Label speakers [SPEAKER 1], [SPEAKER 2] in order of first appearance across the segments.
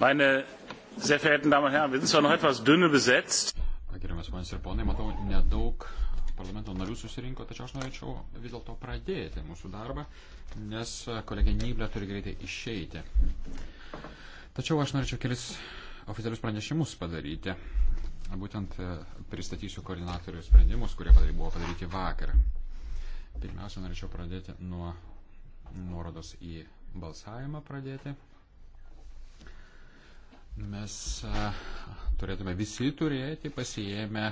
[SPEAKER 1] Meine sehr verehrten Damen und Herren, wir sind zwar noch etwas
[SPEAKER 2] dünne besetzt. Gerbiamas manis ir ponai, matau, nedaug parlamento narių susirinko, tačiau aš norėčiau vis dėlto pradėti mūsų darbą, nes e, kolegė Nyblė turi greitai išeiti. Tačiau aš norėčiau kelis oficialius pranešimus padaryti. Būtent e, pristatysiu koordinatorių sprendimus, kurie padary, buvo padaryti vakar. Pirmiausia, norėčiau pradėti nuo nuorodos į balsavimą pradėti. Mes turėtume visi turėti pasijėmę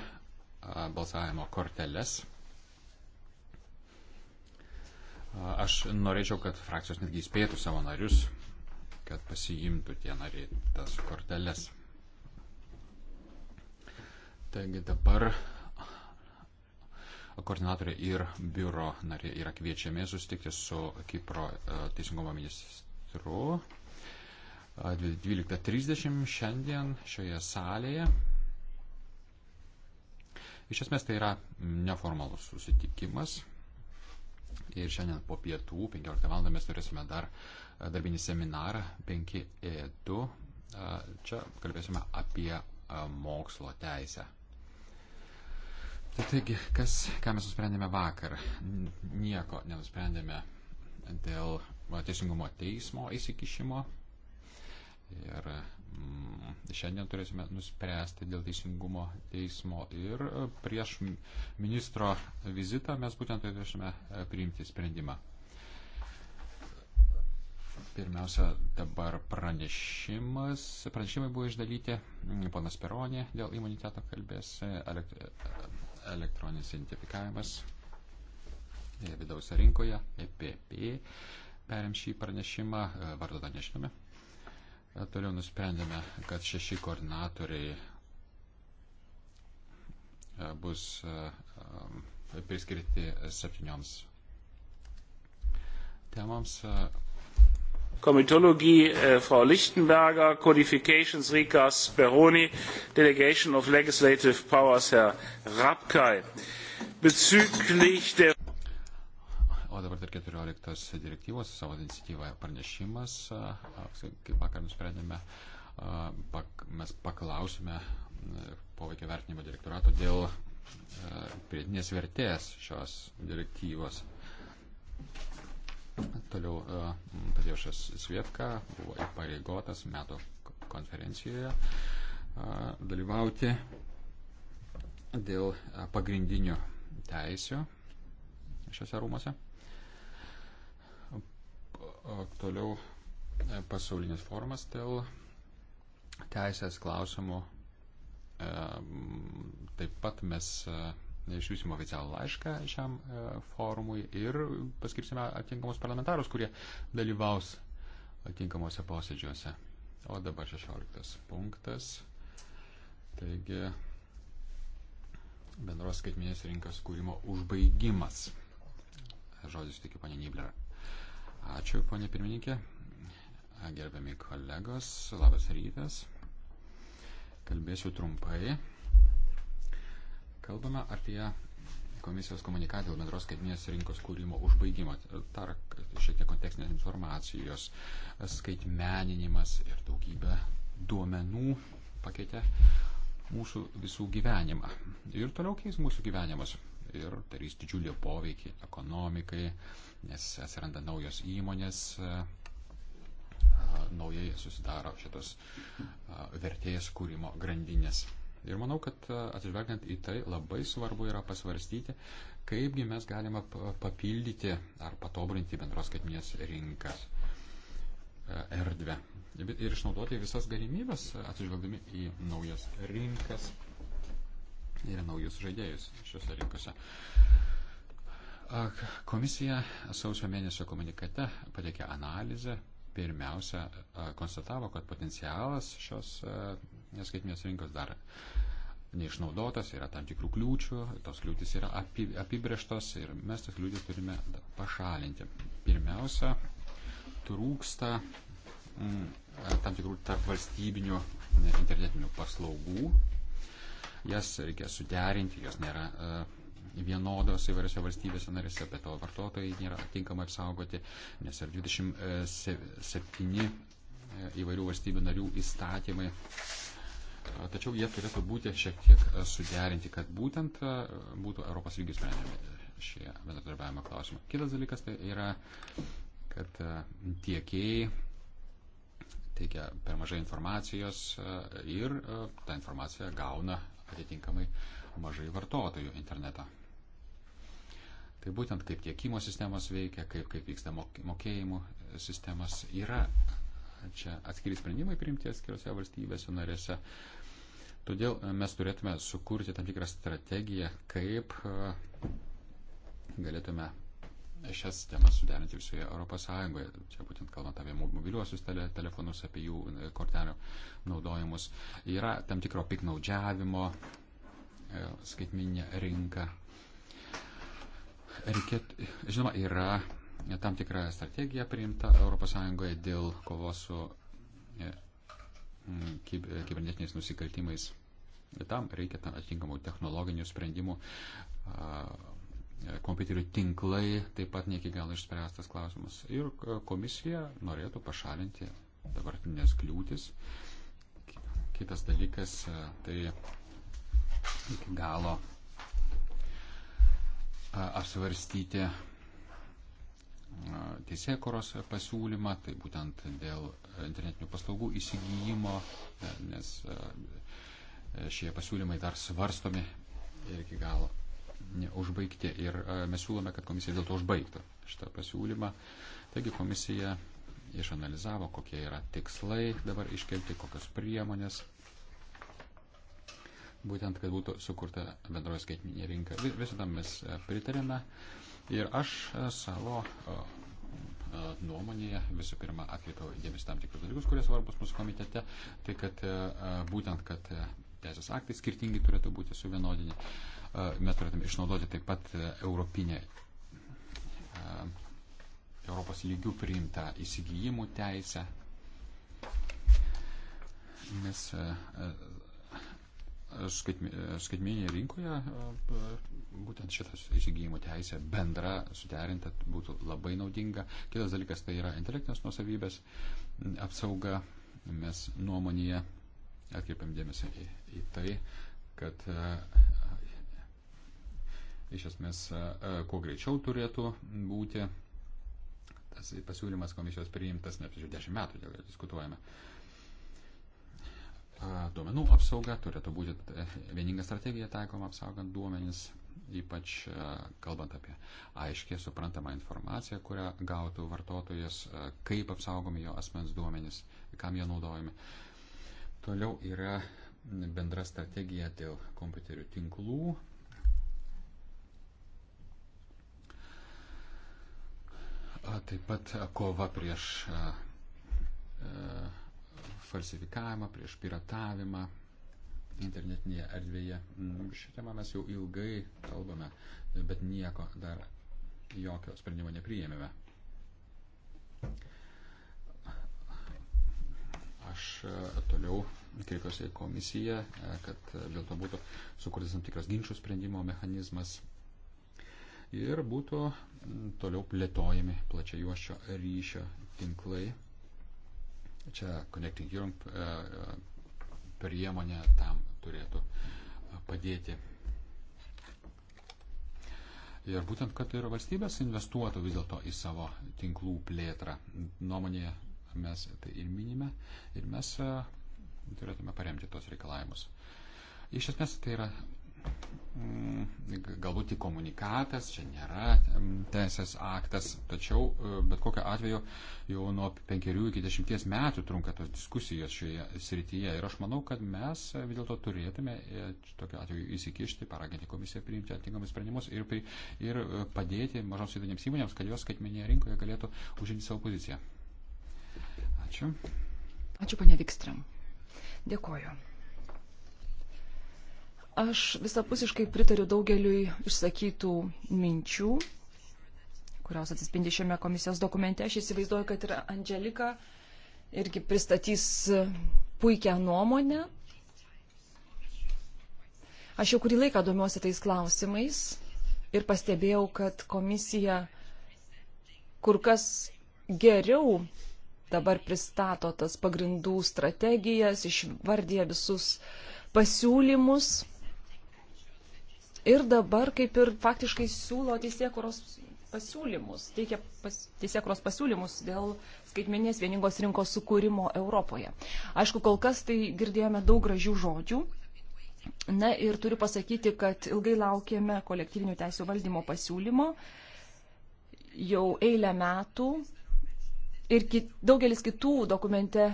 [SPEAKER 2] balsavimo korteles. Aš norėčiau, kad frakcijos netgi įspėtų savo narius, kad pasiimtų tie nariai tas korteles. Taigi dabar koordinatorė ir biuro nariai yra kviečiami susitikti su Kipro teisingumo ministru 12.30 šiandien šioje salėje. Iš esmės tai yra neformalus susitikimas. Ir šiandien po pietų 15 val. mes turėsime dar darbinį seminarą 5E2. E čia kalbėsime apie mokslo teisę. Tai taigi, kas, ką mes nusprendėme vakar? Nieko nenusprendėme dėl teisingumo teismo įsikišimo Ir mm, šiandien turėsime nuspręsti dėl teisingumo teismo ir e, prieš ministro vizitą mes būtent turėsime e, priimti sprendimą. Pirmiausia, dabar pranešimas. Pranešimai buvo išdalyti. Mm, ponas Peronė dėl imuniteto kalbės, e, elektroninis identifikavimas vidaus rinkoje, EPP. Perim šį pranešimą, vardo dar nežinome. Toliau nusprendėme, kad šeši koordinatoriai e, bus e, e, priskirti septynioms
[SPEAKER 1] temoms. Komitologie, äh, Frau Lichtenberger, Codifications, Rikas, Speroni, Delegation of Legislative Powers, Herr Rapkay. Bezüglich der
[SPEAKER 2] O dabar dar 14 direktyvos savo iniciatyvą pranešimas, kaip vakar nusprendėme, mes paklausime poveikio vertinimo direktorato dėl pridėtinės vertės šios direktyvos. Toliau Tadeušas Svietka buvo įpareigotas metų konferencijoje dalyvauti dėl pagrindinių teisių šiuose rūmose toliau e, pasaulinis formas dėl teisės klausimų. E, taip pat mes e, išsiųsime oficialų laišką šiam forumui ir paskirsime atinkamus parlamentarus, kurie dalyvaus atinkamuose posėdžiuose. O dabar 16 punktas. Taigi, bendros skaitminės rinkos kūrimo užbaigimas. Žodis tikiu, panė Niblerą. Ačiū, ponė pirmininkė. Gerbiami kolegos, labas rytas. Kalbėsiu trumpai. Kalbame apie komisijos komunikatą dėl bendros skaitinės rinkos kūrimo užbaigimo. Dar šiek tiek kontekstinės informacijos, skaitmeninimas ir daugybė duomenų pakeitė mūsų visų gyvenimą. Ir toliau keis mūsų gyvenimas ir darys didžiulį poveikį ekonomikai, nes atsiranda naujos įmonės, naujai susidaro šitos vertėjas kūrimo grandinės. Ir manau, kad atsižvelgiant į tai labai svarbu yra pasvarstyti, kaipgi mes galime papildyti ar patobulinti bendros skaitminės rinkas erdvę ir išnaudoti visas galimybės atsižvelgdami į naujas rinkas ir naujus žaidėjus šiuose rinkose. Komisija sausio mėnesio komunikate pateikė analizę. Pirmiausia, konstatavo, kad potencialas šios neskaitinės rinkos dar neišnaudotas, yra tam tikrų kliūčių, tos kliūtis yra api, apibrieštos ir mes tas kliūtis turime pašalinti. Pirmiausia, trūksta m, mm, tam tikrų tarp valstybinių internetinių paslaugų jas reikia suderinti, jos nėra e, vienodos įvairiose valstybėse narėse, bet to vartotojai nėra tinkamai apsaugoti, nes ir 27 e, e, įvairių valstybių narių įstatymai. Tačiau jie turėtų būti šiek tiek suderinti, kad būtent būtų Europos lygių sprendžiami šie bendradarbiavimo klausimai. Kitas dalykas tai yra, kad tiekėjai teikia per mažai informacijos ir tą informaciją gauna atitinkamai mažai vartotojų internetą. Tai būtent kaip tiekimo sistemos veikia, kaip, kaip vyksta mokėjimų sistemas, yra čia atskiri sprendimai priimti atskiriose valstybėse narėse. Todėl e, mes turėtume sukurti tam tikrą strategiją, kaip e, galėtume šias temas suderinti visoje Europos Sąjungoje. Čia būtent kalbant apie mobiliuosius tele, telefonus, apie jų e, kortelių naudojimus. Yra tam tikro piknaudžiavimo e, skaitminė rinka. Reikėt, žinoma, yra tam tikra strategija priimta Europos Sąjungoje dėl kovos su e, kibernetiniais nusikaltimais. Tam reikia atitinkamų technologinių sprendimų kompiuterių tinklai taip pat ne iki galo išspręstas klausimas. Ir komisija norėtų pašalinti dabartinės kliūtis. Kitas dalykas, tai iki galo apsvarstyti teisėkoros pasiūlymą, tai būtent dėl internetinių paslaugų įsigijimo, nes šie pasiūlymai dar svarstomi ir iki galo užbaigti ir e, mes siūlome, kad komisija dėl to užbaigtų šitą pasiūlymą. Taigi komisija išanalizavo, kokie yra tikslai dabar iškelti, kokios priemonės. Būtent, kad būtų sukurta bendroji skaitminė rinka. Visada mes e, pritarėme. Ir aš e, savo nuomonėje visų pirma atkreipiau dėmesį tam tikrus dalykus, kurie svarbus mūsų komitete. Tai kad būtent, kad teisės aktai skirtingi turėtų būti suvienodini mes turėtume išnaudoti taip pat e, europinę, Europos lygių priimtą įsigijimų teisę, nes e, e, skaitmeninėje rinkoje būtent šitas įsigijimo teisė bendra, suderinta būtų labai naudinga. Kitas dalykas tai yra intelektinės nusavybės apsauga. Mes nuomonėje atkreipiam dėmesį į, į tai, kad iš esmės e, e, kuo greičiau turėtų būti tas pasiūlymas komisijos priimtas, net jau dešimt metų dėl diskutuojame. Duomenų apsauga turėtų būti e, vieninga strategija taikoma apsaugant duomenis, ypač kalbant apie aiškiai suprantamą informaciją, kurią gautų vartotojas, kaip apsaugomi jo asmens duomenys, kam jie naudojami. Toliau yra bendra strategija dėl kompiuterių tinklų, Taip pat kova prieš falsifikavimą, prieš piratavimą internetinėje erdvėje. Mm, šią temą mes jau ilgai kalbame, bet nieko dar jokio sprendimo nepriėmėme. Aš toliau kreipiuosi į komisiją, kad dėl to būtų sukurtas tam tikras ginčių sprendimo mechanizmas ir būtų mm, toliau plėtojami plačiai juoščio ryšio tinklai. Čia Connecting Europe e, e, priemonė tam turėtų padėti. Ir būtent, kad ir valstybės investuotų vis dėlto į savo tinklų plėtrą. Nuomonėje mes tai ir minime ir mes e, turėtume paremti tos reikalavimus. Iš esmės tai yra Mm, galbūt tik komunikatas, čia nėra teisės aktas, tačiau e, bet kokiu atveju jau nuo penkerių iki dešimties metų trunka tos diskusijos šioje srityje ir aš manau, kad mes vis dėlto turėtume e, tokiu atveju įsikišti, paraginti komisiją priimti atitinkamus sprendimus ir, pri, ir e, padėti mažoms įdomiams įmonėms, kad jos skaitmenėje rinkoje galėtų užimti savo poziciją.
[SPEAKER 3] Ačiū. Ačiū, panė Vikstram. Dėkoju. Aš visapusiškai pritariu daugeliui išsakytų minčių, kurios atsispindi šiame komisijos dokumente. Aš įsivaizduoju, kad ir Angelika irgi pristatys puikią nuomonę. Aš jau kurį laiką domiuosi tais klausimais ir pastebėjau, kad komisija kur kas geriau dabar pristato tas pagrindų strategijas, išvardė visus pasiūlymus ir dabar kaip ir faktiškai siūlo teisėkuros pasiūlymus, teikia pas, teisėkuros pasiūlymus dėl skaitmenės vieningos rinkos sukūrimo Europoje. Aišku, kol kas tai girdėjome daug gražių žodžių. Na ir turiu pasakyti, kad ilgai laukėme kolektyvinių teisų valdymo pasiūlymo jau eilę metų ir kit, daugelis kitų dokumente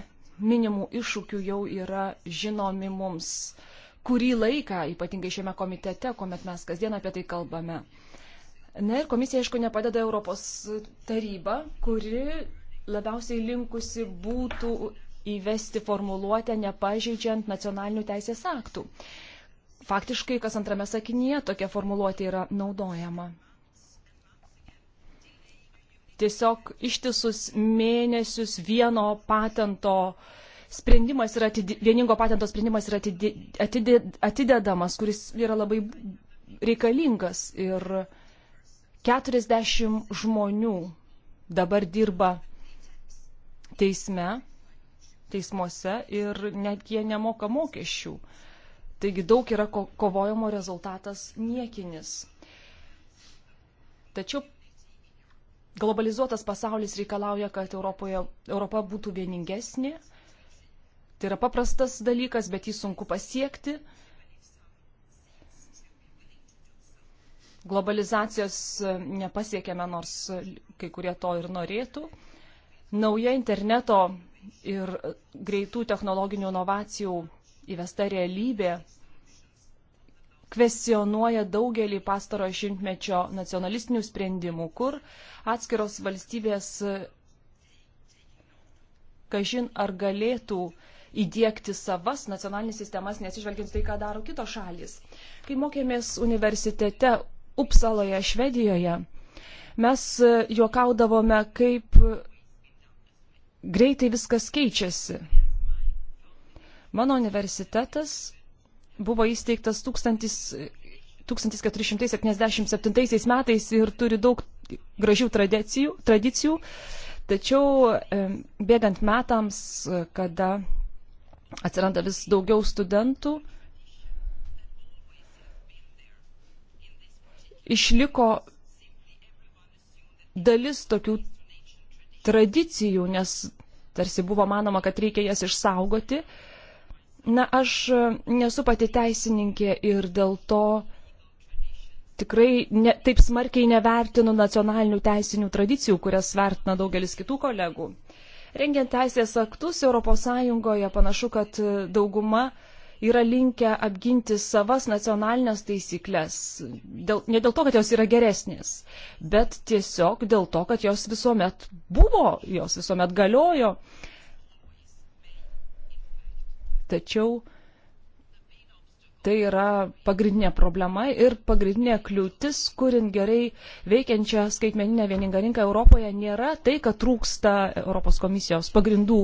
[SPEAKER 3] minimų iššūkių jau yra žinomi mums. Uh, kurį laiką, ypatingai šiame komitete, kuomet mes kasdien apie tai kalbame. Na ir komisija, aišku, nepadeda Europos taryba, kuri labiausiai linkusi būtų įvesti formuluotę nepažeidžiant nacionalinių teisės aktų. Faktiškai, kas antrame sakinyje tokia formuluotė yra naudojama. Tiesiog ištisus mėnesius vieno patento uh, sprendimas yra atidė, vieningo patento sprendimas yra atidė, atidė, atidedamas, kuris yra labai reikalingas. Ir 40 žmonių dabar dirba teisme, teismuose ir net jie nemoka mokesčių. Taigi daug yra ko kovojimo rezultatas niekinis. Tačiau globalizuotas pasaulis reikalauja, kad Europoje, Europa būtų vieningesnė, Tai yra paprastas dalykas, bet jį sunku pasiekti. Globalizacijos e, nepasiekėme, nors kai kurie to ir norėtų. Nauja interneto ir greitų technologinių inovacijų įvesta realybė kvestionuoja daugelį pastaro šimtmečio nacionalistinių sprendimų, kur atskiros valstybės, e, kažin ar galėtų uh, įdėkti savas nacionalinės sistemas, nesižvelgiant tai, ką daro kitos šalis. Kai mokėmės universitete Upsaloje, Švedijoje, mes e, juokaudavome, kaip greitai viskas keičiasi. Mano universitetas buvo įsteigtas 1477 metais ir turi daug gražių tradicijų, tradicijų tačiau bėgant metams, kada atsiranda vis daugiau studentų. Išliko dalis tokių tradicijų, nes tarsi buvo manoma, kad reikia jas išsaugoti. Na, aš nesu pati teisininkė ir dėl to tikrai ne, taip smarkiai nevertinu nacionalinių teisinių tradicijų, kurias vertina daugelis kitų kolegų. Rengiant teisės aktus ES panašu, kad dauguma yra linkę apginti savas nacionalinės taisyklės. Dėl, ne dėl to, kad jos yra geresnės, bet tiesiog dėl to, kad jos visuomet buvo, jos visuomet galiojo. Tačiau Tai yra pagrindinė problema ir pagrindinė kliūtis, kuriant gerai veikiančią skaitmeninę vieningą rinką Europoje, nėra tai, kad trūksta Europos komisijos pagrindų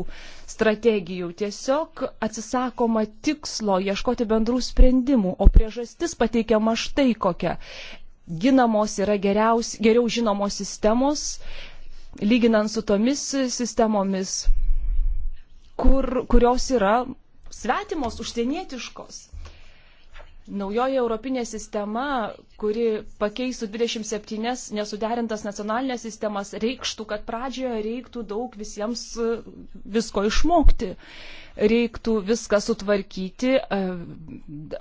[SPEAKER 3] strategijų. Tiesiog atsisakoma tikslo ieškoti bendrų sprendimų, o priežastis pateikiama štai kokia. Ginamos yra geriaus, geriau žinomos sistemos, lyginant su tomis sistemomis, kur, kurios yra svetimos, užsienietiškos. Naujoji europinė sistema, kuri pakeistų 27 nesuderintas nacionalinės sistemas, reikštų, kad pradžioje reiktų daug visiems e, visko išmokti. Reiktų viską sutvarkyti, e,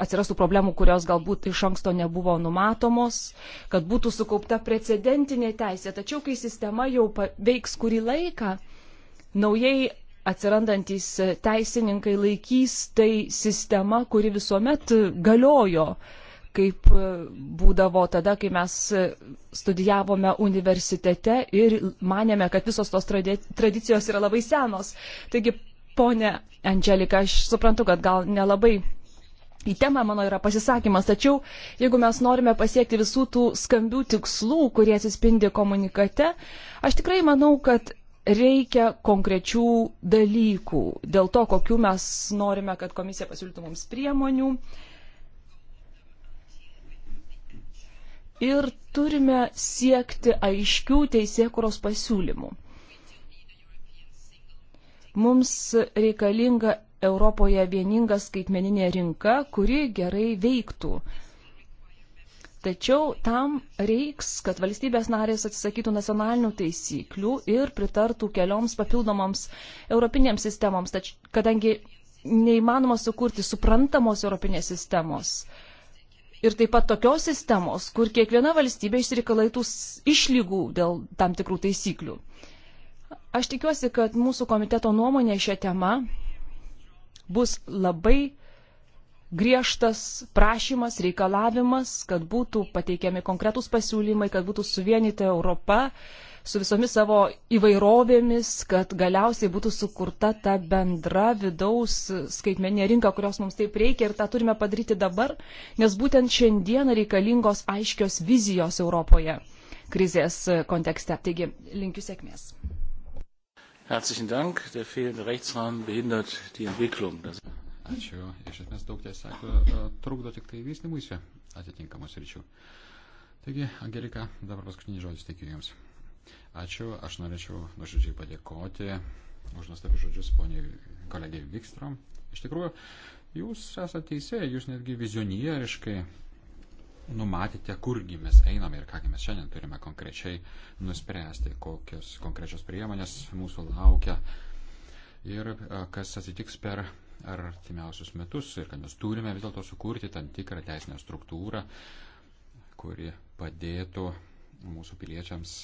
[SPEAKER 3] atsirastų problemų, kurios galbūt iš anksto nebuvo numatomos, kad būtų sukaupta precedentinė teisė. Tačiau, kai sistema jau veiks kurį laiką, naujai atsirandantys teisininkai laikys tai sistema, kuri visuomet galiojo, kaip būdavo tada, kai mes studijavome universitete ir manėme, kad visos tos tradicijos yra labai senos. Taigi, ponė Angelika, aš suprantu, kad gal nelabai į temą mano yra pasisakymas, tačiau jeigu mes norime pasiekti visų tų skambių tikslų, kurie atsispindi komunikate, aš tikrai manau, kad reikia konkrečių dalykų dėl to, kokiu mes norime, kad komisija pasiūlytų mums priemonių. Ir turime siekti aiškių teisėkuros pasiūlymų. Mums reikalinga Europoje vieninga skaitmeninė rinka, kuri gerai veiktų Tačiau tam reiks, kad valstybės narės atsisakytų nacionalinių taisyklių ir pritartų kelioms papildomoms europinėms sistemoms, tač, kadangi neįmanoma sukurti suprantamos europinės sistemos. Ir taip pat tokios sistemos, kur kiekviena valstybė išsireikalaitų išlygų dėl tam tikrų taisyklių. Aš tikiuosi, kad mūsų komiteto nuomonė šią temą bus labai griežtas prašymas, reikalavimas, kad būtų pateikiami konkretūs pasiūlymai, kad būtų suvienyta Europa su visomis savo įvairovėmis, kad galiausiai būtų sukurta ta bendra vidaus skaitmeninė rinka, kurios mums taip reikia ir tą turime padaryti dabar, nes būtent šiandien reikalingos aiškios vizijos Europoje krizės kontekste. Taigi, linkiu sėkmės.
[SPEAKER 1] Herzlichen Dank. Der fehlende Rechtsrahmen behindert die Entwicklung. Das
[SPEAKER 2] Ačiū. Iš esmės daug tiesą sakė, e, trukdo tik tai vystimuisi atitinkamos ryčių. Taigi, Angelika, dabar paskutinis žodis teikiu Jums. Ačiū. Aš norėčiau nuoširdžiai padėkoti už nuostabius žodžius poniai kolegiai Vikstrom. Iš tikrųjų, Jūs esate teisė, Jūs netgi vizionieriškai numatėte, kurgi mes einame ir kągi mes šiandien turime konkrečiai nuspręsti, kokios konkrečios priemonės mūsų laukia ir e, kas atsitiks per artimiausius metus ir kad mes turime vis dėlto sukurti tam tikrą teisinę struktūrą, kuri padėtų mūsų piliečiams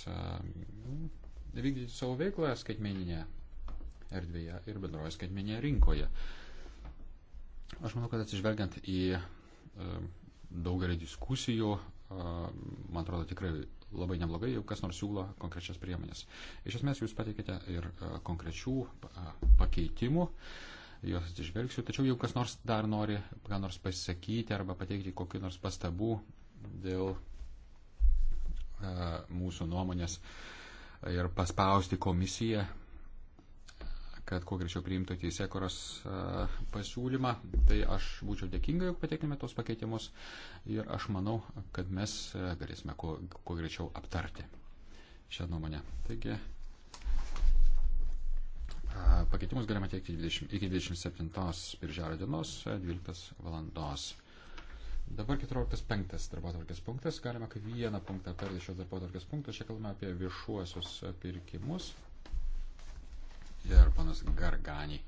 [SPEAKER 2] vykdyti savo veiklą skaitmeninėje erdvėje ir bendroje skaitmeninėje rinkoje. Aš manau, kad atsižvelgiant į daugelį diskusijų, man atrodo tikrai labai neblogai, jau kas nors siūlo konkrečias priemonės. Iš esmės jūs pateikite ir konkrečių pakeitimų. Uh, juos atsižvelgsiu. Tačiau jau kas nors dar nori ką nors pasisakyti arba pateikti kokiu nors pastabų dėl e, mūsų nuomonės ir paspausti komisiją, kad kuo greičiau priimtų teisėkoros e, pasiūlymą, tai aš būčiau dėkinga, jog pateikėme tos pakeitimus ir aš manau, kad mes e, galėsime kuo, kuo greičiau aptarti šią nuomonę. Taigi, Pakeitimus galima teikti 20, iki 27 birželio dienos 12 valandos. Dabar 14.5 darbotvarkės punktas. Galima kaip vieną punktą aptarti šio darbotvarkės punkto. Čia kalbame apie viešuosius pirkimus. Ir panas Garganį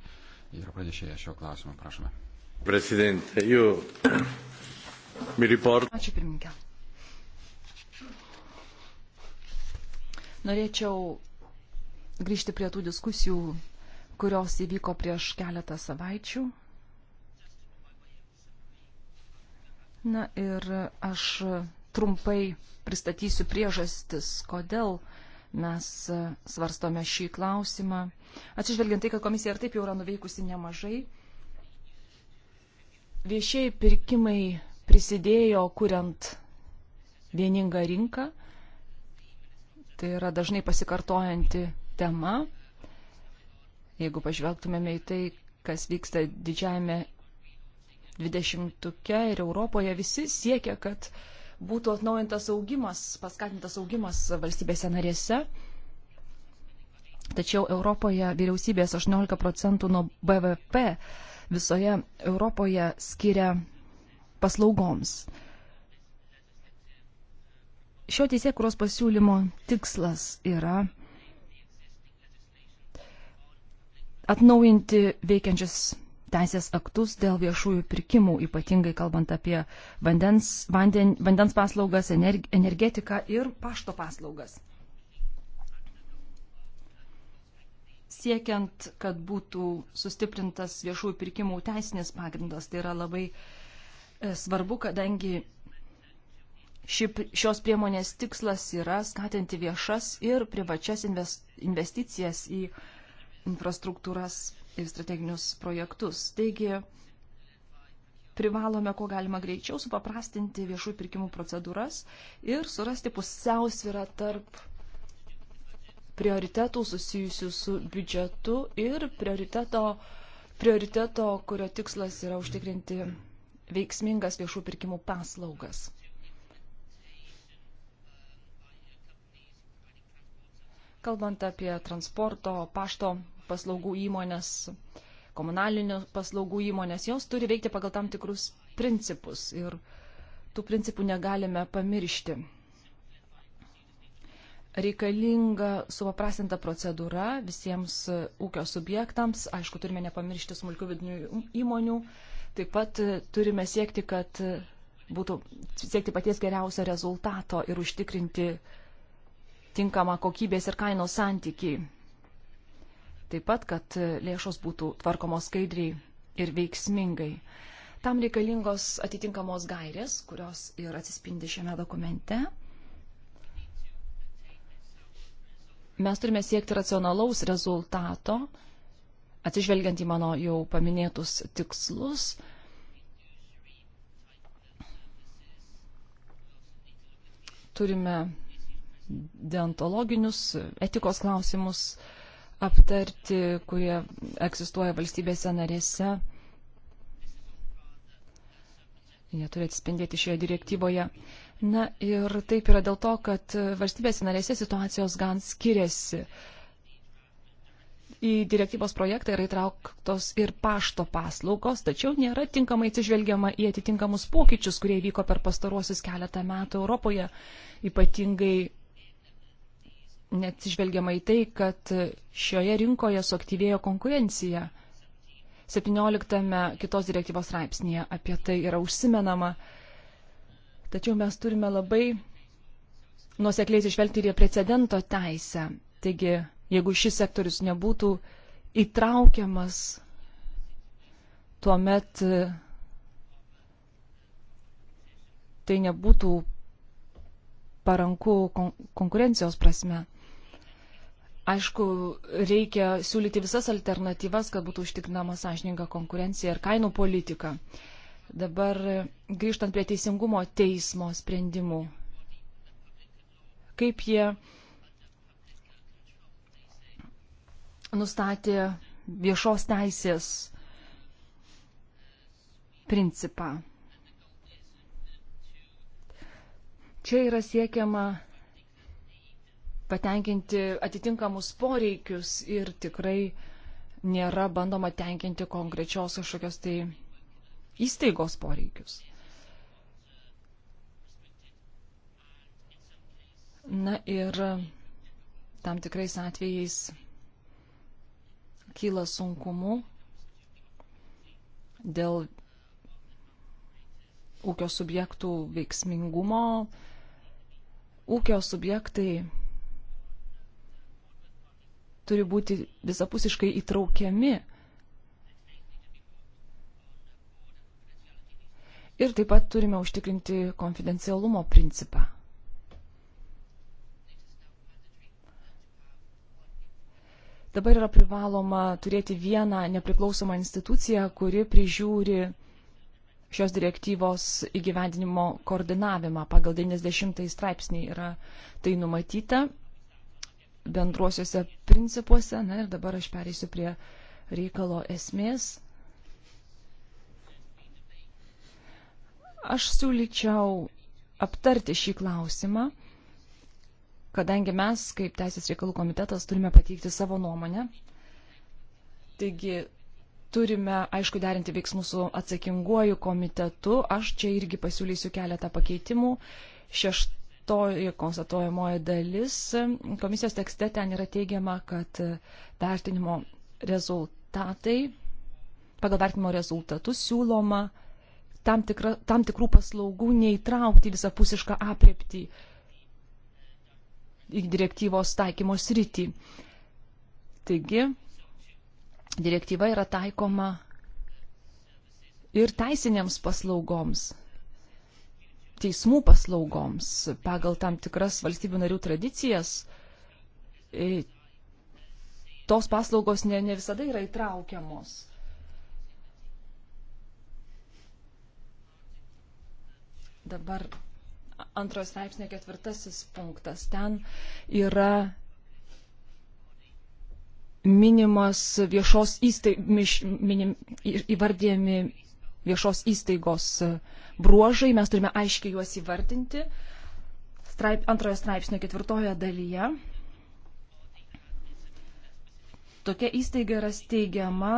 [SPEAKER 2] yra pranešėję šio klausimo. Prašome.
[SPEAKER 3] Prezidentė, jų mi report. Ačiū pirmininkė. Norėčiau grįžti prie tų diskusijų kurios įvyko prieš keletą savaičių. Na ir aš trumpai pristatysiu priežastis, kodėl mes svarstome šį klausimą. Atsižvelgiant tai, kad komisija ir taip jau yra nuveikusi nemažai, viešieji pirkimai prisidėjo kuriant vieningą rinką. Tai yra dažnai pasikartojanti tema Jeigu pažvelgtumėme į tai, kas vyksta didžiajame dvidešimtuke ir Europoje, visi siekia, kad būtų atnaujintas augimas, paskatintas augimas valstybėse narėse. Tačiau Europoje vyriausybės 18 procentų nuo BVP visoje Europoje skiria paslaugoms. Šio teisėkuros pasiūlymo tikslas yra atnaujinti veikiančius teisės aktus dėl viešųjų pirkimų, ypatingai kalbant apie vandens, vanden, vandens paslaugas, energetiką ir pašto paslaugas. Siekiant, kad būtų sustiprintas viešųjų pirkimų teisinis pagrindas, tai yra labai e, svarbu, kadangi ši, šios priemonės tikslas yra skatinti viešas ir privačias investicijas į viešųjų infrastruktūras ir strateginius projektus. Taigi, privalome, ko galima greičiau, supaprastinti viešųjų pirkimų procedūras ir surasti pusiausvyrą tarp prioritetų susijusių su biudžetu ir prioriteto, prioriteto kurio tikslas yra užtikrinti veiksmingas viešų pirkimų paslaugas. Kalbant apie transporto, pašto paslaugų įmonės, komunalinių paslaugų įmonės, jos turi veikti pagal tam tikrus principus ir tų principų negalime pamiršti. Reikalinga supaprastinta procedūra visiems ūkio subjektams, aišku, turime nepamiršti smulkių vidinių įmonių, taip pat turime siekti, kad būtų siekti paties geriausio rezultato ir užtikrinti tinkamą kokybės ir kainos santykį taip pat, kad lėšos būtų tvarkomos skaidriai ir veiksmingai. Tam reikalingos atitinkamos gairės, kurios ir atsispindi šiame dokumente. Mes turime siekti racionalaus rezultato, atsižvelgiant į mano jau paminėtus tikslus, turime deontologinius etikos klausimus aptarti, kurie egzistuoja valstybėse narėse. Jie turi atsispindėti šioje direktyvoje. Na ir taip yra dėl to, kad valstybėse narėse situacijos gan skiriasi. Į direktyvos projektą yra įtrauktos ir pašto paslaugos, tačiau nėra tinkamai atsižvelgiama į atitinkamus pokyčius, kurie vyko per pastaruosius keletą metų Europoje, ypatingai neatsižvelgiama į tai, kad šioje rinkoje suaktyvėjo konkurencija. 17 kitos direktyvos straipsnėje apie tai yra užsimenama. Tačiau mes turime labai nuosekliai išvelgti ir į precedento teisę. Taigi, jeigu šis sektorius nebūtų įtraukiamas, tuomet e, tai nebūtų paranku kon konkurencijos prasme. Aišku, reikia siūlyti visas alternatyvas, kad būtų užtikrinama sąžininga konkurencija ir kainų politika. Dabar grįžtant prie teisingumo teismo sprendimų. Kaip jie nustatė viešos teisės principą. Čia yra siekiama patenkinti atitinkamus poreikius ir tikrai nėra bandoma tenkinti konkrečios kažkokios tai įstaigos poreikius. Na ir tam tikrais atvejais kyla sunkumų dėl ūkio subjektų veiksmingumo. Ūkio subjektai turi būti visapusiškai įtraukiami. Ir taip pat turime užtikrinti konfidencialumo principą. Dabar yra privaloma turėti vieną nepriklausomą instituciją, kuri prižiūri šios direktyvos įgyvendinimo koordinavimą. Pagal 90 straipsnį yra tai numatyta bendruosiuose principuose. Na ir dabar aš pereisiu prie reikalo esmės. Aš siūlyčiau aptarti šį klausimą, kadangi mes, kaip Teisės reikalų komitetas, turime pateikti savo nuomonę. Taigi, turime, aišku, derinti veiksmus su atsakinguoju komitetu. Aš čia irgi pasiūlysiu keletą pakeitimų. Šešt, to konstatuojamoji dalis. Komisijos tekste ten yra teigiama, kad vertinimo rezultatai, pagal vertinimo rezultatus siūloma tam, tikra, tam tikrų paslaugų neįtraukti visapusišką apriepti į direktyvos taikymo sritį. Taigi, direktyva yra taikoma ir teisinėms paslaugoms, teismų paslaugoms pagal tam tikras valstybių narių tradicijas. E, tos paslaugos ne, ne visada yra įtraukiamos. Dabar antros straipsnio ketvirtasis punktas. Ten yra minimas viešos įstaigos, minim, įvardėjami viešos įstaigos bruožai, mes turime aiškiai juos įvardinti straip, antrojo straipsnio ketvirtojo dalyje. Tokia įstaiga yra steigiama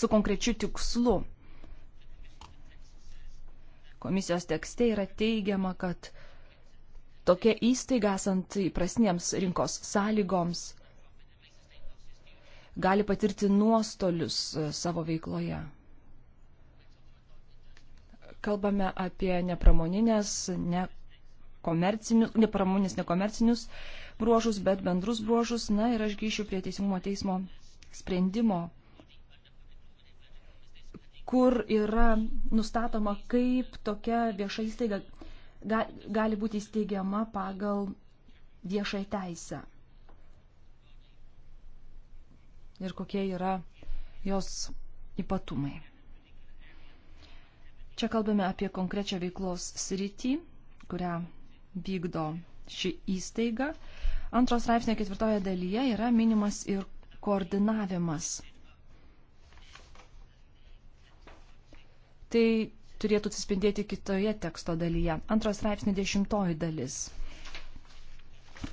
[SPEAKER 3] su konkrečiu tikslu. Komisijos tekste yra teigiama, kad tokia įstaiga esant įprasniems rinkos sąlygoms gali patirti nuostolius savo veikloje. Kalbame apie nepramoninės, ne komercinius, nepramonės, nekomercinius bruožus, bet bendrus bruožus. Na ir aš grįšiu prie Teisingumo teismo sprendimo, kur yra nustatoma, kaip tokia vieša įstaiga gali būti įsteigiama pagal viešai teisę. Ir kokie yra jos ypatumai. Čia kalbame apie konkrečią veiklos sritį, kurią vykdo ši įstaiga. Antros straipsnio ketvirtoje dalyje yra minimas ir koordinavimas. Tai turėtų atsispindėti kitoje teksto dalyje. Antros straipsnio dešimtoji dalis.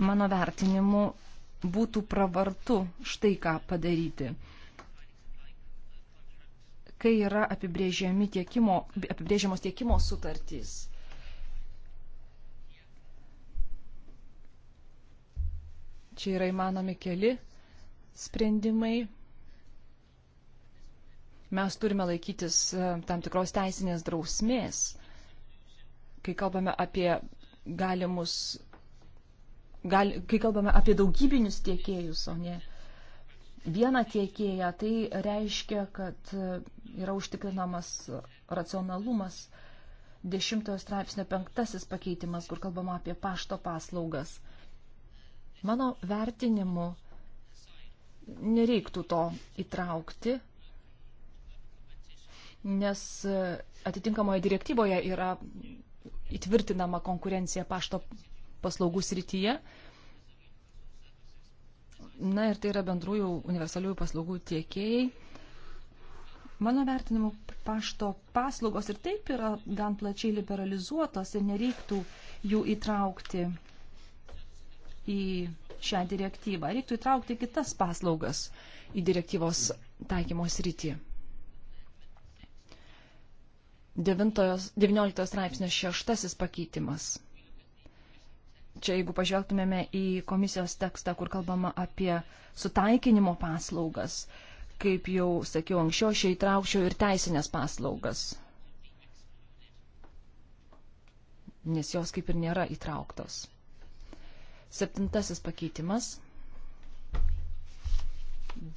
[SPEAKER 3] Mano vertinimu būtų pravartu štai ką padaryti kai yra tiekimo, apibrėžiamos tiekimo sutartys. Čia yra įmanomi keli sprendimai. Mes turime laikytis e, tam tikros teisinės drausmės, kai kalbame apie galimus, gal, kai kalbame apie daugybinius tiekėjus, o ne vieną tiekėją, tai reiškia, kad yra užtikrinamas racionalumas. Dešimtojo straipsnio penktasis pakeitimas, kur kalbama apie pašto paslaugas. Mano vertinimu nereiktų to įtraukti, nes atitinkamoje direktyvoje yra įtvirtinama konkurencija pašto paslaugų srityje. Na ir tai yra bendrųjų universaliųjų paslaugų tiekėjai. Mano vertinimu, pašto paslaugos ir taip yra gan plačiai liberalizuotos ir nereiktų jų įtraukti į šią direktyvą. Reiktų įtraukti kitas paslaugas į direktyvos taikymos rytį. 19 straipsnio šeštasis pakeitimas čia jeigu pažvelgtumėme į komisijos tekstą, kur kalbama apie sutaikinimo paslaugas, kaip jau sakiau anksčiau, aš įtraukčiau ir teisinės paslaugas, nes jos kaip ir nėra įtrauktos. Septintasis pakeitimas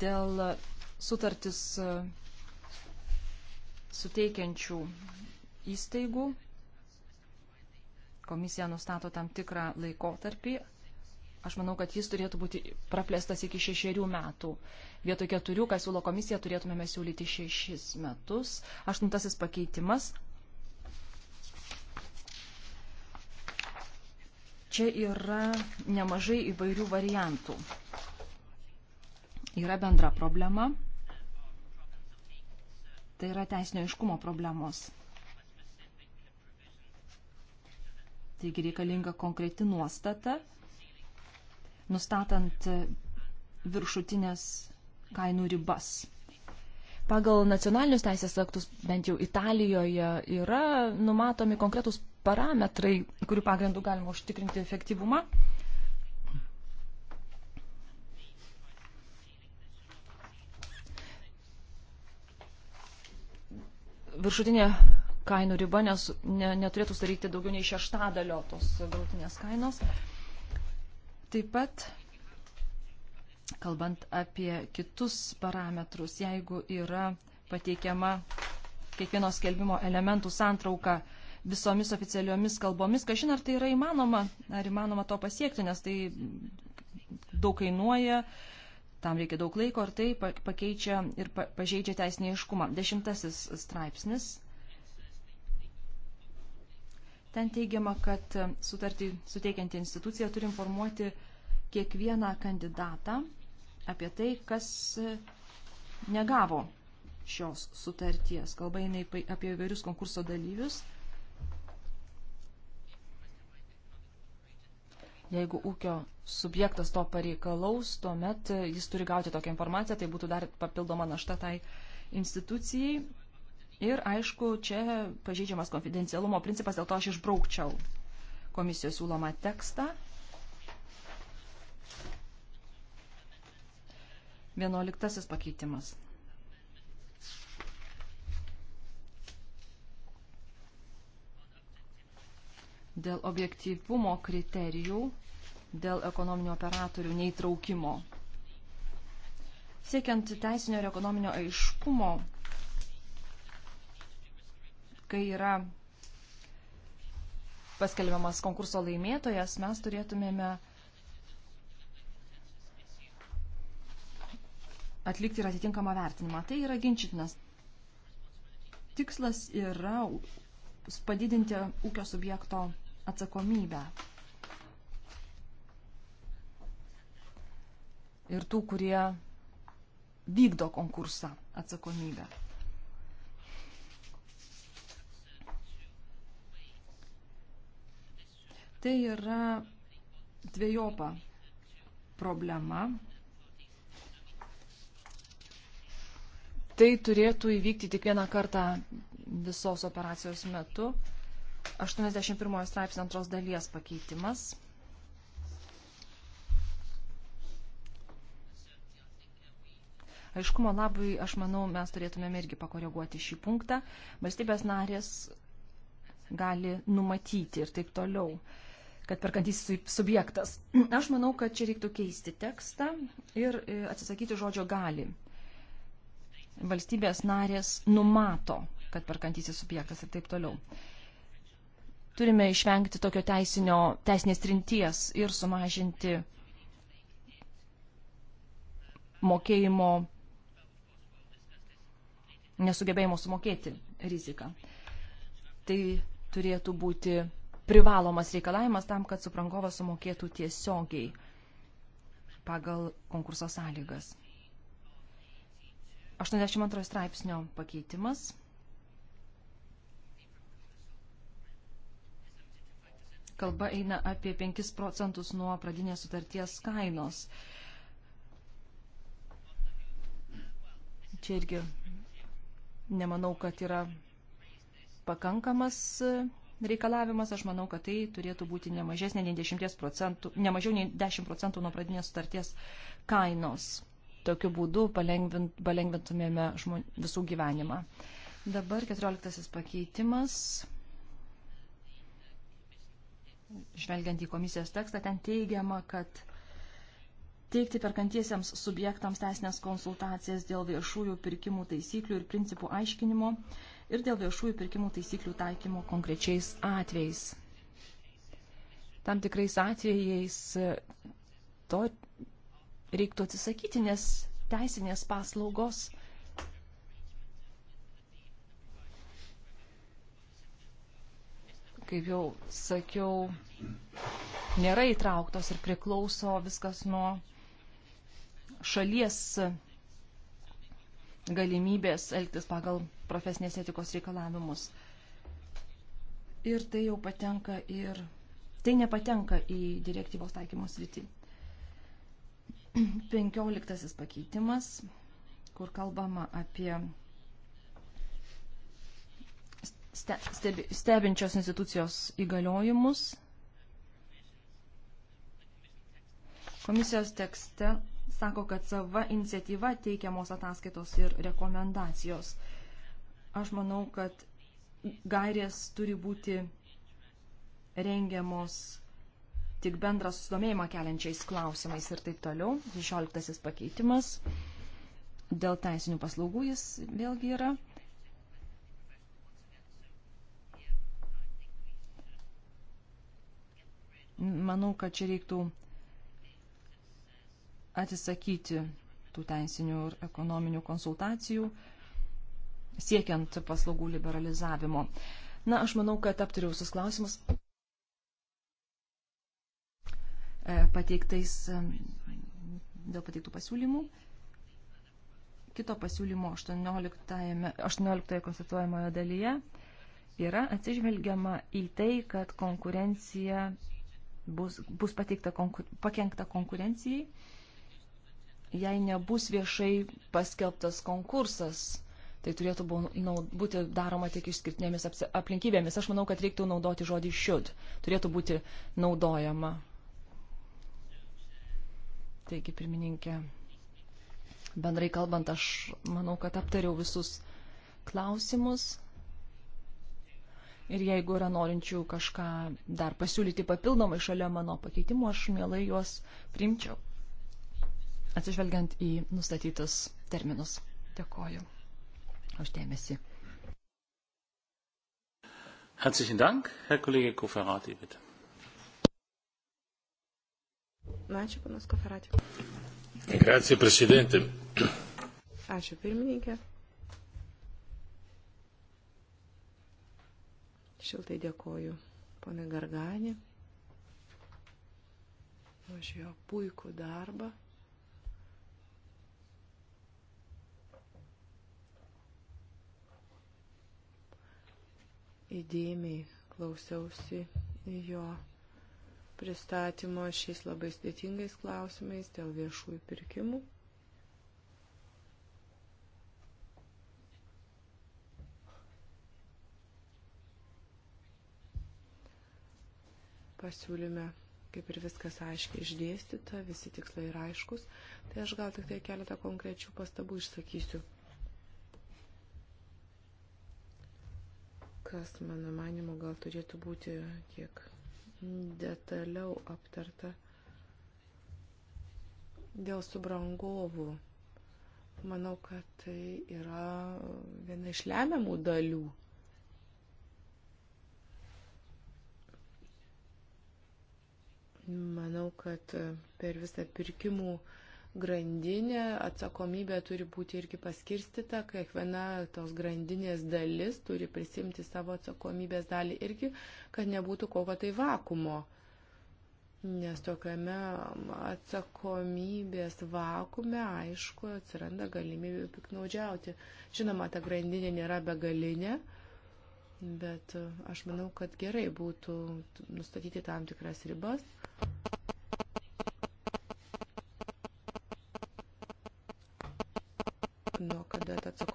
[SPEAKER 3] dėl sutartis e, suteikiančių įstaigų Komisija nustato tam tikrą laikotarpį. Aš manau, kad jis turėtų būti praplėstas iki šešerių metų. Vietoj keturių, ką siūlo komisija, turėtumėme siūlyti šešis metus. Aštuntasis pakeitimas. Čia yra nemažai įvairių variantų. Yra bendra problema. Tai yra teisinio iškumo problemos Taigi reikalinga konkreti nuostata, nustatant viršutinės kainų ribas. Pagal nacionalinius teisės aktus, bent jau Italijoje, yra numatomi konkretūs parametrai, kurių pagrindų galima užtikrinti efektyvumą. Viršutinė kainų riba nes, ne, neturėtų sudaryti daugiau nei šeštadalio tos galutinės kainos. Taip pat, kalbant apie kitus parametrus, jeigu yra pateikiama kiekvieno skelbimo elementų santrauka visomis oficialiomis kalbomis, kažin ar tai yra įmanoma, ar įmanoma to pasiekti, nes tai daug kainuoja, tam reikia daug laiko ir tai pakeičia ir pažeidžia teisinį iškumą. Dešimtasis straipsnis Ten teigiama, kad sutartį suteikianti institucija turi informuoti kiekvieną kandidatą apie tai, kas negavo šios sutarties. Kalba eina apie įvairius konkurso dalyvius. Jeigu ūkio subjektas to pareikalaus, tuomet jis turi gauti tokią informaciją, tai būtų dar papildoma našta tai institucijai. Ir aišku, čia pažeidžiamas konfidencialumo principas, dėl to aš išbraukčiau komisijos siūlomą tekstą. 11 pakeitimas. Dėl objektyvumo kriterijų, dėl ekonominio operatorių neįtraukimo. Siekiant teisinio ir ekonominio aiškumo, kai yra paskelbiamas konkurso laimėtojas, mes turėtumėme atlikti ir atitinkamą vertinimą. Tai yra ginčytinas. Tikslas yra padidinti ūkio subjekto atsakomybę. Ir tų, kurie vykdo konkursą atsakomybę. Tai yra dviejopa problema. Tai turėtų įvykti tik vieną kartą visos operacijos metu. 81 straipsnio antros dalies pakeitimas. aiškumo labui, aš manau, mes turėtumėme irgi pakoreguoti šį punktą. Valstybės narės gali numatyti ir taip toliau kad perkantysis subjektas. Aš manau, kad čia reiktų keisti tekstą ir e, atsisakyti žodžio gali. Valstybės narės numato, kad perkantysis subjektas ir taip toliau. Turime išvengti tokio teisinio, teisinės trinties ir sumažinti mokėjimo, nesugebėjimo sumokėti riziką. Tai turėtų būti privalomas reikalavimas tam, kad suprangovas sumokėtų tiesiogiai pagal konkurso sąlygas. 82 straipsnio pakeitimas. Kalba eina apie 5 procentus nuo pradinės sutarties kainos. Čia irgi nemanau, kad yra pakankamas reikalavimas, aš manau, kad tai turėtų būti ne, nei procentų, ne mažiau nei 10 procentų nuo pradinės sutarties kainos. Tokiu būdu palengvint, palengvintumėme žmon, visų gyvenimą. Dabar 14 pakeitimas. Žvelgiant į komisijos tekstą, ten teigiama, kad teikti perkantiesiems subjektams teisinės konsultacijas dėl viešųjų pirkimų taisyklių ir principų aiškinimo ir dėl viešųjų pirkimų taisyklių taikymo konkrečiais atvejais. Tam tikrais atvejais e, to reiktų atsisakyti, nes teisinės paslaugos kaip jau sakiau, nėra įtrauktos ir priklauso viskas nuo šalies galimybės elgtis pagal profesinės etikos reikalavimus. Ir tai jau patenka ir tai nepatenka į direktyvos taikymos rytį. 15 pakeitimas, kur kalbama apie stebi, stebinčios institucijos įgaliojimus. Komisijos tekste sako, kad sava iniciatyva teikiamos ataskaitos ir rekomendacijos. Aš manau, kad gairės turi būti rengiamos tik bendrą susidomėjimą keliančiais klausimais ir taip toliau. 16 pakeitimas dėl teisinių paslaugų jis vėlgi yra. Manau, kad čia reiktų atsisakyti tų teisinių ir ekonominių konsultacijų siekiant paslaugų liberalizavimo. Na, aš manau, kad aptariau visus klausimus e, pateiktais e, dėl pateiktų pasiūlymų. Kito pasiūlymo 18, 18 konstatuojamojo dalyje yra atsižvelgiama į tai, kad konkurencija bus, bus pateikta konkur, pakengta konkurencijai, jei nebus viešai paskelbtas konkursas tai turėtų būti daroma tik išskirtinėmis aplinkybėmis. Aš manau, kad reiktų naudoti žodį should. Turėtų būti naudojama. Taigi, pirmininkė, bendrai kalbant, aš manau, kad aptariau visus klausimus. Ir jeigu yra norinčių kažką dar pasiūlyti papildomai šalia mano pakeitimų, aš mielai juos primčiau, atsižvelgiant į nustatytus terminus. Dėkoju už dėmesį.
[SPEAKER 1] Herzlichen Dank, Herr Kollege Koferati, bitte.
[SPEAKER 4] Ačiū, panas Koferati.
[SPEAKER 1] Grazie, prezidentė.
[SPEAKER 4] Ačiū, pirmininkė. Šiltai dėkoju, ponai Garganė, už jo puikų darbą. įdėmiai klausiausi jo pristatymo šiais labai sudėtingais klausimais dėl viešųjų pirkimų. Pasiūlyme, kaip ir viskas aiškiai išdėstyta, visi tikslai yra aiškus, tai aš gal tik tai keletą konkrečių pastabų išsakysiu. kas, mano manimo, gal turėtų būti kiek detaliau aptarta dėl subrangovų. Manau, kad tai yra viena iš lemiamų dalių. Manau, kad per visą pirkimų uh, grandinė, atsakomybė turi būti irgi paskirstita, kiekviena tos grandinės dalis turi prisimti savo atsakomybės dalį irgi, kad nebūtų kokio tai vakumo. Nes tokiame atsakomybės vakume, aišku, atsiranda galimybė piknaudžiauti. Žinoma, ta grandinė nėra begalinė, bet aš manau, kad gerai būtų nustatyti tam tikras ribas.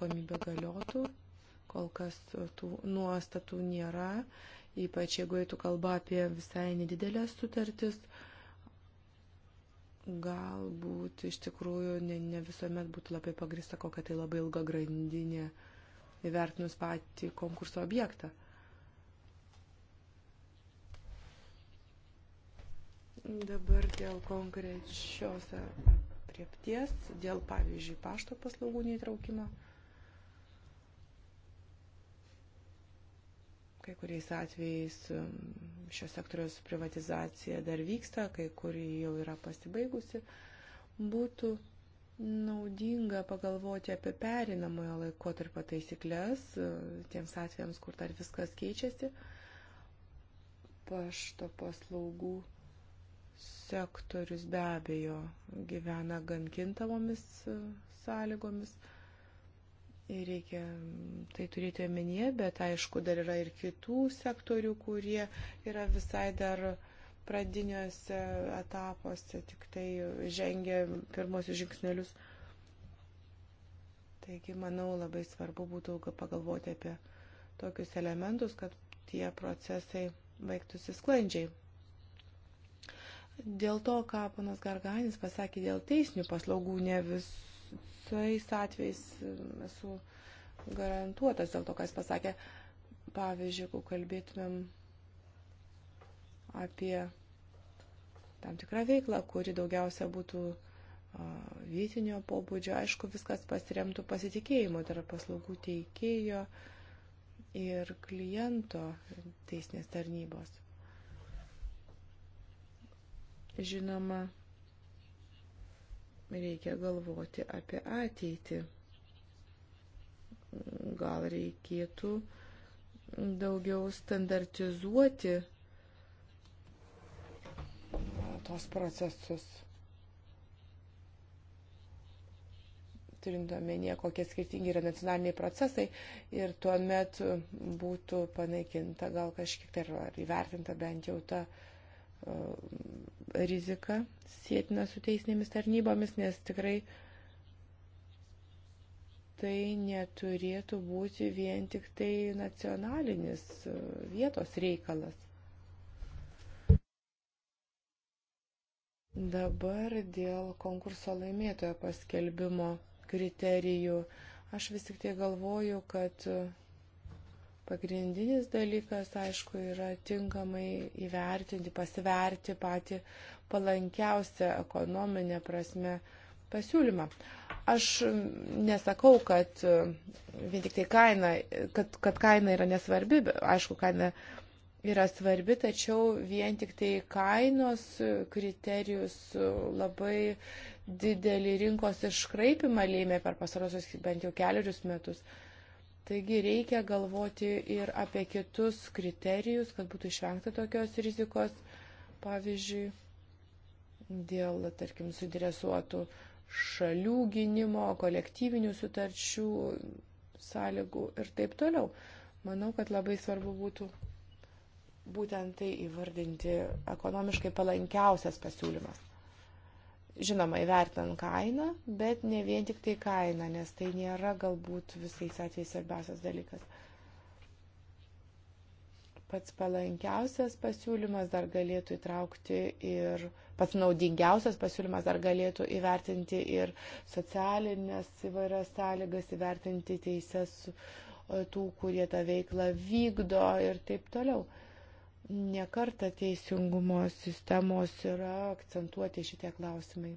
[SPEAKER 4] atsakomybė galiotų. Kol kas tų nuostatų nėra, ypač jeigu eitų kalba apie visai nedidelės sutartis. Galbūt iš tikrųjų ne, ne visuomet būtų labai pagrista, kokia tai labai ilga grandinė, įvertinus patį konkurso objektą. Dabar dėl konkrečios priepties, dėl pavyzdžiui pašto paslaugų neįtraukimo. Kai kuriais atvejais šios sektoriaus privatizacija dar vyksta, kai kuri jau yra pasibaigusi. Būtų naudinga pagalvoti apie perinamojo laikotarpio taisyklės e, tiems atvejams, kur dar viskas keičiasi. Pašto paslaugų sektorius be abejo gyvena gan kintavomis e, sąlygomis. Ir reikia mm, tai turėti omenyje, bet aišku, dar yra ir kitų sektorių, kurie yra visai dar pradiniuose etapuose, tik tai žengia pirmosius žingsnelius. Taigi, manau, labai svarbu būtų pagalvoti apie tokius elementus, kad tie procesai baigtųsi sklandžiai. Dėl to, ką panas Garganis pasakė dėl teisinių paslaugų, ne visų visais atvejais mm, esu garantuotas dėl to, kas pasakė. Pavyzdžiui, jeigu kalbėtumėm apie tam tikrą veiklą, kuri daugiausia būtų vietinio pobūdžio, aišku, viskas pasiremtų pasitikėjimu tarp paslaugų teikėjo ir kliento teisinės tarnybos. Žinoma, reikia galvoti apie ateitį. Gal reikėtų daugiau standartizuoti tos procesus. turint omenyje, kokie skirtingi yra nacionaliniai procesai ir tuomet būtų panaikinta gal kažkiek tai ar įvertinta bent jau ta uh, E, rizika sėtina su teisinėmis tarnybomis, nes tikrai tai neturėtų būti vien tik tai nacionalinis e, vietos reikalas. Dabar dėl konkurso laimėtojo paskelbimo kriterijų. Aš vis tik tai galvoju, kad Pagrindinis dalykas, aišku, yra tinkamai įvertinti, pasiverti patį palankiausią ekonominę prasme pasiūlymą. Aš nesakau, kad e, vien tik tai kaina, kad, kad kaina yra nesvarbi, aišku, kaina yra svarbi, tačiau vien tik tai kainos kriterijus labai didelį rinkos iškraipimą lėmė per pasarosius bent jau keliarius metus. Uh, Taigi reikia galvoti ir apie kitus kriterijus, kad būtų išvengta tokios rizikos, pavyzdžiui, dėl, tarkim, sudiresuotų šalių gynimo, kolektyvinių sutarčių sąlygų ir taip toliau. Manau, kad labai svarbu būtų būtent tai įvardinti ekonomiškai palankiausias pasiūlymas žinoma, įvertinant kainą, bet ne vien tik tai kainą, nes tai nėra galbūt visais atvejais svarbiausias dalykas. Pats palankiausias pasiūlymas dar galėtų įtraukti ir pats naudingiausias pasiūlymas dar galėtų įvertinti ir socialinės įvairias sąlygas, įvertinti teises e, tų, kurie tą veiklą vykdo ir taip toliau. Uh, Nekarta teisingumo sistemos yra akcentuoti šitie klausimai.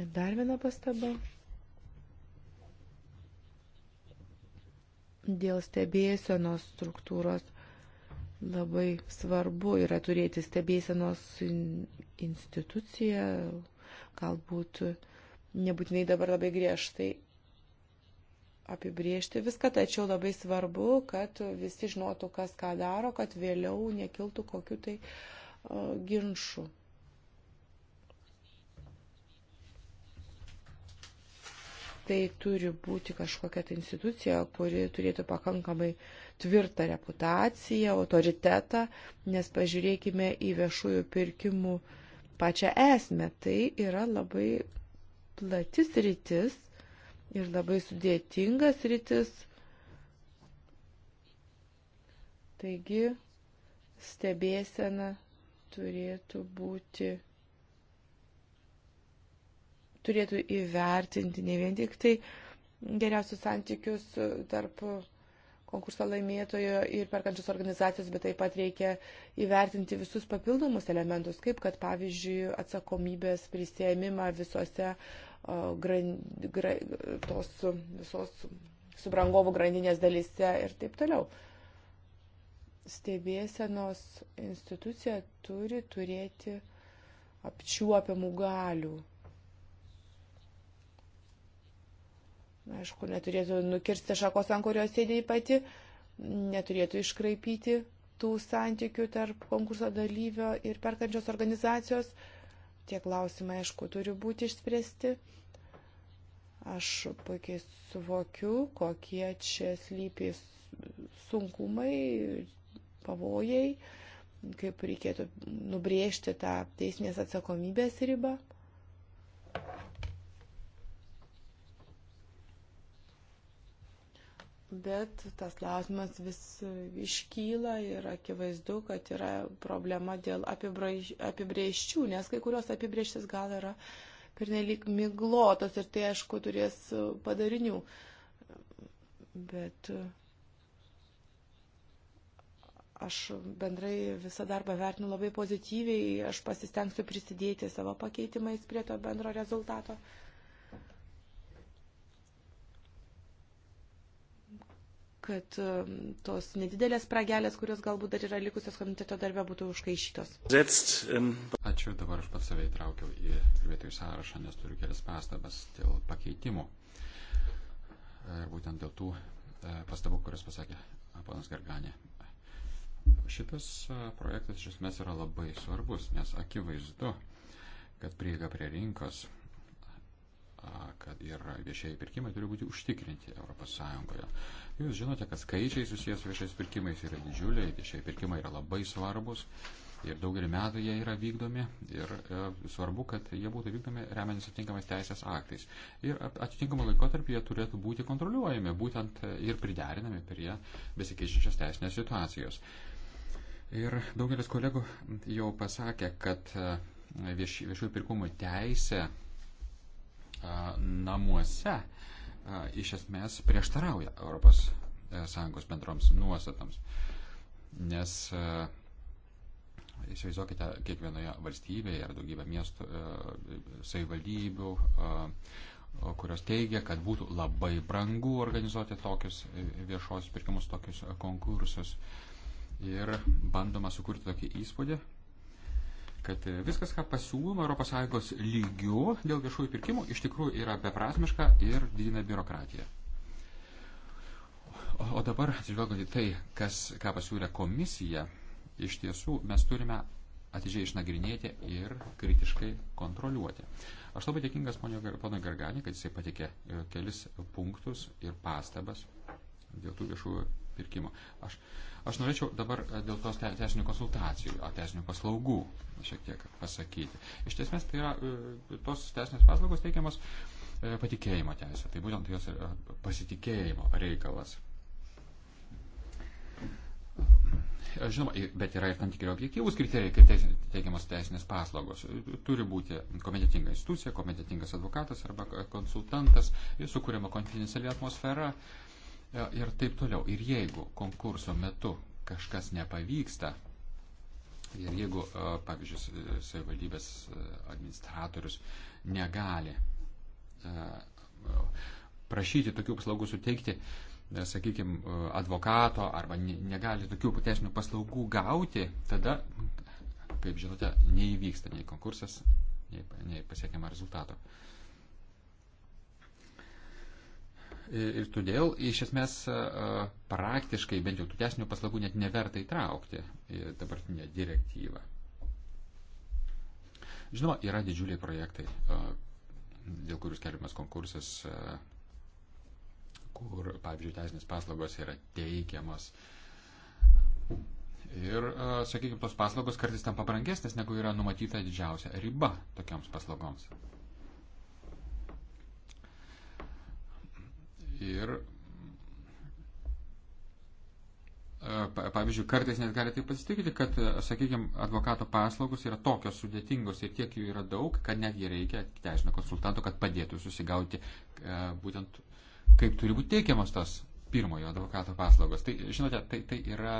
[SPEAKER 4] Ir dar viena pastaba. Dėl stebėsenos struktūros labai svarbu yra turėti stebėsenos instituciją, galbūt nebūtinai dabar labai griežtai apibriežti viską, tačiau labai svarbu, kad visi žinotų, kas ką daro, kad vėliau nekiltų kokiu tai uh, e, ginšu. Tai turi būti kažkokia tai institucija, kuri turėtų pakankamai tvirtą reputaciją, autoritetą, nes pažiūrėkime į viešųjų pirkimų pačią esmę. Tai yra labai platis rytis ir labai sudėtingas rytis. Taigi stebėsena turėtų būti, turėtų įvertinti ne vien tik tai geriausius santykius tarp konkurso laimėtojo ir perkančios organizacijos, bet taip pat reikia įvertinti visus papildomus elementus, kaip kad pavyzdžiui atsakomybės prisėmimą visose gran, gra, tos visos subrangovų grandinės dalyse ir taip toliau. Stebėsenos institucija turi turėti apčiuopiamų galių. Aišku, neturėtų nukirsti šakos, ant kurios sėdė į pati, neturėtų iškraipyti tų santykių tarp konkurso dalyvio ir perkančios organizacijos. Uh, Tie klausimai, aišku, turi būti išspręsti. Aš puikiai suvokiu, kokie čia slypi sunkumai, pavojai, kaip reikėtų nubrėžti tą teisinės atsakomybės ribą. Bet tas klausimas vis iškyla ir akivaizdu, kad yra problema dėl apibrėžčių, nes kai kurios apibrėžtis gal yra pernelyg miglotos ir tai, aišku, turės padarinių. Bet aš bendrai visą darbą vertinu labai pozityviai, aš pasistengsiu prisidėti savo pakeitimais prie to bendro rezultato. Uh, kad um, tos nedidelės pragelės, kurios galbūt dar yra likusios komiteto darbe, būtų užkaišytos.
[SPEAKER 2] Ačiū, dabar aš pats save įtraukiau į kalbėtojų sąrašą, nes turiu kelias pastabas dėl pakeitimų. Ir e, būtent dėl tų e, pastabų, kurias pasakė panas Garganė. Šitas e, projektas iš esmės yra labai svarbus, nes akivaizdu, kad prieiga prie rinkos kad ir viešieji pirkimai turi būti užtikrinti ES. Jūs žinote, kad skaičiai susijęs su viešais pirkimais yra didžiuliai, viešieji pirkimai yra labai svarbus ir daugelį metų jie yra vykdomi ir e, svarbu, kad jie būtų vykdomi remiantis atitinkamais teisės aktais. Ir atitinkamą laikotarpį jie turėtų būti kontroliuojami, būtent e, ir priderinami prie besikeičiančios teisinės situacijos. Ir daugelis kolegų jau pasakė, kad e, vieš, viešųjų pirkumų teisė namuose iš esmės prieštarauja ES e, bendroms nuostatams. Nes e, įsivaizduokite, kiekvienoje valstybėje yra daugybė miestų, e, savivaldybių, kurios teigia, kad būtų labai brangu organizuoti tokius viešosius pirkimus, tokius konkursus. Ir bandoma sukurti tokį įspūdį, kad viskas, ką pasiūloma ES lygių dėl viešųjų pirkimų, iš tikrųjų yra beprasmiška ir didina biurokratiją. O dabar, atsižvelgiant į tai, kas, ką pasiūlė komisija, iš tiesų mes turime atidžiai išnagrinėti ir kritiškai kontroliuoti. Aš labai dėkingas ponui Garganiui, kad jisai patikė e, kelis punktus ir pastabas dėl tų viešųjų pirkimo. Aš, aš norėčiau dabar e, dėl tos teisinių konsultacijų, teisinių paslaugų šiek tiek pasakyti. Iš tiesmės tai yra e, tos teisinės paslaugos teikiamas e, patikėjimo teisė. Tai būtent jos pasitikėjimo reikalas. Žinoma, bet yra ir tam tikri objektyvūs kriterijai, kai teikiamas teisinės paslaugos. Turi būti kompetitinga institucija, kompetitingas advokatas arba konsultantas, sukūrima konfidenciali atmosfera. Uh, ir taip toliau. Ir jeigu konkurso metu kažkas nepavyksta, ir jeigu, e, pavyzdžiui, e, savivaldybės e, administratorius negali prašyti tokių paslaugų suteikti, sakykime, advokato arba negali tokių teisinių paslaugų gauti, tada, kaip žinote, neįvyksta nei konkursas, nei, nei pasiekiama rezultato. Uh, Ir todėl iš esmės praktiškai bent jau tų tesnių paslaugų net neverta įtraukti į dabartinę direktyvą. Žinoma, yra didžiuliai projektai, dėl kurių skelbiamas konkursas, kur, pavyzdžiui, teisinės paslaugos yra teikiamas. Ir, sakykime, tos paslaugos kartais tampa brangesnės, negu yra numatyta didžiausia riba tokiams paslaugoms. Ir, e, pavyzdžiui, kartais net gali taip atsitikti, kad, e, sakykime, advokato paslaugos yra tokios sudėtingos ir tiek jų yra daug, kad netgi reikia teisinio konsultanto, kad padėtų susigauti e, būtent, kaip turi būti teikiamas tas pirmojo advokato paslaugos. Tai, žinote, tai, tai yra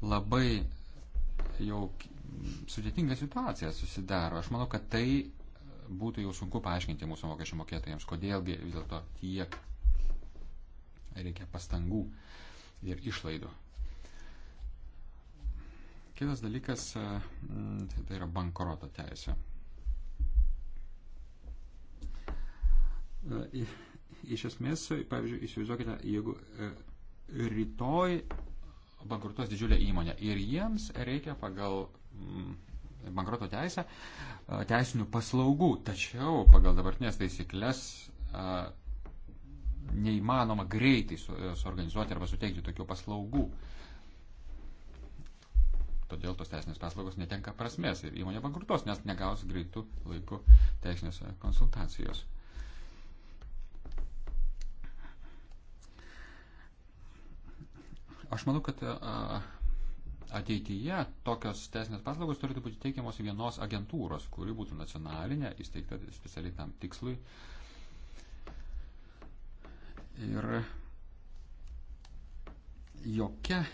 [SPEAKER 2] labai jau sudėtinga situacija susidaro. Aš manau, kad tai būtų jau sunku paaiškinti mūsų mokesčių mokėtojams, kodėlgi vis dėlto tiek reikia pastangų ir išlaidų. Kitas dalykas e, tai, tai yra bankroto teisė. E, iš esmės, pavyzdžiui, įsivaizduokite, jeigu e, rytoj bankrutuos didžiulė įmonė ir jiems reikia pagal bankroto teisę teisinių paslaugų, tačiau pagal dabartinės taisyklės neįmanoma greitai e, suorganizuoti arba suteikti tokių paslaugų. Todėl tos teisinės paslaugos netenka prasmės ir įmonė bankrutos, nes negaus greitų laikų teisinės e, konsultacijos. Aš manau, kad ateityje tokios teisinės paslaugos turėtų būti teikiamos vienos agentūros, kuri būtų nacionalinė, įsteigta specialiai tam tikslui. Ir jokia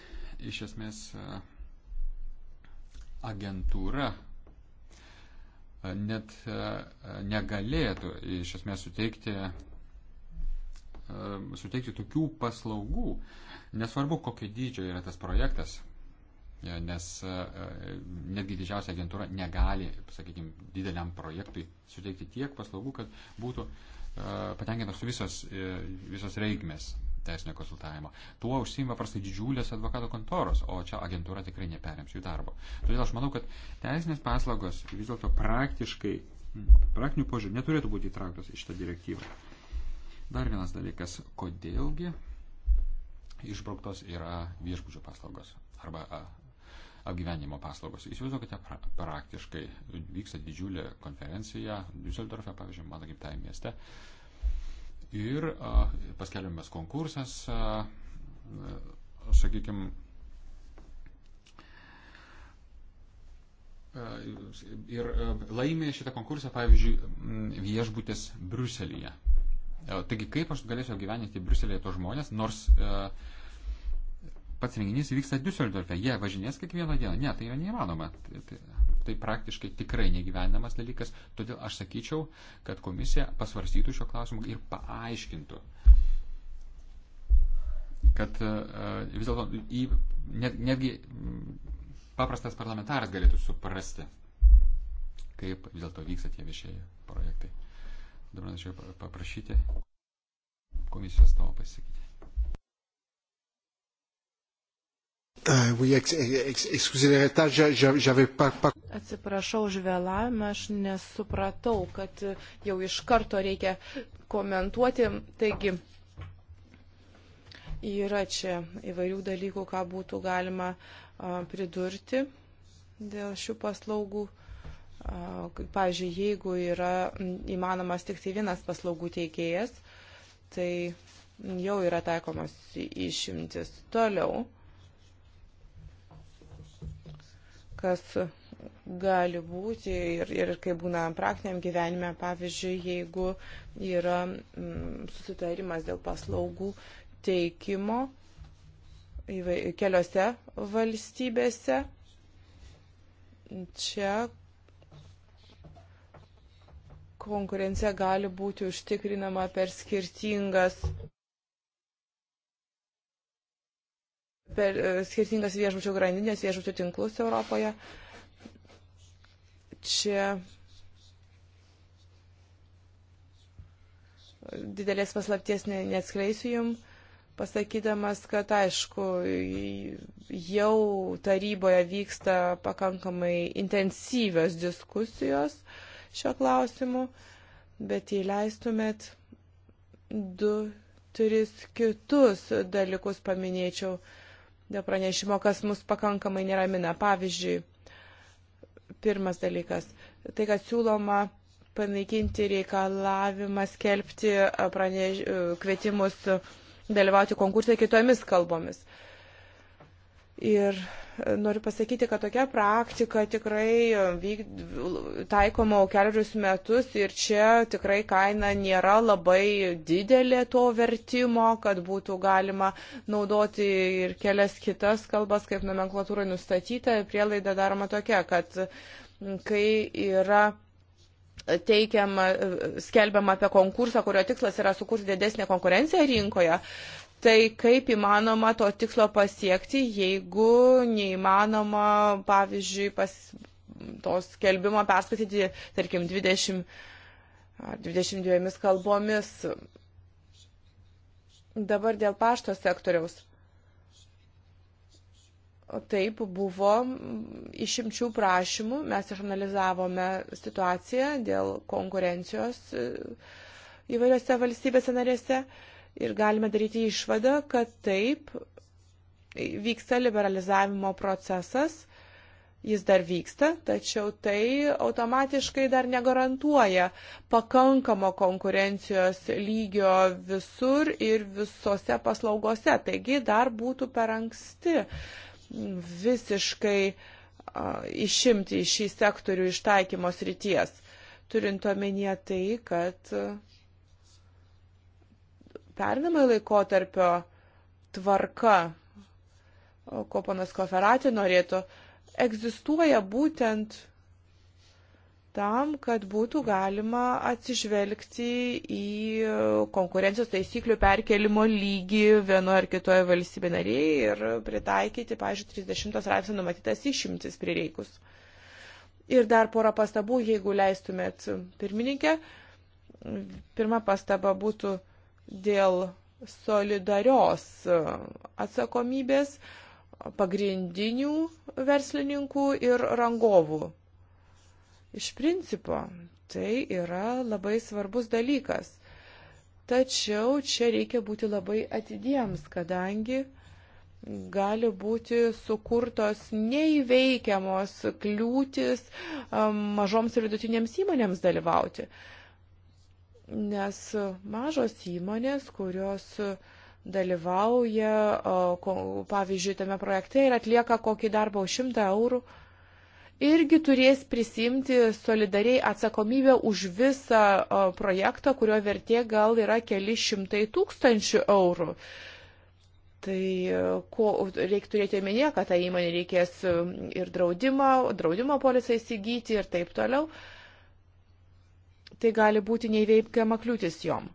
[SPEAKER 2] iš esmės e, agentūra e, net e, negalėtų iš esmės suteikti, suteikti tokių paslaugų, nesvarbu, kokio dydžio yra tas projektas, E, nes e, netgi didžiausia agentūra negali, sakykime, dideliam projektui suteikti tiek paslaugų, kad būtų e, patenkintos visos, visos reikmės teisinio konsultavimo. Tuo užsima paprastai didžiulės advokato kontoros, o čia agentūra tikrai neperims jų darbo. Todėl aš manau, kad teisinės paslaugos vis dėlto praktiškai, praktinių požiūrį neturėtų būti įtrauktos į šitą direktyvą. Dar vienas dalykas, kodėlgi išbrauktos yra viešbučio paslaugos arba apgyvenimo paslaugos. Įsivaizduokite, pra, praktiškai vyksta didžiulė konferencija Düsseldorfe, pavyzdžiui, mano gimtajame mieste. Ir a, paskelbiamas konkursas, a, a, sakykime, Ir laimė šitą konkursą, pavyzdžiui, viešbutis Bruselėje. E, taigi, kaip aš galėsiu apgyveninti Bruselėje tos žmonės, nors uh, pats renginys vyksta Düsseldorfe. Jie važinės kiekvieną dieną. Ne, tai yra neįmanoma. Tai, tai, tai praktiškai tikrai negyvenamas dalykas. Todėl aš sakyčiau, kad komisija pasvarstytų šio klausimu ir paaiškintų, kad e, vis dėlto net, netgi mm, paprastas parlamentaras galėtų suprasti, kaip vis dėlto vyksta tie viešieji projektai. Dabar norėčiau paprašyti komisijos tavo pasisakyti.
[SPEAKER 4] Atsiprašau už vėlavimą, aš nesupratau, kad e, jau iš karto reikia komentuoti. Taigi, yra čia įvairių dalykų, ką būtų galima pridurti dėl šių paslaugų. Pavyzdžiui, jeigu yra įmanomas tik tai vienas paslaugų teikėjas, tai jau yra taikomas išimtis. Toliau kas gali būti ir, ir kaip būna praktiniam gyvenime, pavyzdžiui, jeigu yra mm, susitarimas dėl paslaugų teikimo keliose valstybėse. Čia konkurencija gali būti užtikrinama per skirtingas per e, skirtingas viešbučių grandinės, viešbučių tinklus Europoje. Čia didelės paslapties neatskleisiu jum, pasakydamas, kad aišku, jau taryboje vyksta pakankamai intensyvios diskusijos šio klausimu, bet jei leistumėt du tris kitus dalykus paminėčiau dėl pranešimo, kas mus pakankamai neramina. Pavyzdžiui, pirmas dalykas, tai, kad siūloma panaikinti reikalavimą skelbti pranež... kvietimus dalyvauti konkursai kitomis kalbomis. Uh, Ir e, noriu pasakyti, kad tokia praktika tikrai e, vyk, taikoma keliarius metus ir čia tikrai kaina nėra labai didelė to vertimo, kad būtų galima naudoti ir kelias kitas kalbas, kaip nomenklatūrai nustatyta. Prielaida daroma tokia, kad kai yra teikiama, e, skelbiama apie konkursą, kurio tikslas yra sukurti didesnę konkurenciją rinkoje, tai kaip įmanoma to tikslo pasiekti, jeigu neįmanoma, pavyzdžiui, pas to skelbimo perskaityti, tarkim, 20 ar 22 kalbomis. Dabar dėl pašto sektoriaus. Taip buvo išimčių prašymų, mes išanalizavome situaciją dėl konkurencijos e, įvairiose valstybėse narėse. Uh, ir galime daryti išvadą, kad taip vyksta liberalizavimo procesas, jis dar vyksta, tačiau tai automatiškai dar negarantuoja pakankamo konkurencijos lygio visur ir visose paslaugose. Taigi dar būtų per anksti visiškai a, išimti šį sektorių iš taikymos ryties, turint omenyje tai, kad a, pernamai laikotarpio tvarka, ko panas Koferatė norėtų, egzistuoja būtent tam, kad būtų galima atsižvelgti į konkurencijos taisyklių perkelimo lygį vienoje ar kitoje valstybė narėje ir pritaikyti, pažiūrėjau, 30 straipsnio numatytas išimtis prireikus. Ir dar porą pastabų, jeigu leistumėt pirmininkę. Pirma pastaba būtų dėl solidarios e, atsakomybės pagrindinių verslininkų ir rangovų. Iš principo, tai yra labai svarbus dalykas. Tačiau čia reikia būti labai atidiems, kadangi gali būti sukurtos neįveikiamos kliūtis e, mažoms ir vidutinėms įmonėms dalyvauti nes mažos įmonės, kurios dalyvauja, pavyzdžiui, tame projekte ir atlieka kokį darbą už 100 eurų, irgi turės prisimti solidariai atsakomybę už visą projektą, kurio vertė gal yra keli šimtai tūkstančių eurų. Tai ko reikia turėti omenyje, kad tą įmonę reikės ir draudimo, draudimo polisą įsigyti ir taip toliau. Uh, tai gali būti neįveikiama kliūtis jom.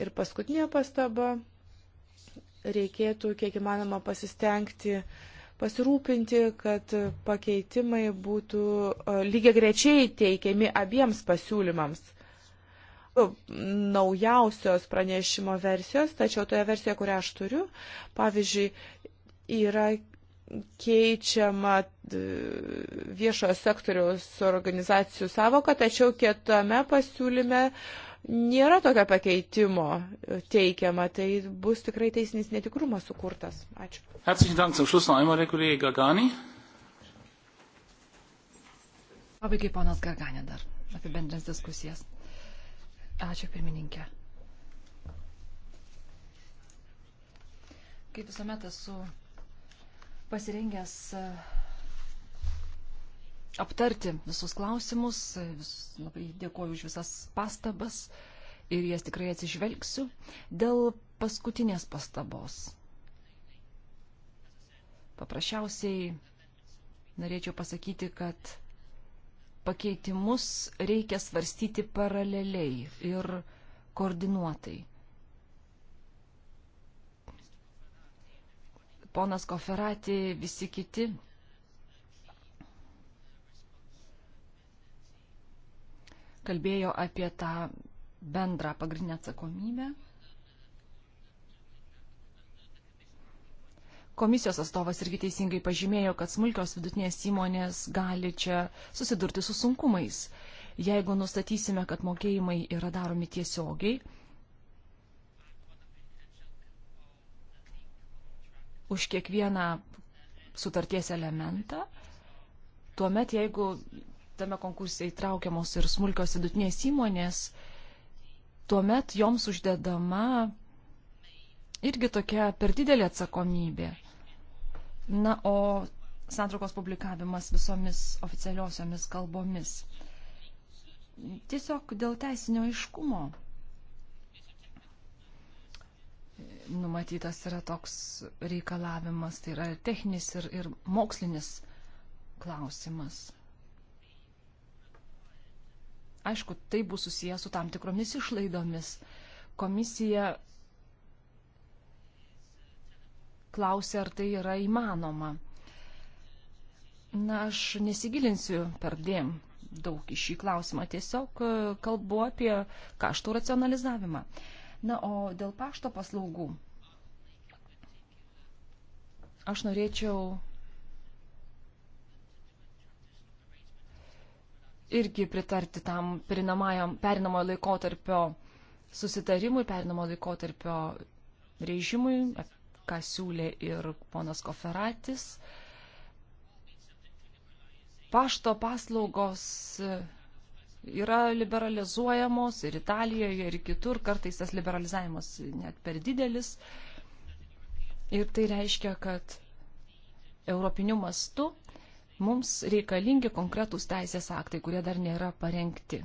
[SPEAKER 4] Ir paskutinė pastaba, reikėtų kiek įmanoma pasistengti pasirūpinti, kad pakeitimai būtų e, lygiai grečiai teikiami abiems pasiūlymams naujausios pranešimo versijos, tačiau toje versijoje, kurią aš turiu, pavyzdžiui, yra keičiama viešojo sektoriaus organizacijų savoka, tačiau kietame pasiūlyme nėra tokio pakeitimo teikiama, tai bus tikrai teisinis netikrumas sukurtas. Ačiū. Pabaigai ponas Garganė
[SPEAKER 3] dar apibendrins diskusijas. Ačiū pirmininkė. Kaip visuomet esu pasirengęs e, aptarti visus klausimus. E, vis, labai dėkoju už visas pastabas ir jas tikrai atsižvelgsiu. Dėl paskutinės pastabos. Paprasčiausiai norėčiau pasakyti, kad pakeitimus reikia svarstyti paraleliai ir koordinuotai. ponas Koferati, visi kiti. Kalbėjo apie tą bendrą pagrindinę atsakomybę. Komisijos atstovas irgi teisingai pažymėjo, kad smulkios vidutinės įmonės gali čia susidurti su sunkumais. Jeigu nustatysime, kad mokėjimai yra daromi tiesiogiai, už kiekvieną sutarties elementą. Tuomet, jeigu tame konkurse įtraukiamos ir smulkios vidutinės įmonės, tuomet joms uždedama irgi tokia per didelė atsakomybė. Na, o santraukos publikavimas visomis oficialiosiomis kalbomis. Tiesiog dėl teisinio iškumo numatytas yra toks reikalavimas, tai yra techninis ir, ir mokslinis klausimas. Aišku, tai bus susijęs su tam tikromis išlaidomis. Komisija klausė, ar tai yra įmanoma. Na, aš nesigilinsiu per dėm daug į šį klausimą, tiesiog e, kalbu apie kaštų racionalizavimą. Uh, Na, o dėl pašto paslaugų. Aš norėčiau irgi pritarti tam perinamojo laikotarpio susitarimui, perinamojo laikotarpio režimui, ką siūlė ir ponas Koferatis. Pašto paslaugos yra liberalizuojamos ir Italijoje, ir kitur, kartais tas liberalizavimas net per didelis. Ir tai reiškia, kad europiniu mastu mums reikalingi konkretūs teisės aktai, kurie dar nėra parengti.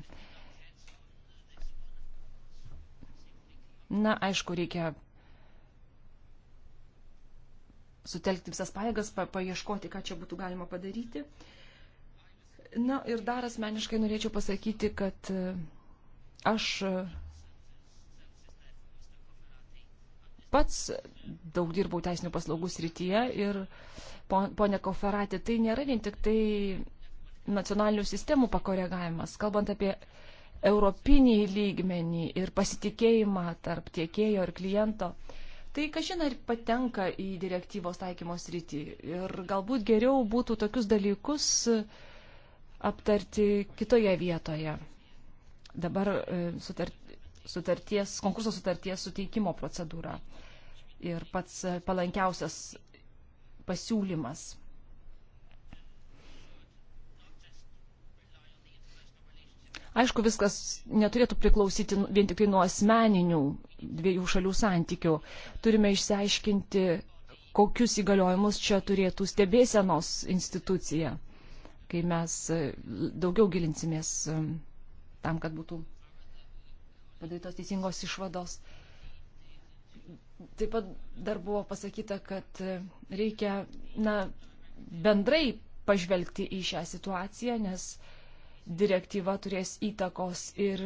[SPEAKER 3] Na, aišku, reikia sutelkti visas paėgas, pa paieškoti, ką čia būtų galima padaryti. Uh, Na ir dar asmeniškai norėčiau pasakyti, kad e, aš e, pats daug dirbau teisinių paslaugų srityje ir ponė Koferatė, tai nėra vien tik tai nacionalinių sistemų pakoregavimas, kalbant apie europinį lygmenį ir pasitikėjimą tarp tiekėjo ir kliento. Tai kažina ir patenka į direktyvos taikymos rytį. Ir galbūt geriau būtų tokius dalykus uh, aptarti kitoje vietoje. Dabar e, sutarties, konkurso sutarties suteikimo procedūra ir pats e, palankiausias pasiūlymas. Aišku, viskas neturėtų priklausyti nu, vien tik tai nuo asmeninių dviejų šalių santykių. Turime išsiaiškinti, kokius įgaliojimus čia turėtų stebėsenos institucija kai mes e, daugiau gilinsimės e, tam, kad būtų padarytos teisingos išvados. Taip pat dar buvo pasakyta, kad e, reikia na, bendrai pažvelgti į šią situaciją, nes direktyva turės įtakos ir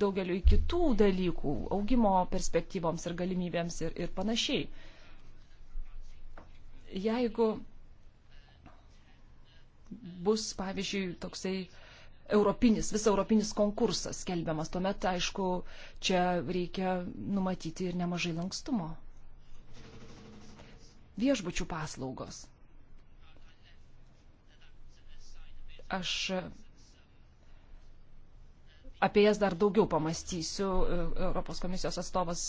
[SPEAKER 3] daugeliu kitų dalykų, augimo perspektyvoms ir galimybėms ir, ir panašiai. Jeigu bus, pavyzdžiui, toksai europinis, visą europinis konkursas skelbiamas. Tuomet, aišku, čia reikia numatyti ir nemažai lankstumo. Viešbučių paslaugos. Aš apie jas dar daugiau pamastysiu. Europos komisijos atstovas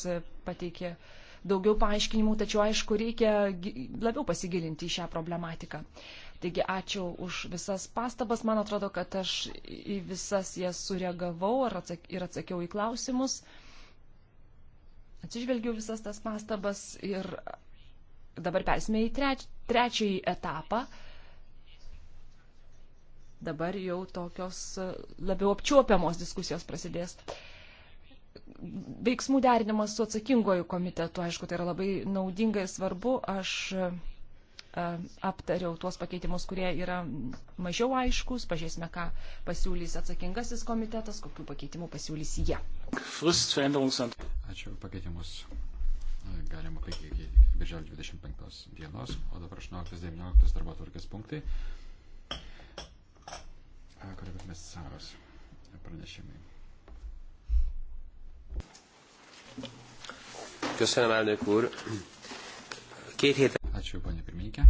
[SPEAKER 3] pateikė daugiau paaiškinimų, tačiau aišku, reikia labiau pasigilinti į šią problematiką. Taigi ačiū už visas pastabas. Man atrodo, kad aš į visas jas sureagavau ir atsakiau į klausimus. Atsižvelgiau visas tas pastabas ir dabar persime į treč, trečiąjį etapą. Dabar jau tokios labiau apčiuopiamos diskusijos prasidės veiksmų derinimas su atsakingoju komitetu, aišku, tai yra labai naudinga ir svarbu. Aš E, aptariau tuos pakeitimus, kurie yra mažiau aiškus. Pažiūrėsime, ką pasiūlys atsakingasis komitetas, kokių pakeitimų pasiūlys jie.
[SPEAKER 2] Ačiū pakeitimus. Galima pakeiti birželio 25 dienos, o dabar 18-19 darbo tvarkės punktai. Kolegos mes savas pranešimai. Köszönöm, elnök úr. Két héten Ačiū, ponė pirmininkė.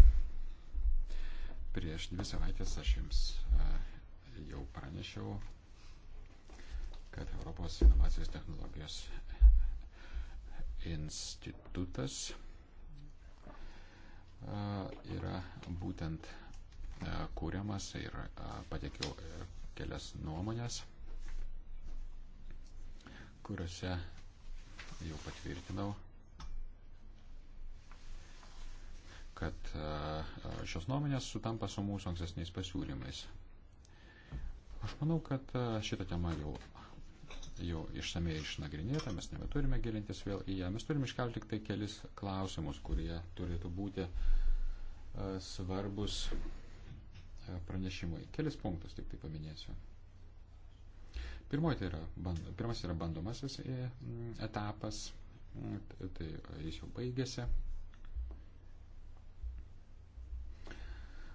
[SPEAKER 2] Prieš dvi savaitės aš jums e, jau pranešiau, kad Europos inovacijos technologijos institutas e, yra būtent e, kūriamas ir patekiau kelias nuomonės, kuriuose jau patvirtinau kad e, šios nuomonės sutampa su mūsų ankstesniais pasiūlymais. Aš manau, kad e, šitą temą jau, jau išsamei išnagrinėta, mes nebeturime gilintis vėl į ją. Mes turime iškelti tik tai kelis klausimus, kurie turėtų būti e, svarbus pranešimui. Kelis punktus tik tai paminėsiu. Pirmoji tai yra, pirmas yra bandomasis etapas, tai jis jau baigėsi,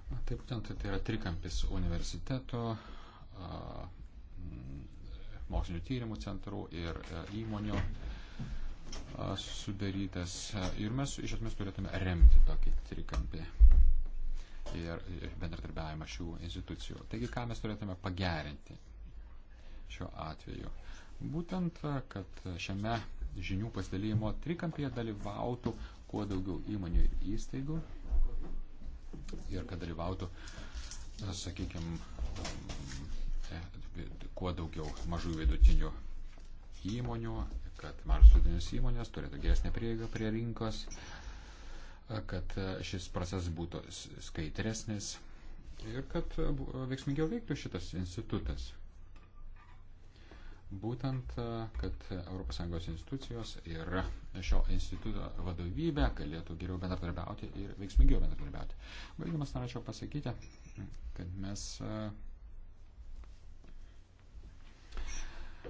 [SPEAKER 2] Taip, būtent tai, tai yra trikampis universiteto, mokslinio tyrimų centrų ir e, įmonių sudarytas. E, ir mes iš esmės turėtume remti tokį trikampį ir bendradarbiavimą šių institucijų. Taigi, ką mes turėtume pagerinti šiuo atveju? Būtent, kad šiame žinių pasidalymo trikampyje dalyvautų kuo daugiau įmonių ir įstaigų, ir kad dalyvautų, sakykime, um, e, kuo daugiau mažų vidutinių įmonių, kad mažos vidutinės įmonės turėtų geresnę prieigą prie rinkos, e, kad e, šis procesas būtų skaidresnis ir kad veiksmingiau veiktų šitas institutas būtent, e, kad ES institucijos ir šio instituto vadovybė galėtų geriau bendradarbiauti ir veiksmingiau bendradarbiauti. Baigdamas norėčiau pasakyti, kad mes e,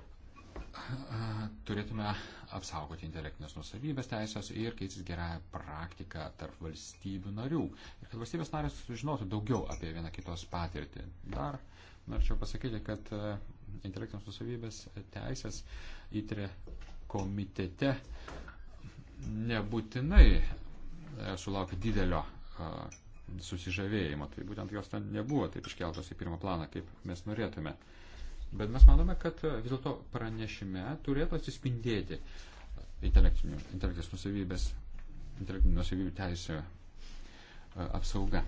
[SPEAKER 2] e, turėtume apsaugoti intelektinės nusavybės teisės ir keisis gerąją praktiką tarp valstybių narių. Ir kad valstybės narės sužinotų daugiau apie vieną kitos patirtį. Dar norėčiau pasakyti, kad intelektinės nusavybės teisės įtrė komitete nebūtinai e, sulaukia didelio e, susižavėjimo. Tai būtent jos ten nebuvo taip iškeltos į pirmą planą, kaip mes norėtume. Bet mes manome, kad e, vis dėlto pranešime turėtų atsispindėti intelektinės nusavybės, intelektinių nusavybių teisė apsauga.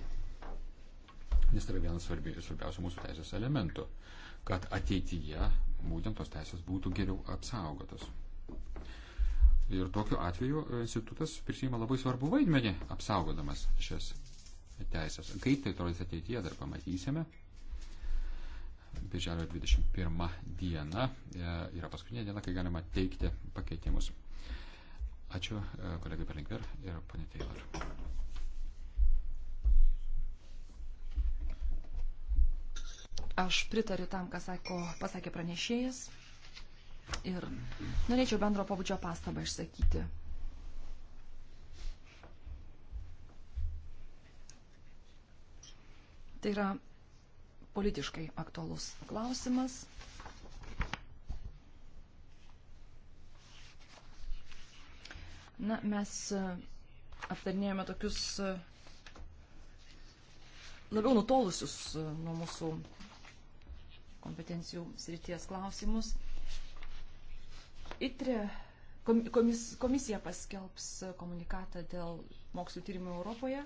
[SPEAKER 2] Nes tai yra vienas svarbiausių mūsų teisės elementų. Uh, kad ateityje būtent tos teisės būtų geriau apsaugotos. Ir tokiu atveju institutas prisima labai svarbu vaidmenį apsaugodamas šias teisės. Kaip tai atrodys ateityje, dar pamatysime. Birželio 21 diena e, yra paskutinė diena, kai galima teikti pakeitimus. Ačiū e, kolegai Berlinger ir panė Taylor.
[SPEAKER 3] Aš pritariu tam, ką sako, pasakė pranešėjas. Ir norėčiau bendro pabudžio pastabą išsakyti. Tai yra politiškai aktualus klausimas. Na, mes aptarnėjome tokius labiau nutolusius nuo mūsų kompetencijų srities klausimus. ITRE komis, komisija paskelbs komunikatą dėl mokslo tyrimų Europoje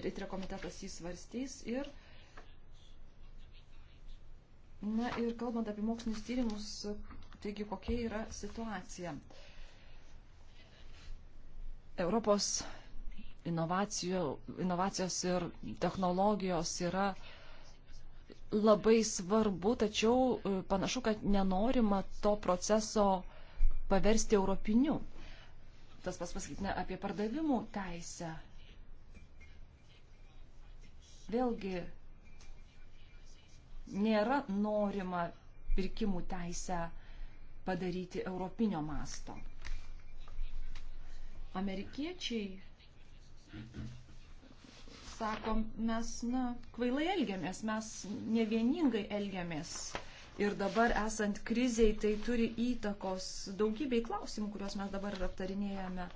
[SPEAKER 3] ir ITRE komitetas jį svarstys. Ir, na ir kalbant apie mokslinius tyrimus, taigi kokia yra situacija. Europos inovacijos ir technologijos yra labai svarbu, tačiau e, panašu, kad nenorima to proceso paversti europiniu. Tas pas pasakytina apie pardavimų teisę. Vėlgi nėra norima pirkimų teisę padaryti europinio masto. Amerikiečiai sakom, mes, na, kvailai elgiamės, mes nevieningai elgiamės. Ir dabar esant kriziai, tai turi įtakos daugybei klausimų, kuriuos mes dabar ir aptarinėjame.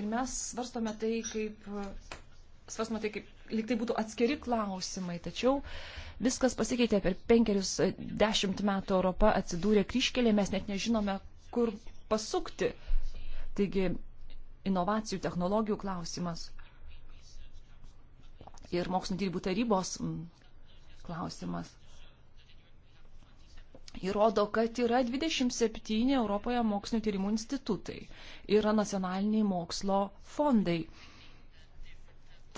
[SPEAKER 3] Ir mes svarstome tai kaip, svarstome tai kaip, lyg tai būtų atskiri klausimai, tačiau viskas pasikeitė per penkerius dešimt metų Europa atsidūrė kryškelė, mes net nežinome, kur pasukti. Taigi inovacijų technologijų klausimas ir mokslinio tyrimų tarybos klausimas. Įrodo, kad yra 27 Europoje mokslinio tyrimų institutai, yra nacionaliniai mokslo fondai.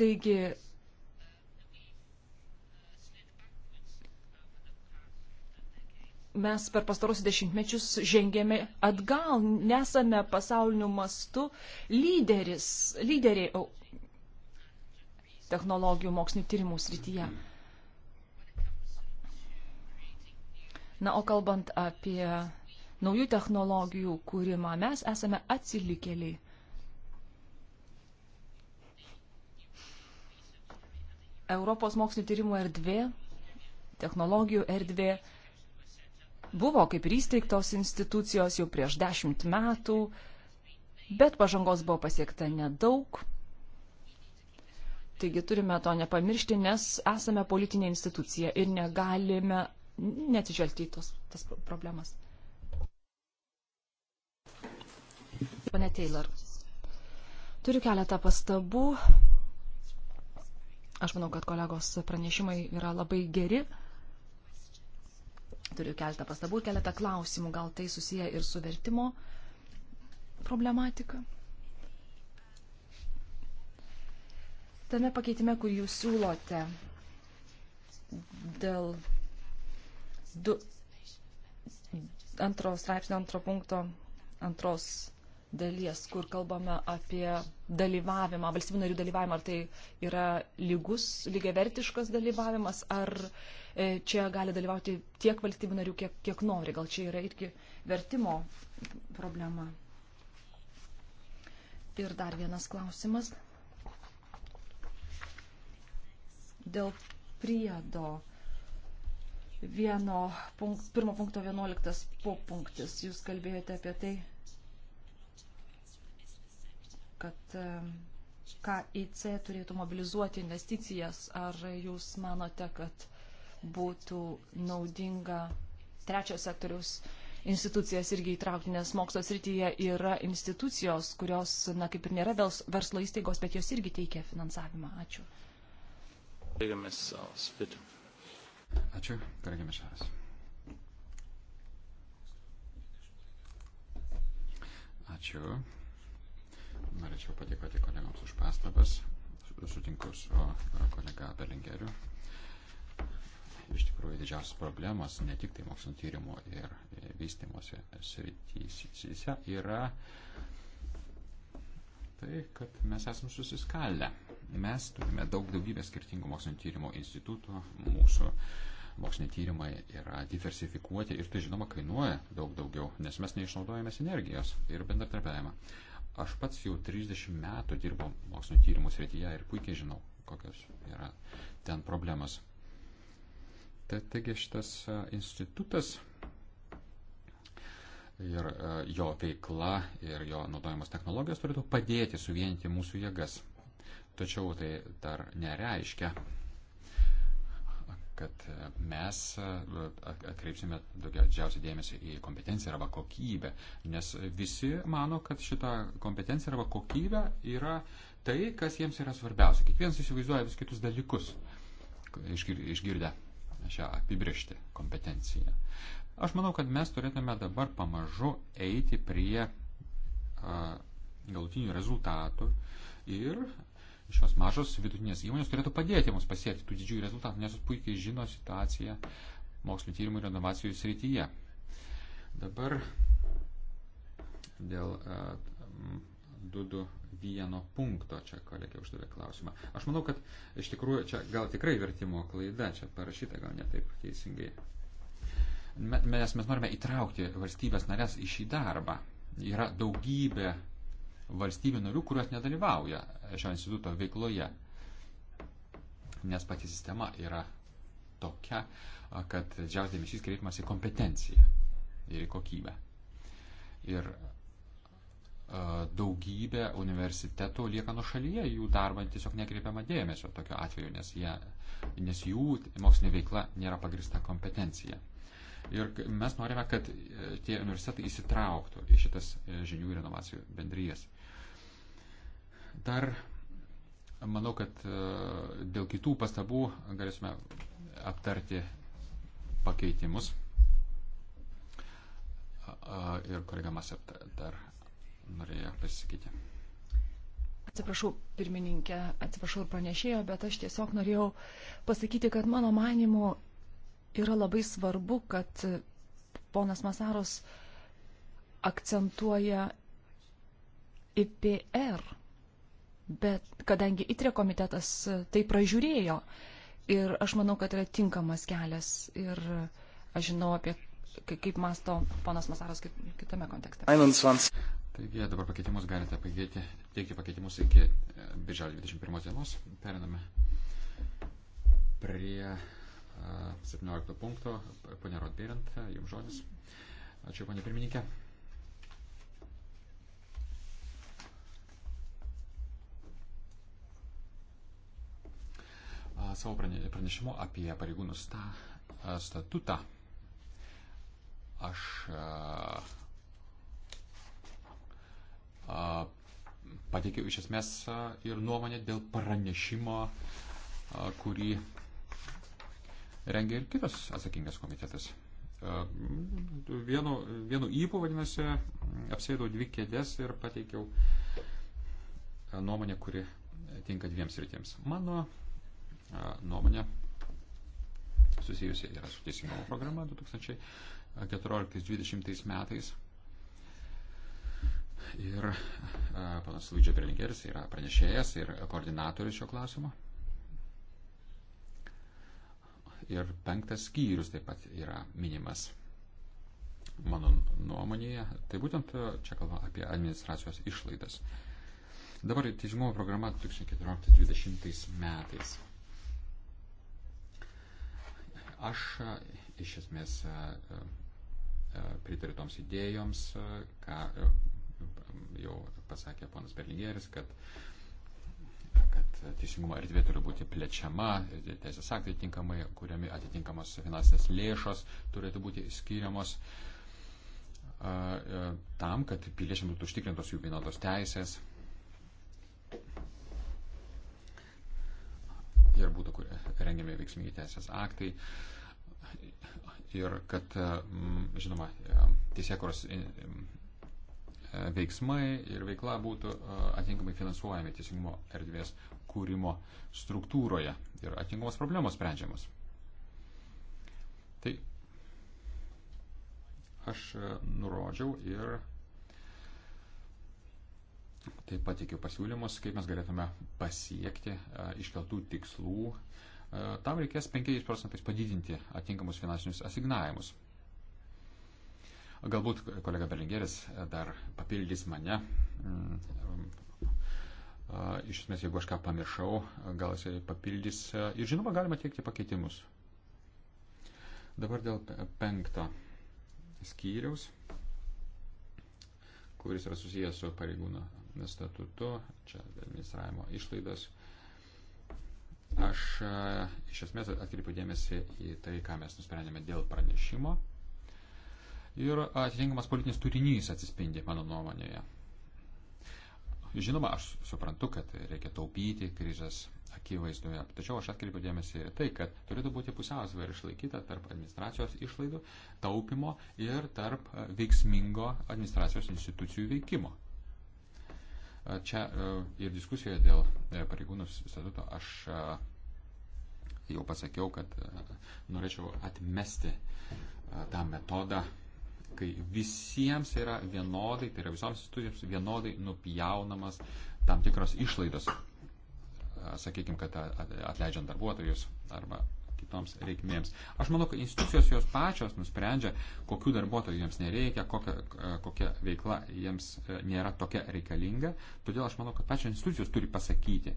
[SPEAKER 3] Taigi mes per pastarosius dešimtmečius žengėme atgal, nesame pasauliniu mastu lyderis, lyderiai technologijų mokslinių tyrimų srityje. Na, o kalbant apie naujų technologijų kūrimą, mes esame atsilikėliai. Europos mokslinio tyrimų erdvė, technologijų erdvė Buvo kaip ir įsteigtos institucijos jau prieš dešimt metų, bet pažangos buvo pasiekta nedaug. Taigi turime to nepamiršti, nes esame politinė institucija ir negalime neatsižvelgti į tos, tas problemas. Pane Taylor, turiu keletą pastabų. Aš manau, kad kolegos pranešimai yra labai geri. Turiu keletą pastabų ir keletą klausimų, gal tai susiję ir su vertimo problematika. Tame pakeitime, kur jūs siūlote dėl du, antro straipsnio antro punkto antros dalies, kur kalbame apie dalyvavimą, valstybių narių dalyvavimą, ar tai yra lygus, lygiavertiškas dalyvavimas, ar uh, E, čia gali dalyvauti tiek valstybių narių, kiek, kiek nori. Gal čia yra irgi vertimo problema. Ir dar vienas klausimas. Dėl priedo vieno punkt, pirmo punkto 11 popunktis. Jūs kalbėjote apie tai, kad e, KIC turėtų mobilizuoti investicijas. Ar jūs manote, kad būtų naudinga trečio sektoriaus institucijas irgi įtraukti, nes mokslo srityje yra institucijos, kurios, na, kaip ir nėra verslo įstaigos, bet jos irgi teikia finansavimą. Ačiū.
[SPEAKER 2] Ačiū, kolegė Mišaras. Ačiū. Norėčiau padėkoti kolegams už pastabas. Sutinku su kolega Belingeriu iš tikrųjų didžiausias problemas ne tik tai mokslinio tyrimo ir e, vystimosi srityse yra tai, kad mes esame susiskaldę. Mes turime daug daugybę skirtingų mokslinio tyrimo institutų, mūsų moksliniai tyrimai yra diversifikuoti ir tai žinoma kainuoja daug daugiau, nes mes neišnaudojame sinergijos ir bendratarpiavimą. Aš pats jau 30 metų dirbau mokslinio tyrimų srityje ir puikiai žinau, kokios yra ten problemas. Taigi šitas institutas ir jo veikla ir jo naudojamos technologijos turėtų padėti suvienyti mūsų jėgas. Tačiau tai dar nereiškia, kad mes atkreipsime daugiausiai dėmesį į kompetenciją arba kokybę, nes visi mano, kad šita kompetencija arba kokybė yra tai, kas jiems yra svarbiausia. Kiekvienas įsivaizduoja vis kitus dalykus, išgirdę šią apibriešti kompetenciją. Aš manau, kad mes turėtume dabar pamažu eiti prie a, galutinių rezultatų ir šios mažos vidutinės įmonės turėtų padėti mums pasiekti tų didžiųjų rezultatų, nes jūs puikiai žino situaciją mokslinio tyrimų ir inovacijų srityje. Dabar dėl a, 2, 2, vieno punkto, čia kolegė uždavė klausimą. Aš manau, kad iš tikrųjų čia gal tikrai vertimo klaida, čia parašyta gal netaip teisingai. Mes, mes norime įtraukti valstybės narės į šį darbą. Yra daugybė valstybių narių, kurios nedalyvauja šio instituto veikloje. Nes pati sistema yra tokia, kad didžiausias dėmesys kreipiamas į kompetenciją ir į kokybę. Ir daugybė universitetų lieka nuo šalyje, jų darbą tiesiog nekreipiama dėmesio tokiu atveju, nes, jie, nes jų mokslinė veikla nėra pagrista kompetencija. Ir mes norime, kad e, tie universitetai įsitrauktų į šitas e, žinių ir inovacijų bendryjas. Dar manau, kad e, dėl kitų pastabų galėsime aptarti pakeitimus. Ir kolega Masep dar norėjo pasisakyti.
[SPEAKER 3] Atsiprašau, pirmininkė, atsiprašau ir pranešėjo, bet aš tiesiog norėjau pasakyti, kad mano manimu yra labai svarbu, kad ponas Masaros akcentuoja IPR, bet kadangi ITRE komitetas tai pražiūrėjo ir aš manau, kad yra tinkamas kelias ir aš žinau apie kaip masto ponas Masaras kitame kontekste. 21.
[SPEAKER 2] Taigi dabar pakeitimus galite pakeiti, teikti pakeitimus iki e, birželio 21 dienos. Periname prie 17 e, punkto. Pane Rodbirant, jums žodis. Ačiū, pane pirmininkė. Savo pranešimu apie pareigūnų statutą aš e, pateikiau iš esmės ir nuomonę dėl pranešimo, kurį rengia ir kitas atsakingas komitetas. Vienu, vienu įpų vadinasi, apsėdau dvi kėdės ir pateikiau nuomonę, kuri tinka dviems rytiems. Mano nuomonė susijusi yra su teisingumo programa 2014-2020 metais Ir panas Luidžio Berlingeris yra pranešėjas ir koordinatorius šio klausimo. Ir penktas skyrius taip pat yra minimas mano nuomonėje. Tai būtent čia kalba apie administracijos išlaidas. Dabar teisingumo programa 2014-2020 metais. Aš iš esmės pritariu toms idėjoms, ką jau pasakė ponas Berlingeris, kad, kad teisingumo erdvė turi būti plečiama, teisės aktai tinkamai, kuriami atitinkamos finansinės lėšos turėtų būti skiriamos e, tam, kad piliečiams būtų užtikrintos jų vienodos teisės ir būtų rengiami veiksmingi teisės aktai. Ir kad, žinoma, e, teisėkuros veiksmai ir veikla būtų e, atinkamai finansuojami teisingumo erdvės kūrimo struktūroje ir atitinkamos problemos sprendžiamos. Tai aš e, nurodžiau ir taip patikiu pasiūlymus, kaip mes galėtume pasiekti e, iškeltų tikslų. Tam reikės 5 procentais padidinti atitinkamus finansinius asignavimus. Galbūt kolega Berlingeris e, dar papildys mane. Mm, e, e, iš esmės, jeigu aš ką pamiršau, gal jisai papildys. Ir žinoma, galima teikti pakeitimus. Dabar dėl penkto skyriaus, kuris yra susijęs su pareigūno statutu, čia administravimo išlaidos. Aš iš esmės atkreipiu dėmesį į tai, ką mes nusprendėme dėl pranešimo ir atitinkamas politinis turinys atsispindi mano nuomonėje. Žinoma, aš suprantu, kad reikia taupyti krizės akivaizdoje, tačiau aš atkreipiu dėmesį ir tai, kad turėtų būti pusiausvė ir išlaikyta tarp administracijos išlaidų, taupimo ir tarp veiksmingo administracijos institucijų veikimo. Čia e, ir diskusijoje dėl e, pareigūnų statuto aš e, jau pasakiau, kad norėčiau atmesti tą metodą kai visiems yra vienodai, tai yra visoms institucijoms vienodai nupjaunamas tam tikros išlaidos, sakykime, kad atleidžiant darbuotojus arba kitoms reikmėms. Aš manau, kad institucijos jos pačios nusprendžia, kokių darbuotojų jiems nereikia, kokia, kokia veikla jiems nėra tokia reikalinga. Todėl aš manau, kad pačios institucijos turi pasakyti,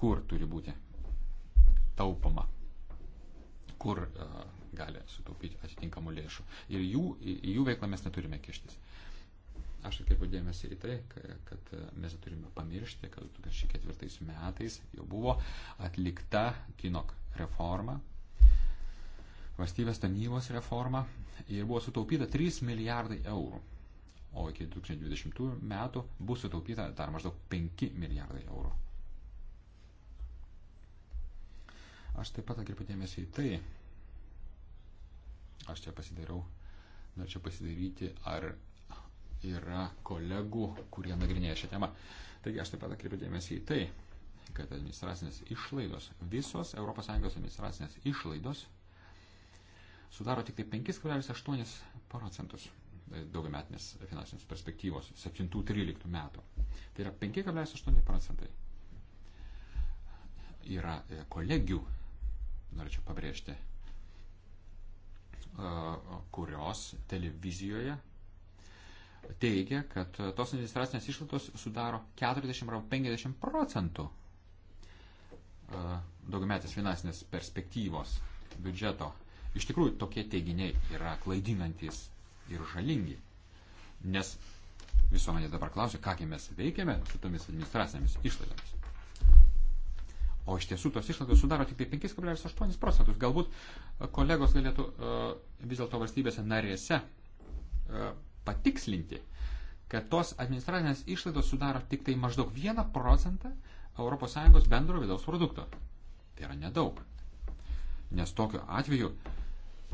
[SPEAKER 2] kur turi būti taupoma kur e, gali sutaupyti atitinkamų lėšų. Ir jų, jų veiklą mes neturime kištis. Aš atkreipiu dėmesį į tai, kad e, mes turime pamiršti, kad 2004 metais jau buvo atlikta kinok reforma, valstybės tarnybos reforma ir buvo sutaupyta 3 milijardai eurų. O iki 2020 metų bus sutaupyta dar maždaug 5 milijardai eurų. Aš taip pat atkreipiu dėmesį į tai, aš čia pasidariau, norėčiau pasidaryti, ar yra kolegų, kurie nagrinėja šią temą. Taigi aš taip pat atkreipiu dėmesį į tai, kad administracinės išlaidos, visos ES administracinės išlaidos sudaro tik tai 5,8 procentus e, daugiametinės finansinės perspektyvos 7-13 metų. Tai yra 5,8 procentai yra e, kolegių norėčiau pabrėžti, kurios televizijoje teigia, kad tos administracinės išlaidos sudaro 40 ar 50 procentų daugiametės finansinės perspektyvos biudžeto. Iš tikrųjų, tokie teiginiai yra klaidinantis ir žalingi, nes visuomenė dabar klausia, kągi mes veikiame su tomis administracinėmis išlaidomis. O iš tiesų tos išlaidos sudaro tik tai 5,8 procentus. Galbūt e, kolegos galėtų e, vis dėlto valstybėse narėse e, patikslinti, kad tos administracinės išlaidos sudaro tik tai maždaug 1 procentą ES bendro vidaus produkto. Tai yra nedaug. Nes tokiu atveju,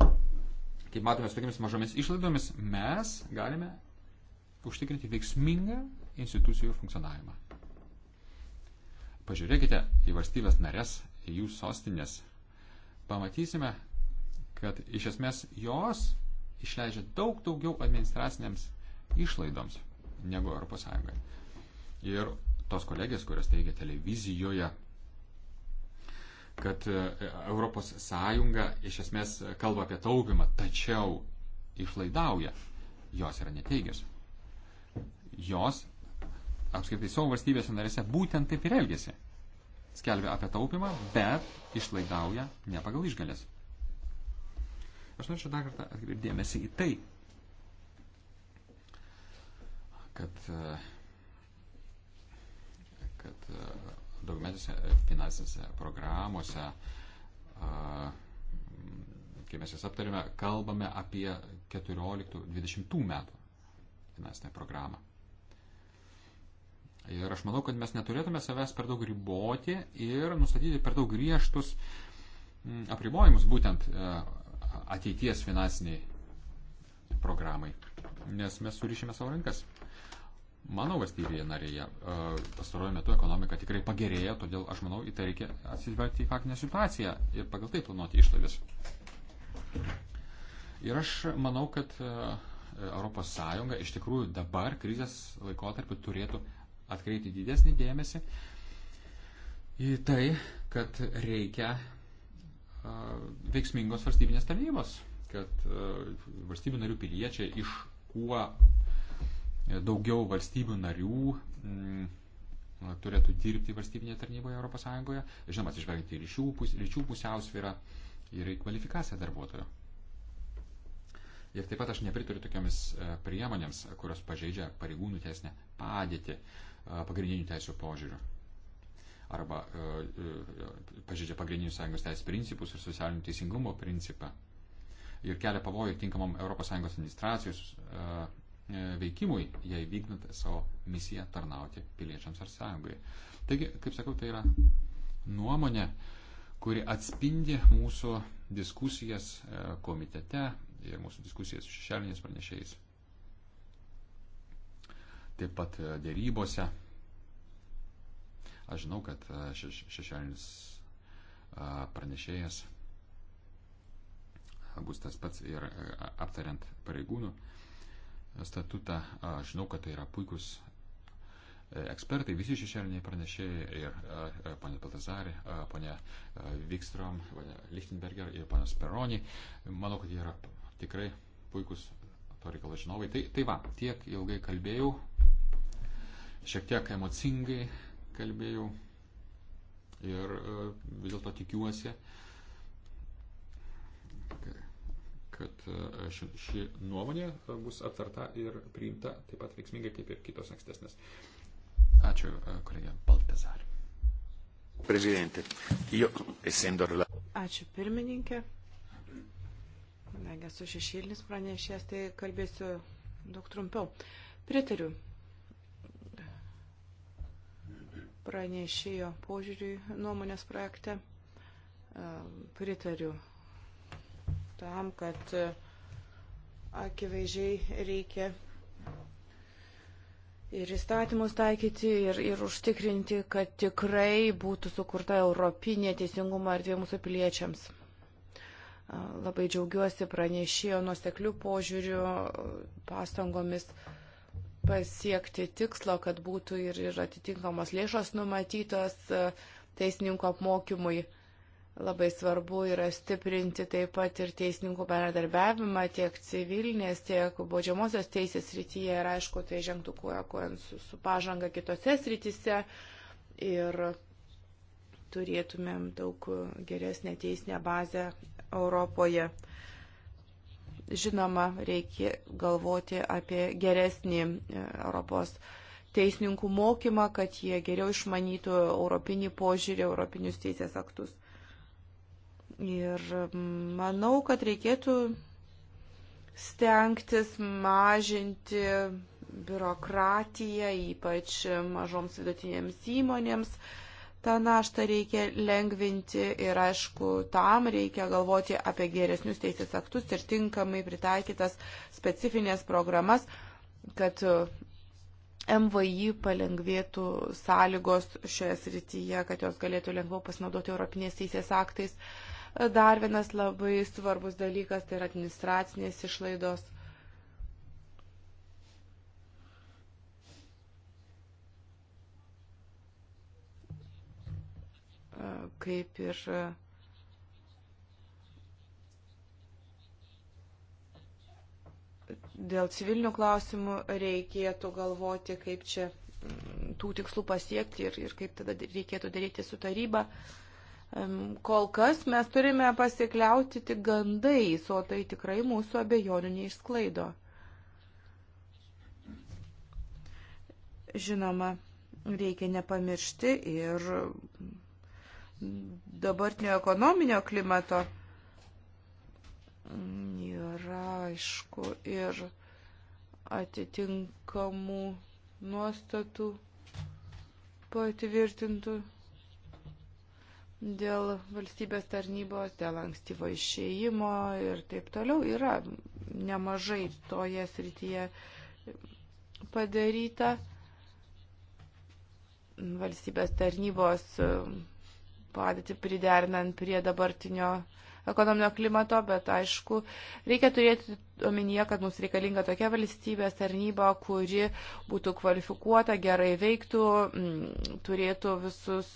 [SPEAKER 2] kaip matome, su tokiamis mažomis išlaidomis mes galime užtikrinti veiksmingą institucijų funkcionavimą pažiūrėkite į valstybės narės, į jų sostinės, pamatysime, kad iš esmės jos išleidžia daug daugiau administracinėms išlaidoms negu ES. Ir tos kolegės, kurios teigia televizijoje, kad ES iš esmės kalba apie taupimą, tačiau išlaidauja, jos yra neteigios. Jos apskritai savo valstybėse narėse būtent taip ir elgesi. Skelbia apie taupimą, bet išlaidauja ne pagal išgalės. Aš norėčiau dar kartą atkreipti dėmesį į tai, kad, kad daugmetėse finansinėse programuose, kai mes jas aptarėme, kalbame apie 14-20 metų finansinę programą. Ir aš manau, kad mes neturėtume savęs per daug riboti ir nustatyti per daug griežtus mm, apribojimus būtent e, ateities finansiniai programai, nes mes surišime savo rankas. Mano valstybėje narėje e, pastaruoju metu ekonomika tikrai pagerėjo, todėl aš manau, į tai reikia atsižvelgti į faktinę situaciją ir pagal tai planuoti išlaidas. Ir aš manau, kad ES iš tikrųjų dabar krizės laikotarpiu turėtų atkreipti didesnį dėmesį į tai, kad reikia veiksmingos valstybinės tarnybos, kad valstybių narių piliečiai iš kuo daugiau valstybių narių m, mm, turėtų dirbti valstybinėje tarnyboje ES, žinoma, atsižvelgti ir šių pus, ryčių pusiausvyrą ir į kvalifikaciją darbuotojo. Ir taip pat aš nepritariu tokiamis e, priemonėms, kurios pažeidžia pareigūnų teisinę padėtį. Uh, pagrindinių teisų požiūrių arba e, e, pažydžia pagrindinius sąjungos teisės principus ir socialinio teisingumo principą ir kelia pavojų tinkamam ES administracijos e, veikimui, jei vykdant savo misiją tarnauti piliečiams ar sąjungai. Taigi, kaip sakau, tai yra nuomonė, kuri atspindi mūsų diskusijas komitete ir mūsų diskusijas su šešėliniais pranešėjais taip pat e, dėrybose. Aš žinau, kad e, šeš, šešėlinis e, pranešėjas bus tas pats ir aptariant pareigūnų statutą. Aš žinau, kad tai yra puikus ekspertai, visi šešėliniai pranešėjai ir ponė Peltazarė, ponė Vikstrom, ponė Lichtenberger ir ponas Peroni. Manau, kad jie yra tikrai puikus to reikalo žinovai. Tai, tai va, tiek ilgai kalbėjau, šiek tiek emocingai kalbėjau ir e, vis dėlto tikiuosi, kad e, ši, ši nuomonė bus aptarta ir priimta taip pat veiksmingai kaip ir kitos ankstesnės. Ačiū, e, kolegė Baltazarė. Prezidentė, jo, esendo rela.
[SPEAKER 4] Ačiū, pirmininkė. Negi esu šešėlinis pranešęs, tai kalbėsiu daug trumpiau. Pritariu pranešėjo požiūriui nuomonės projekte. E, pritariu tam, kad e, akivaizdžiai reikia ir įstatymus taikyti, ir, ir užtikrinti, kad tikrai būtų sukurta europinė teisingumo erdvė mūsų piliečiams. E, labai džiaugiuosi pranešėjo nuoseklių požiūrių pastangomis uh, pasiekti tikslo, kad būtų ir, ir atitinkamos lėšos numatytos e, teisininkų apmokymui. Labai svarbu yra stiprinti taip pat ir teisininkų bendradarbiavimą tiek civilinės, tiek baudžiamosios teisės rytyje ir aišku, tai žengtų kuojant su, su pažanga kitose srityse ir turėtumėm daug geresnę teisinę bazę Europoje. Uh, Žinoma, reikia galvoti apie geresnį e, Europos teisininkų mokymą, kad jie geriau išmanytų europinį požiūrį, europinius teisės aktus. Ir manau, kad reikėtų stengtis mažinti biurokratiją, ypač mažoms vidutinėms įmonėms. Uh, tą naštą reikia lengvinti ir, aišku, tam reikia galvoti apie geresnius teisės aktus ir tinkamai pritaikytas specifinės programas, kad MVI palengvėtų sąlygos šioje srityje, kad jos galėtų lengviau pasinaudoti Europinės teisės aktais. Dar vienas labai svarbus dalykas tai yra administracinės išlaidos. kaip ir dėl civilinių klausimų reikėtų galvoti, kaip čia mm, tų tikslų pasiekti ir, ir kaip tada reikėtų daryti su taryba. Kol kas mes turime pasikliauti tik gandais, o tai tikrai mūsų abejonių neišsklaido. Žinoma, reikia nepamiršti ir dabartinio ekonominio klimato yra aišku ir atitinkamų nuostatų patvirtintų dėl valstybės tarnybos, dėl ankstyvo išėjimo ir taip toliau. Yra nemažai toje srityje padaryta valstybės tarnybos padėtį priderinant prie dabartinio ekonominio klimato, bet aišku, reikia turėti omenyje, kad mums reikalinga tokia valstybės tarnyba, kuri būtų kvalifikuota, gerai veiktų, mm, turėtų visus,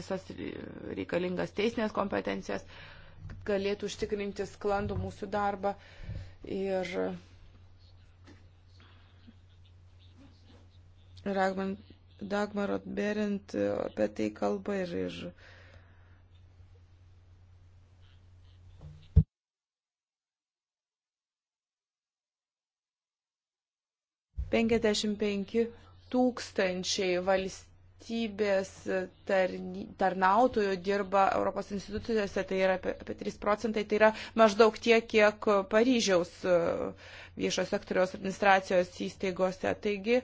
[SPEAKER 4] visas reikalingas teisinės kompetencijas, galėtų užtikrinti sklandų mūsų darbą. Ir Ragman Dagmarot Berint apie tai kalba ir, ir 55 tūkstančiai valstybės tarny, tarnautojų dirba Europos institucijose, tai yra apie 3 procentai, tai yra maždaug tiek, kiek Paryžiaus e, viešo sektoriaus administracijos įstaigose. Taigi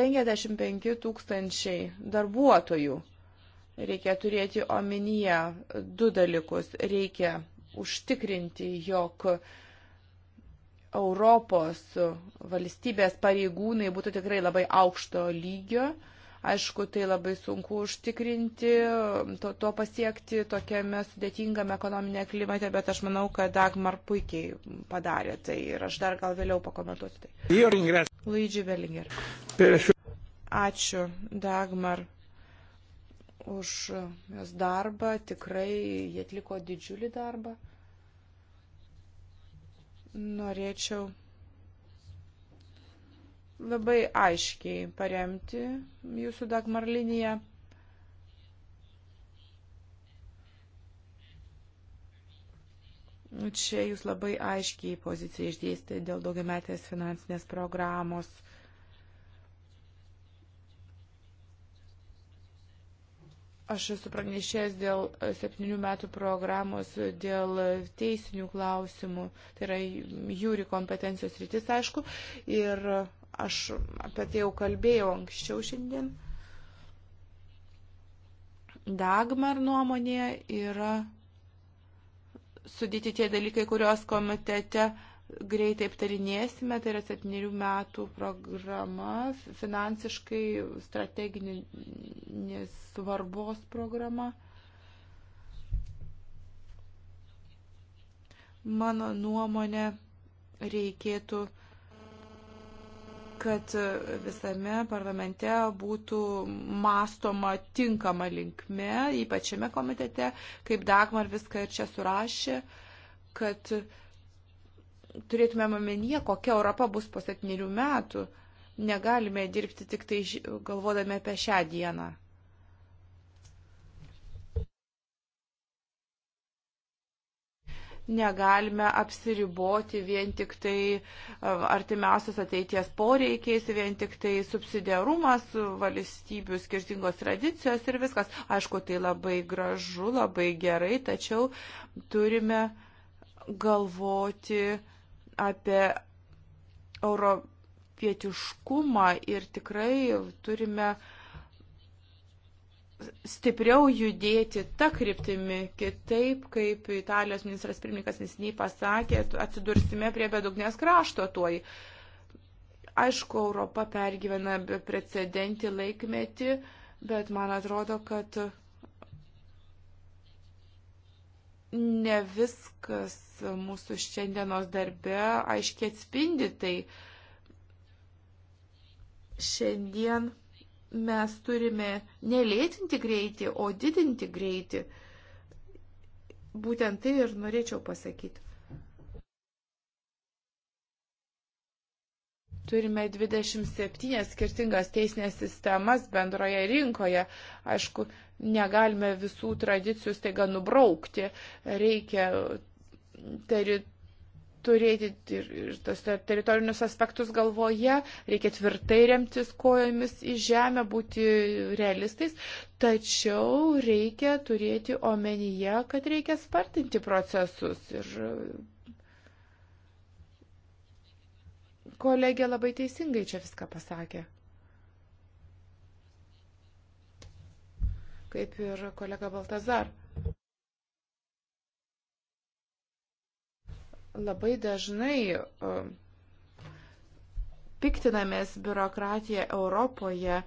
[SPEAKER 4] 55 tūkstančiai darbuotojų. Reikia turėti omenyje du dalykus. Reikia užtikrinti, jog uh, Europos valstybės pareigūnai būtų tikrai labai aukšto lygio. Aišku, tai labai sunku užtikrinti, to, to pasiekti tokiame sudėtingame ekonominėje klimate, bet aš manau, kad Dagmar puikiai padarė tai ir aš dar gal vėliau pakomentuosiu
[SPEAKER 2] tai.
[SPEAKER 4] Luigi Bellinger. Ačiū, Dagmar, už jos darbą. Tikrai jie atliko didžiulį darbą norėčiau labai aiškiai paremti jūsų Dagmar liniją. Čia jūs labai aiškiai poziciją išdėstė dėl daugiametės finansinės programos Aš esu pranešęs dėl e, septynių metų programos, e, dėl e, teisinių klausimų, tai yra jūri kompetencijos rytis, aišku, ir aš apie tai jau kalbėjau anksčiau šiandien. Dagmar nuomonė yra sudėti tie dalykai, kurios komitete uh, greitai aptarinėsime, tai yra septynių metų programa, finansiškai strateginės svarbos programa. Mano nuomonė reikėtų, kad visame parlamente būtų mastoma tinkama linkme, ypač šiame komitete, kaip Dagmar viską ir čia surašė, kad uh, turėtume omenyje, kokia Europa bus po septynių metų. Negalime dirbti tik tai galvodami apie šią dieną. Negalime apsiriboti vien tik tai e, artimiausios ateities poreikiais, vien tik tai subsidiarumas, valstybių skirtingos tradicijos ir viskas. Aišku, tai labai gražu, labai gerai, tačiau turime galvoti apie europietiškumą ir tikrai turime stipriau judėti tą kryptimį, kitaip, kaip Italijos ministras pirmininkas nesiniai pasakė, atsidursime prie bedugnės krašto tuoj. Aišku, Europa pergyvena beprecedentį laikmetį, bet man atrodo, kad ne viskas mūsų šiandienos darbe aiškiai atspindi tai. Šiandien mes turime nelėtinti greitį, o didinti greitį. Būtent tai ir norėčiau pasakyti. Turime 27 skirtingas teisinės sistemas bendroje rinkoje. Aišku, negalime visų tradicijų staiga nubraukti. Reikia teri, turėti ir, ir tas teritorinius aspektus galvoje, reikia tvirtai remtis kojomis į žemę, būti realistais, tačiau reikia turėti omenyje, kad reikia spartinti procesus ir Kolegė labai teisingai čia viską pasakė. Kaip ir kolega Baltazar. Labai dažnai um, piktinamės biurokratiją Europoje,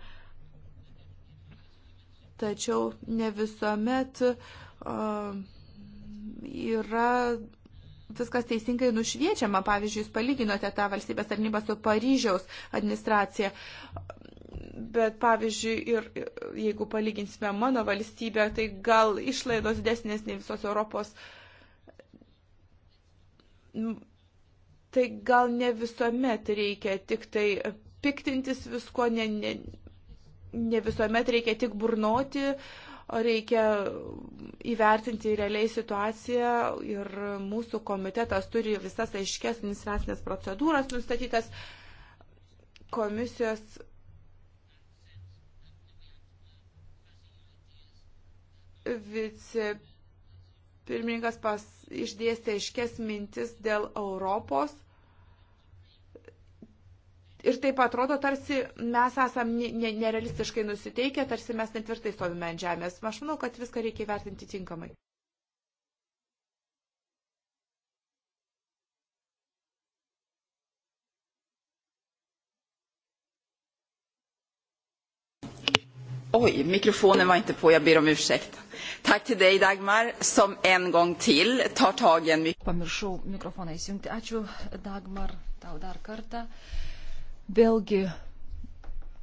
[SPEAKER 4] tačiau ne visuomet um, yra viskas teisingai nušviečiama. Pavyzdžiui, jūs palyginote tą valstybės tarnybą su Paryžiaus administracija. Bet pavyzdžiui, ir jeigu palyginsime mano valstybę, tai gal išlaidos desnės nei visos Europos. Tai gal ne visuomet reikia tik tai piktintis visko, ne, ne, ne visuomet reikia tik burnoti. Uh, reikia įvertinti realiai situaciją ir mūsų komitetas turi visas aiškės administracinės procedūras nustatytas komisijos. Vicepirmininkas pas, išdėstė aiškės mintis dėl Europos ir taip atrodo, tarsi mes esam nerealistiškai nusiteikę, tarsi mes netvirtai stovime ant žemės. Aš manau, kad viską reikia vertinti tinkamai. Oj, mikrofonen var
[SPEAKER 3] inte på. Jag ber om ursäkt. Tack till dig Dagmar som en gång till tar tag i en... Pamiršau mikrofoną įsijungti. Ačiū Dagmar tau dar kartą. Uh, Vėlgi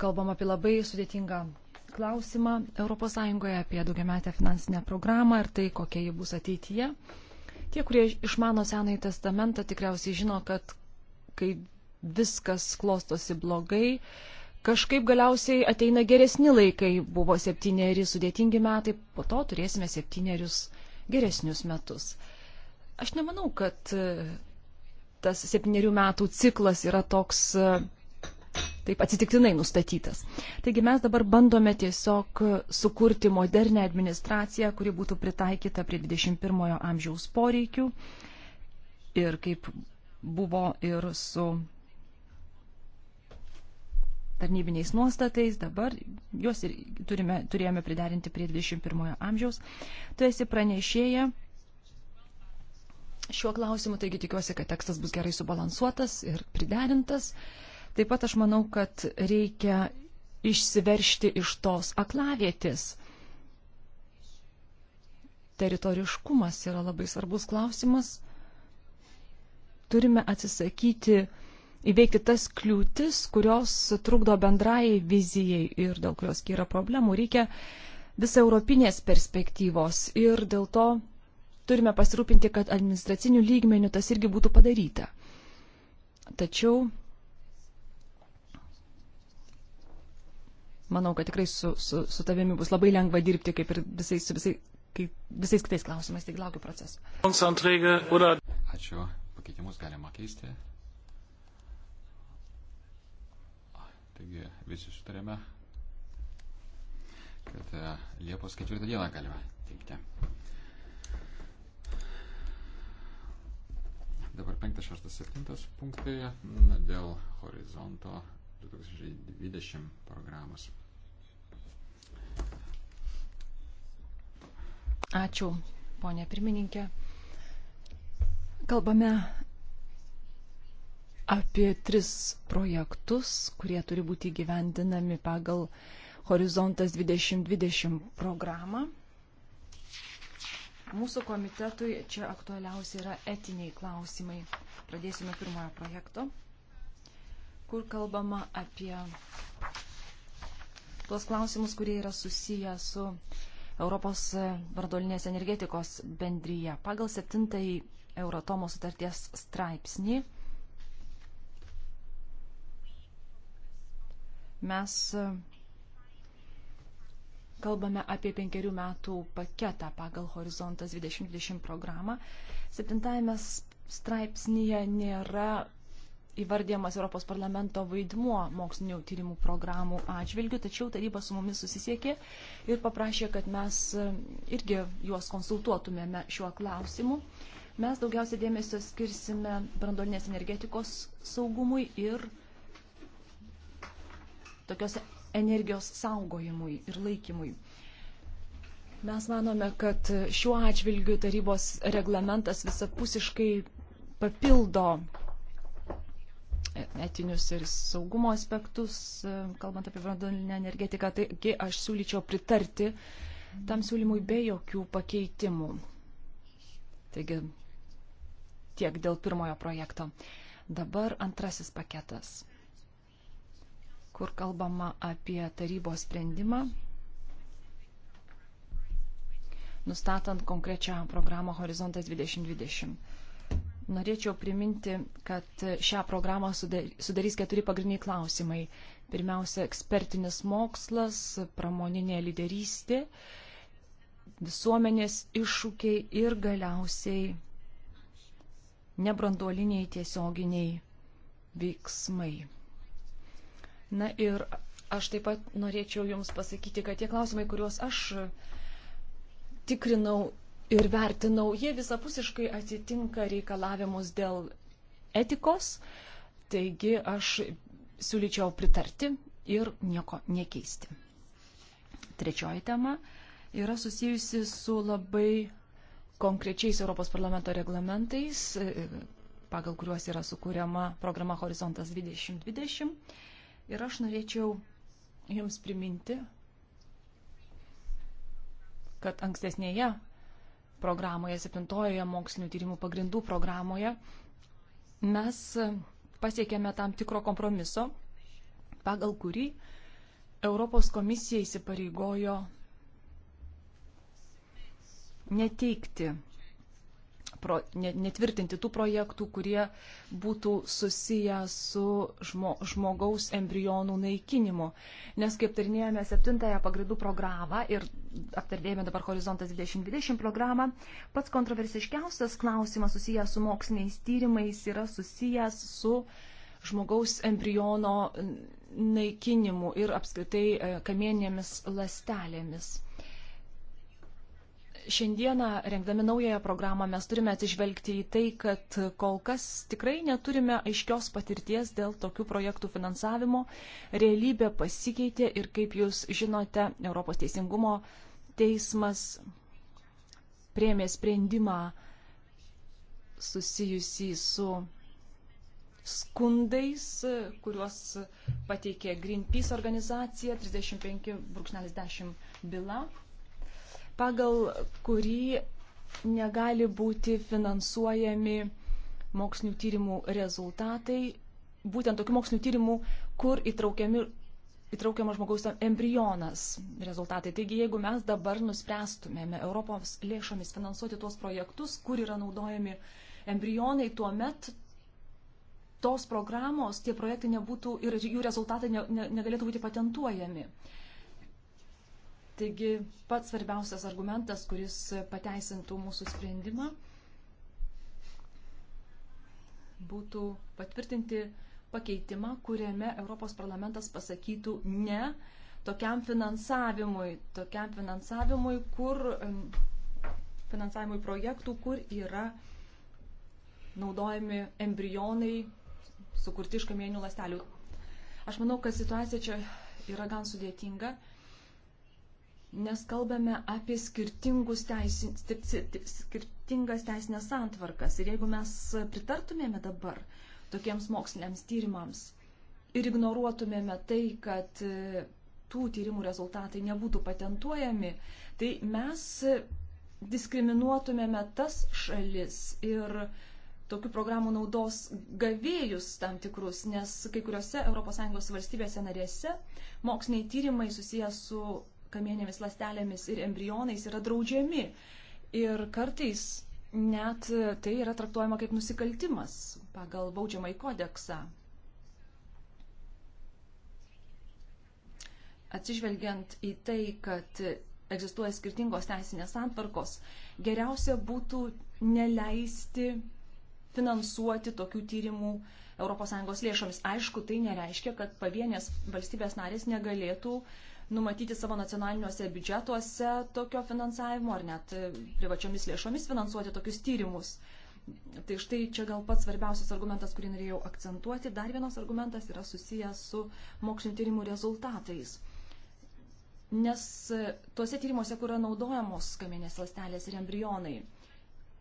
[SPEAKER 3] kalbam apie labai sudėtingą klausimą ES apie daugiametę finansinę programą ir tai, kokia ji bus ateityje. Tie, kurie išmano Senąjį testamentą, tikriausiai žino, kad kai viskas klostosi blogai, kažkaip galiausiai ateina geresni laikai. Buvo septyneri sudėtingi metai, po to turėsime septynerius geresnius metus. Aš nemanau, kad tas septyniarių metų ciklas yra toks taip atsitiktinai nustatytas. Taigi mes dabar bandome tiesiog sukurti modernę administraciją, kuri būtų pritaikyta prie 21 amžiaus poreikių ir kaip buvo ir su tarnybiniais nuostatais, dabar juos ir turime, turėjome priderinti prie 21 amžiaus. Tu esi pranešėja šiuo klausimu, taigi tikiuosi, kad tekstas bus gerai subalansuotas ir priderintas. Uh, Taip pat aš manau, kad reikia išsiveršti iš tos aklavietės. Teritoriškumas yra labai svarbus klausimas. Turime atsisakyti įveikti tas kliūtis, kurios trukdo bendrai vizijai ir dėl kurios yra problemų. Reikia visą europinės perspektyvos ir dėl to turime pasirūpinti, kad administracinių lygmenių tas irgi būtų padaryta. Tačiau manau, kad tikrai su, su, su tavimi bus labai lengva dirbti, kaip ir visais, visai, kaip visais kitais klausimais, tai laukiu proceso.
[SPEAKER 2] Ačiū. Pakeitimus galima keisti. Taigi visi sutarėme, kad e, Liepos ketvirtą dieną galima teikti. Dabar 5, 6, 7 punktai dėl horizonto 2020 programos.
[SPEAKER 3] Ačiū, ponė pirmininkė. Kalbame apie tris projektus, kurie turi būti gyvendinami pagal Horizontas 2020 programą. Mūsų komitetui čia aktualiausi yra etiniai klausimai. Pradėsime pirmojo projekto, kur kalbama apie tuos klausimus, kurie yra susiję su Europos vardolinės e, energetikos bendryje. Pagal septintąjį Euratomo sutarties straipsnį mes e, kalbame apie penkerių metų paketą pagal Horizontas 2020 programą. Septintajame straipsnėje nėra įvardyjamas Europos parlamento vaidmuo mokslinio tyrimų programų atžvilgių, tačiau taryba su mumis susisiekė ir paprašė, kad mes e, irgi juos konsultuotumėme šiuo klausimu. Mes daugiausia dėmesio skirsime brandolinės energetikos saugumui ir tokios energijos saugojimui ir laikymui. Mes manome, kad šiuo atžvilgiu tarybos reglamentas visapusiškai papildo etinius ir saugumo aspektus, e, kalbant apie branduolinę energetiką, taigi aš siūlyčiau pritarti tam siūlymui be jokių pakeitimų. Taigi tiek dėl pirmojo projekto. Dabar antrasis paketas, kur kalbama apie tarybos sprendimą, nustatant konkrečią programą Horizontas 2020 Norėčiau priminti, kad šią programą sudarys keturi pagrindiniai klausimai. Pirmiausia, ekspertinis mokslas, pramoninė lyderystė, visuomenės iššūkiai ir galiausiai nebranduoliniai tiesioginiai veiksmai. Na ir aš taip pat norėčiau Jums pasakyti, kad tie klausimai, kuriuos aš tikrinau, ir vertinau, jie visapusiškai atitinka reikalavimus dėl etikos, taigi aš siūlyčiau pritarti ir nieko nekeisti. Trečioji tema yra susijusi su labai konkrečiais Europos parlamento reglamentais, pagal kuriuos yra sukūriama programa Horizontas 2020. Ir aš norėčiau Jums priminti, kad ankstesnėje programoje, septintojoje mokslinių tyrimų pagrindų programoje, mes pasiekėme tam tikro kompromiso, pagal kurį Europos komisija įsipareigojo neteikti pro, ne, netvirtinti tų projektų, kurie būtų susiję su žmo, žmogaus embrionų naikinimu. Nes kaip tarnėjome septintąją pagrindų programą ir aptardėjome dabar Horizontas 2020 programą, pats kontroversiškiausias klausimas susijęs su moksliniais tyrimais yra susijęs su žmogaus embriono naikinimu ir apskritai e, kamieninėmis lastelėmis Šiandieną, rengdami naująją programą, mes turime atsižvelgti į tai, kad kol kas tikrai neturime aiškios patirties dėl tokių projektų finansavimo. Realybė pasikeitė ir, kaip jūs žinote, Europos Teisingumo teismas priemė sprendimą susijusį su skundais, kuriuos pateikė Greenpeace organizacija 35,10 byla pagal kurį negali būti finansuojami mokslinių tyrimų rezultatai, būtent tokių mokslinių tyrimų, kur įtraukiami, įtraukiamas žmogaus embrionas rezultatai. Taigi, jeigu mes dabar nuspręstumėme Europos lėšomis finansuoti tuos projektus, kur yra naudojami embrionai, tuomet tos programos, tie projektai nebūtų ir jų rezultatai ne, ne, negalėtų būti patentuojami. Uh, Taigi pats svarbiausias argumentas, kuris pateisintų mūsų sprendimą, būtų patvirtinti pakeitimą, kuriame Europos parlamentas pasakytų ne tokiam finansavimui, tokiam finansavimui, kur finansavimui projektų, kur yra naudojami embrionai sukurti iš kamieninių lastelių. Aš manau, kad situacija čia yra gan sudėtinga nes kalbame apie skirtingus teisin, skirtingas teisinės santvarkas. Ir jeigu mes pritartumėme dabar tokiems moksliniams tyrimams ir ignoruotumėme tai, kad e, tų tyrimų rezultatai nebūtų patentuojami, tai mes diskriminuotumėme tas šalis ir tokių programų naudos gavėjus tam tikrus, nes kai kuriuose ES valstybėse narėse moksliniai tyrimai susijęs su kamieninėmis lastelėmis ir embrionais yra draudžiami. Ir kartais net tai yra traktuojama kaip nusikaltimas pagal baudžiamąjį kodeksą. Atsižvelgiant į tai, kad egzistuoja skirtingos teisinės santvarkos, geriausia būtų neleisti finansuoti tokių tyrimų ES lėšomis. Aišku, tai nereiškia, kad pavienės valstybės narės negalėtų uh, numatyti savo nacionaliniuose biudžetuose tokio finansavimo ar net e, privačiomis lėšomis finansuoti tokius tyrimus. Tai štai čia gal pats svarbiausias argumentas, kurį norėjau akcentuoti. Dar vienas argumentas yra susijęs su mokslinio tyrimų rezultatais. Nes e, tuose tyrimuose, kur yra naudojamos kamienės lastelės ir embrionai,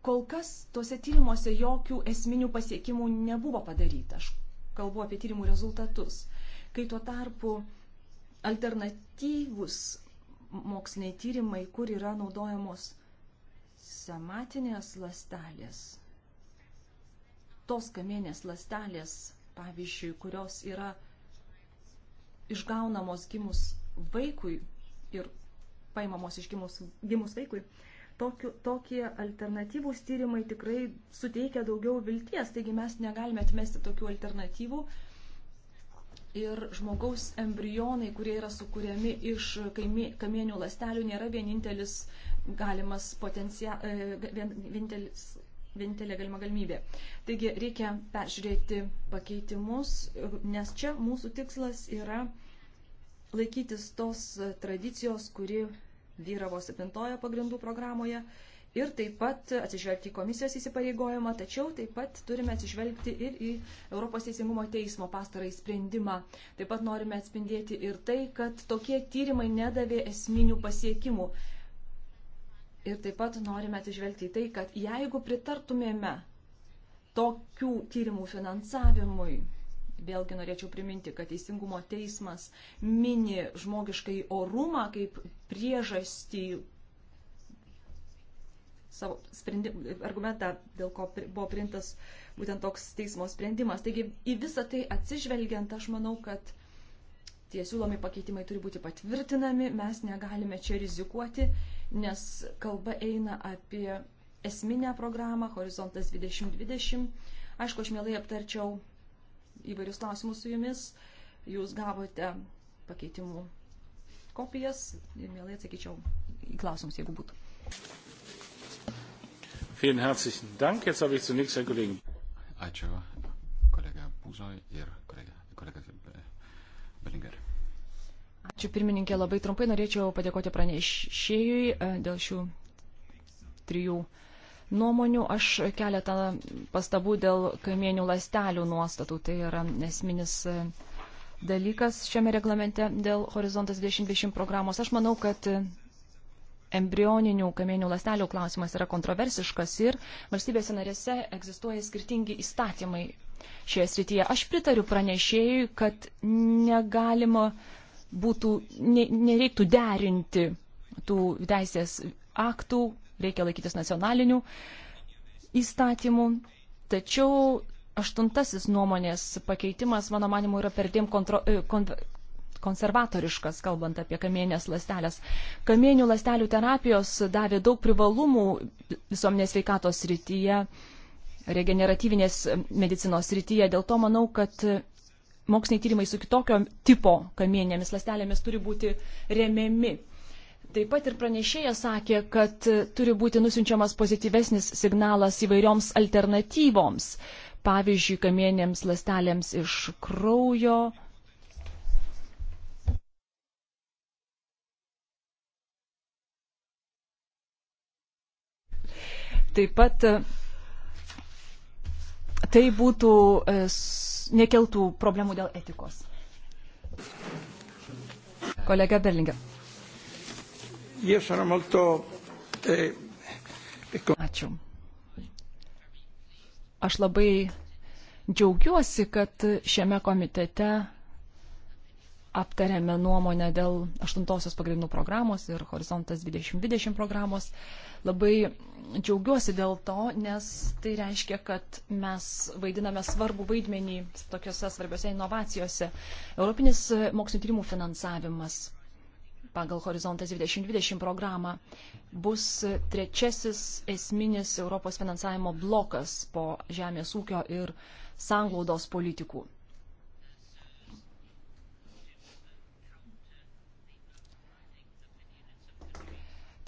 [SPEAKER 3] kol kas tuose tyrimuose jokių esminių pasiekimų nebuvo padaryta. Aš kalbu apie tyrimų rezultatus. Kai tuo tarpu alternatyvus moksliniai tyrimai, kur yra naudojamos sematinės lastelės. Tos kamienės lastelės, pavyzdžiui, kurios yra išgaunamos gimus vaikui ir paimamos iš gimus, gimus vaikui, tokiu, tokie alternatyvūs tyrimai tikrai suteikia daugiau vilties, taigi mes negalime atmesti tokių alternatyvų, uh, ir žmogaus embrionai, kurie yra sukūriami iš kamienių lastelių, nėra vienintelis galimas potencialas, e, vienintelis vienintelė galima galimybė. Taigi reikia peržiūrėti pakeitimus, nes čia mūsų tikslas yra laikytis tos tradicijos, kuri vyravo septintojo pagrindų programoje ir taip pat atsižvelgti į komisijos įsipareigojimą, tačiau taip pat turime atsižvelgti ir į Europos Teisingumo teismo pastarąjį sprendimą. Taip pat norime atspindėti ir tai, kad tokie tyrimai nedavė esminių pasiekimų. Ir taip pat norime atsižvelgti į tai, kad jeigu pritartumėme tokių tyrimų finansavimui, vėlgi norėčiau priminti, kad Teisingumo teismas mini žmogiškai orumą kaip priežastį savo sprendim, argumentą, dėl ko buvo priimtas būtent toks teismo sprendimas. Taigi į visą tai atsižvelgiant, aš manau, kad tie siūlomi pakeitimai turi būti patvirtinami, mes negalime čia rizikuoti, nes kalba eina apie esminę programą Horizontas 2020. Aišku, aš mielai aptarčiau įvairius klausimus su jumis. Jūs gavote pakeitimų kopijas ir mielai atsakyčiau į klausimus, jeigu būtų.
[SPEAKER 1] Vielen herzlichen Dank. Jetzt habe ich zunächst Herrn
[SPEAKER 2] Kollegen. Ačiū, kolega Pūzoj ir kolega, kolega Belinger.
[SPEAKER 3] Ačiū pirmininkė, labai trumpai norėčiau padėkoti pranešėjui e, dėl šių trijų nuomonių. Aš keletą pastabų dėl kamienių lastelių nuostatų. Tai yra esminis e, dalykas šiame reglamente dėl Horizontas 2020 programos. Aš manau, kad embrioninių kamieninių lastelių klausimas yra kontroversiškas ir valstybėse narėse egzistuoja skirtingi įstatymai šioje srityje. Aš pritariu pranešėjui, kad negalima būtų, ne, nereiktų derinti tų teisės aktų, reikia laikytis nacionalinių įstatymų. Tačiau aštuntasis nuomonės pakeitimas, mano manimu, yra perdėm kontro, e, kon, konservatoriškas, kalbant apie kamienės lastelės. Kamienių lastelių terapijos davė daug privalumų visuomenės veikatos srityje, regeneratyvinės medicinos srityje. Dėl to manau, kad moksliniai tyrimai su kitokio tipo kamienėmis lastelėmis turi būti remiami. Taip pat ir pranešėjas sakė, kad turi būti nusinčiamas pozityvesnis signalas įvairioms alternatyvoms, pavyzdžiui, kamienėms lastelėms iš kraujo, Taip pat e, tai būtų, e, nekeltų problemų dėl etikos. Kolega Berlinga.
[SPEAKER 2] E,
[SPEAKER 3] Ačiū. Aš labai džiaugiuosi, kad šiame komitete aptarėme nuomonę dėl aštuntosios pagrindų programos ir Horizontas 2020 programos. Labai džiaugiuosi dėl to, nes tai reiškia, kad mes vaidiname svarbų vaidmenį tokiuose svarbiose inovacijose. Europinis mokslinio tyrimų finansavimas pagal Horizontas 2020 programą bus trečiasis esminis Europos finansavimo blokas po žemės ūkio ir sanglaudos politikų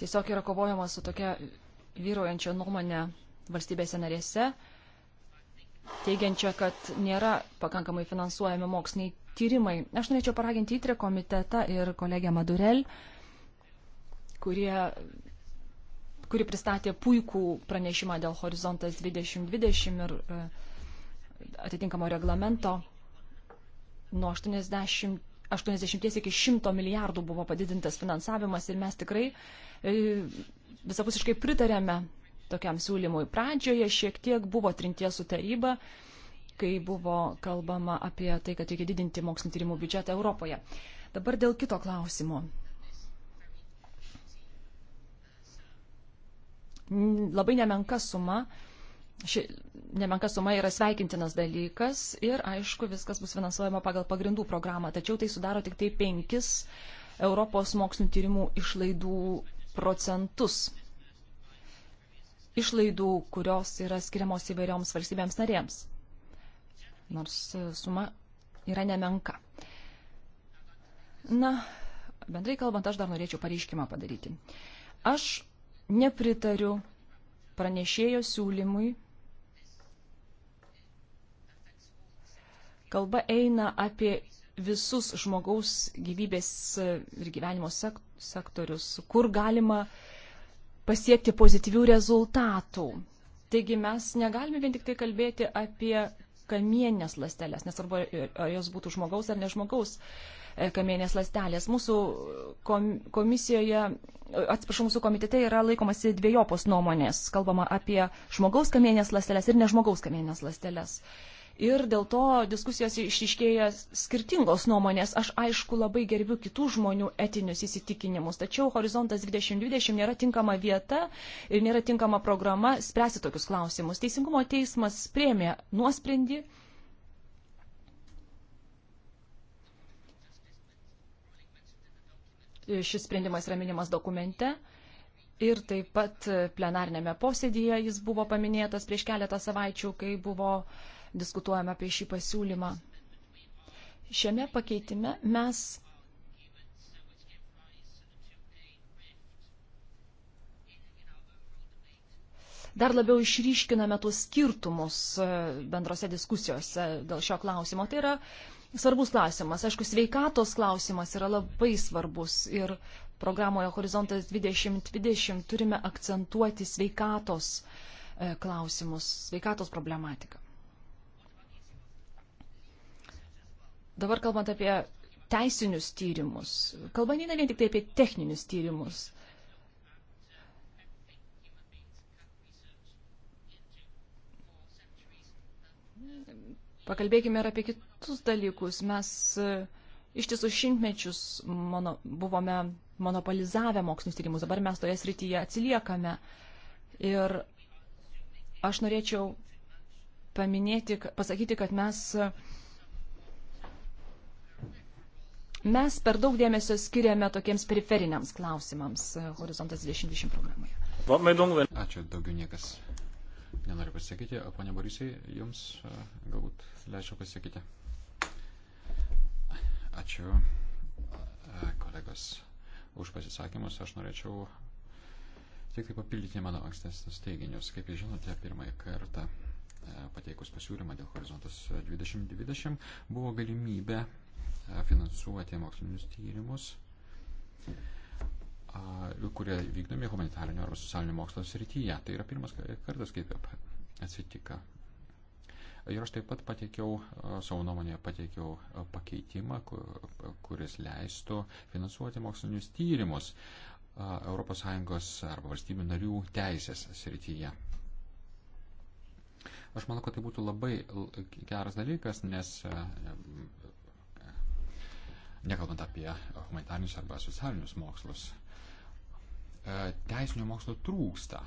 [SPEAKER 3] Tiesiog yra kovojama su tokia vyrojančia nuomonė valstybėse narėse, teigiančia, kad nėra pakankamai finansuojami moksliniai tyrimai. Aš norėčiau paraginti įtrį komitetą ir kolegę Madurel, kurie, kuri pristatė puikų pranešimą dėl Horizontas 2020 ir e, atitinkamo reglamento nuo 80 80 iki 100 milijardų buvo padidintas finansavimas ir mes tikrai e, visapusiškai pritarėme tokiam siūlymui. Pradžioje šiek tiek buvo trinties su taryba, kai buvo kalbama apie tai, kad reikia didinti mokslinio tyrimų biudžetą Europoje. Dabar dėl kito klausimo. Labai nemenka suma ši nemenka suma yra sveikintinas dalykas ir, aišku, viskas bus finansuojama pagal pagrindų programą, tačiau tai sudaro tik tai 5 Europos mokslinių tyrimų išlaidų procentus. Išlaidų, kurios yra skiriamos įvairioms valstybėms narėms. Nors e, suma yra nemenka. Na, bendrai kalbant, aš dar norėčiau pareiškimą padaryti. Aš nepritariu pranešėjo siūlymui Kalba eina apie visus žmogaus gyvybės ir gyvenimo sektorius, kur galima pasiekti pozityvių rezultatų. Taigi mes negalime vien tik tai kalbėti apie kamieninės lastelės, nesvarbu, ar jos būtų žmogaus ar nežmogaus e, kamieninės lastelės. Mūsų komisijoje, atsiprašau, mūsų komitete yra laikomasi dviejopos nuomonės. Kalbama apie žmogaus kamieninės lastelės ir nežmogaus kamieninės lastelės. Uh, ir dėl to diskusijos išiškėja skirtingos nuomonės. Aš aišku labai gerbiu kitų žmonių etinius įsitikinimus, tačiau Horizontas 2020 nėra tinkama vieta ir nėra tinkama programa spręsti tokius klausimus. Teisingumo teismas priemė nuosprendį. Šis sprendimas yra minimas dokumente. Ir taip pat plenarnėme posėdėje jis buvo paminėtas prieš keletą savaičių, kai buvo uh, diskutuojame apie šį pasiūlymą. Šiame pakeitime mes dar labiau išryškiname tuos skirtumus e, bendrose diskusijose dėl šio klausimo. Tai yra svarbus klausimas. Aišku, sveikatos klausimas yra labai svarbus ir programoje Horizontas 2020 turime akcentuoti sveikatos e, klausimus, sveikatos problematiką. Dabar kalbant apie teisinius tyrimus, kalba neina vien tik tai apie techninius tyrimus. Pakalbėkime ir apie kitus dalykus. Mes e, ištisus šimtmečius mono, buvome monopolizavę mokslinius tyrimus, dabar mes toje srityje atsiliekame. Ir aš norėčiau paminėti, pasakyti, kad mes Mes per daug dėmesio skiriame tokiems periferiniams klausimams e, Horizontas
[SPEAKER 2] 2020 programoje. Ačiū, daugiau niekas nenori pasakyti. O ponia Borisai, jums e, galbūt leisiu pasakyti. Ačiū, e, kolegos, už pasisakymus. Aš norėčiau Tik tai papildyti mano ankstesnius teiginius. Kaip jūs žinote, pirmąjį kartą pateikus pasiūlymą dėl horizontas 2020 buvo galimybė finansuoti mokslinius tyrimus, kurie vykdomi humanitarinio arba socialinio mokslo srityje. Tai yra pirmas kartas, kaip atsitika. Ir aš taip pat pateikiau, savo nuomonėje pateikiau pakeitimą, kuris leistų finansuoti mokslinius tyrimus ES arba valstybių narių teisės srityje. Aš manau, kad tai būtų labai geras dalykas, nes nekalbant apie humanitarinius arba socialinius mokslus, e, teisinio mokslo trūksta.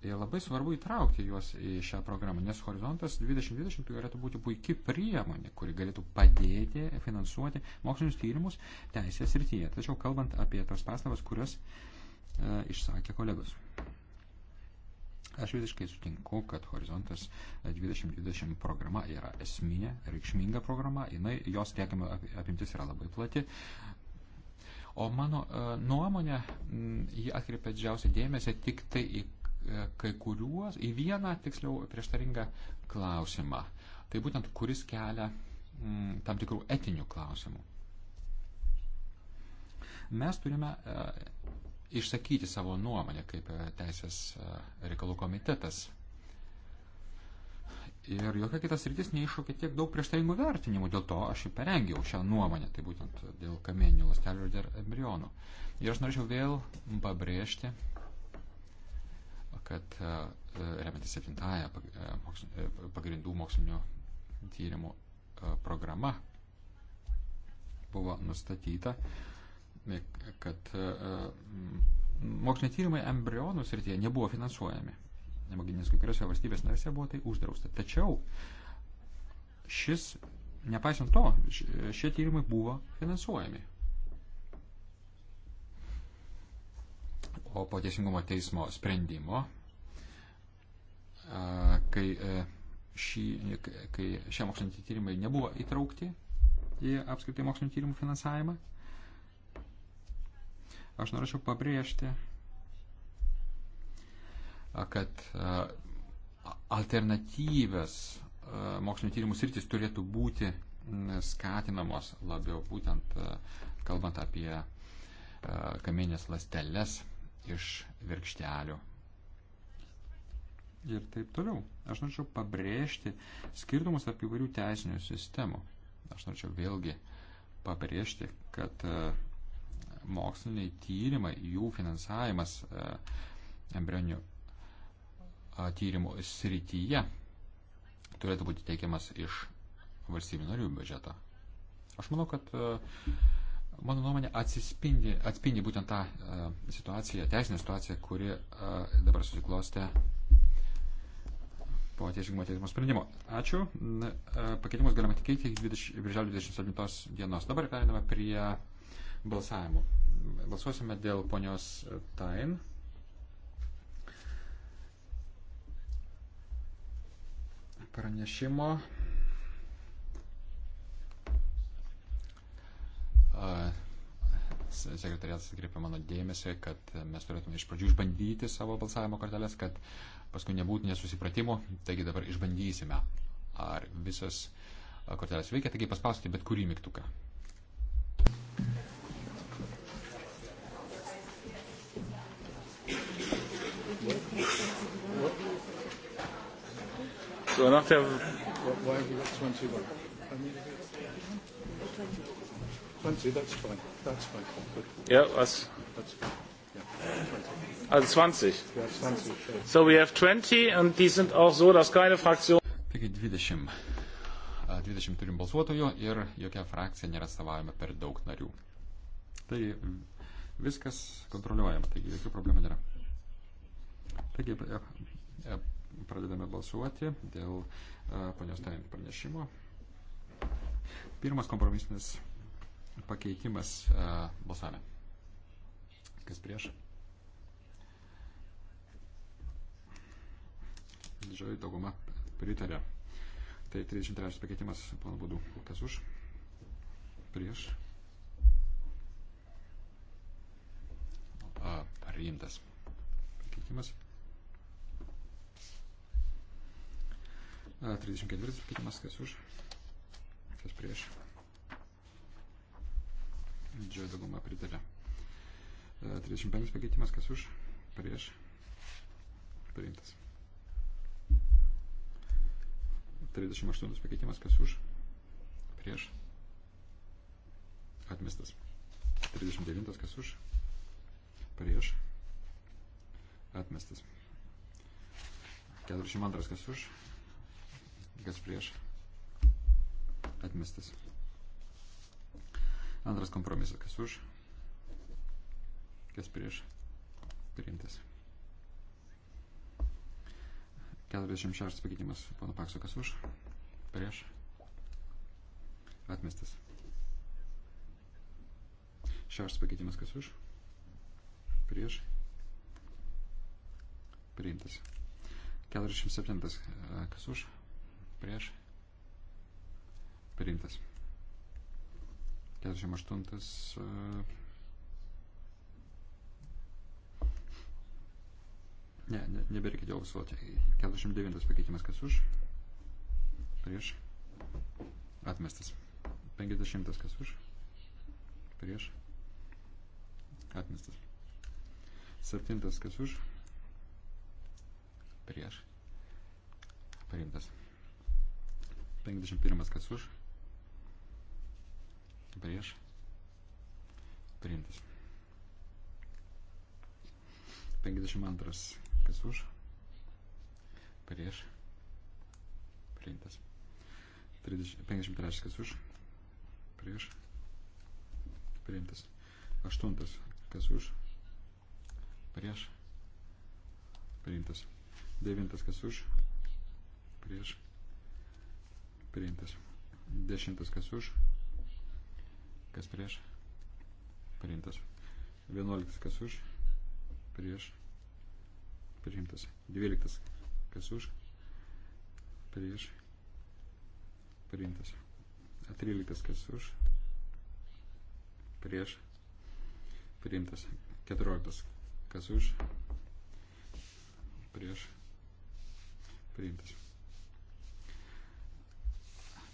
[SPEAKER 2] Ir labai svarbu įtraukti juos į šią programą, nes Horizontas 2020 galėtų būti puikia priemonė, kuri galėtų padėti finansuoti mokslinius tyrimus teisės rytyje. Tačiau kalbant apie tas pastabas, kurias e, išsakė kolegos. E, Aš visiškai sutinku, kad Horizontas 2020 programa yra esminė, reikšminga programa, jinai, jos tiekiama apimtis yra labai plati. O mano e, nuomonė, ji atkreipia didžiausią dėmesį tik tai į e, kai kuriuos, į vieną tiksliau prieštaringą klausimą. Tai būtent, kuris kelia m, tam tikrų etinių klausimų. Mes turime e, išsakyti savo nuomonę kaip e, Teisės e, reikalų komitetas. Ir jokia kitas rytis neiššūkė tiek daug prieštaringų vertinimų, dėl to aš ir parengiau šią nuomonę, tai būtent dėl kamieninių lastelių ir dėl embrionų. Ir aš norėčiau vėl pabrėžti, kad e, remiantis septintąją pagrindų mokslinio tyrimų programa buvo nustatyta, kad e, moksliniai tyrimai embrionų srityje nebuvo finansuojami. Nemagininis kai kuriuose valstybės narėse buvo tai uždrausta. Tačiau šis, nepaisant to, šie tyrimai buvo finansuojami. O po teisingumo teismo sprendimo, kai e, šį, kai šie moksliniai tyrimai nebuvo įtraukti į apskritai mokslinių tyrimų finansavimą, Aš norėčiau pabrėžti, kad alternatyvės mokslinio tyrimų sritis turėtų būti skatinamos labiau, būtent kalbant apie kamieninės lasteles iš virkštelių. Ir taip toliau. Aš norėčiau pabrėžti skirtumus apie įvairių teisinių sistemų. Aš norėčiau vėlgi pabrėžti, kad moksliniai tyrimai, jų finansavimas e, embrioninių tyrimų srityje turėtų būti teikiamas iš valstybių narių biudžeto. Aš manau, kad e, mano nuomonė atsispindi, atspindi būtent tą e, situaciją, teisinę situaciją, kuri dabar susiklostė po teisingumo teismo sprendimo. Ačiū. Pakeitimus galima tikėti iki birželio 27 dienos. Dabar pereiname prie balsavimu. Balsuosime dėl ponios Tain. Pranešimo. Sekretariatas atkreipė mano dėmesį, kad mes turėtume iš pradžių išbandyti savo balsavimo korteles, kad paskui nebūtų nesusipratimų. Taigi dabar išbandysime, ar visas kortelės veikia, taigi paspausti bet kurį mygtuką.
[SPEAKER 1] So nach der. Why have we got 21? I mean, 20, that's fine. That's fine. Good. Yeah, that's. That's fine. Also 20. Ja, 20. So we have 20 und die sind auch
[SPEAKER 2] so, dass keine Fraktion. Taigi 20. 20 turim balsuotojų ir jokia frakcija nėra savaime per daug narių. Tai mm, viskas kontroliuojama, taigi jokių problemų nėra. Taigi, e, e, pradedame balsuoti dėl e, ponios Tain pranešimo. Pirmas kompromisinis pakeitimas balsavime. Kas prieš? Didžioji dauguma pritarė. Tai 33 pakeitimas, plan būdų. Kas už? Prieš? A, rimtas pakeitimas. 34 pakeitimas, kas už, kas prieš. Didžioji dauguma pritarė. 35 pakeitimas, kas už, prieš, priimtas. 38 pakeitimas, kas už, prieš, atmestas. 39 kas už, prieš, atmestas. 42 kas už, kas prieš, atmestas. Antras kompromisas, kas už, kas prieš, priimtas. 46 pakeitimas, pono Pakso, kas už, prieš, atmestas. Šeštas pakeitimas, kas už, prieš, priimtas. 47, kas už, prieš priimtas. 48. E, ne, ne nebereikia dėl visuoti. 49 pakeitimas kas už. Prieš. Atmestas. 50 kas už. Prieš. Atmestas. 7 kas už. Prieš. Priimtas. 51 kas už. Prieš. Priimtas. 52 kas už. Prieš. Priimtas. 53 kas už. Prieš. Priimtas. 8 kas už. Prieš. Priimtas. 9 kas už. Prieš Priimtas. Dešimtas kas už. Kas prieš. Priimtas. Vienuoliktas kas už. Prieš. Priimtas. Dvyliktas kas už. Prieš. Priimtas. Tryliktas kas už. Prieš. Priimtas. Keturioliktas kas už. Prieš. Priimtas.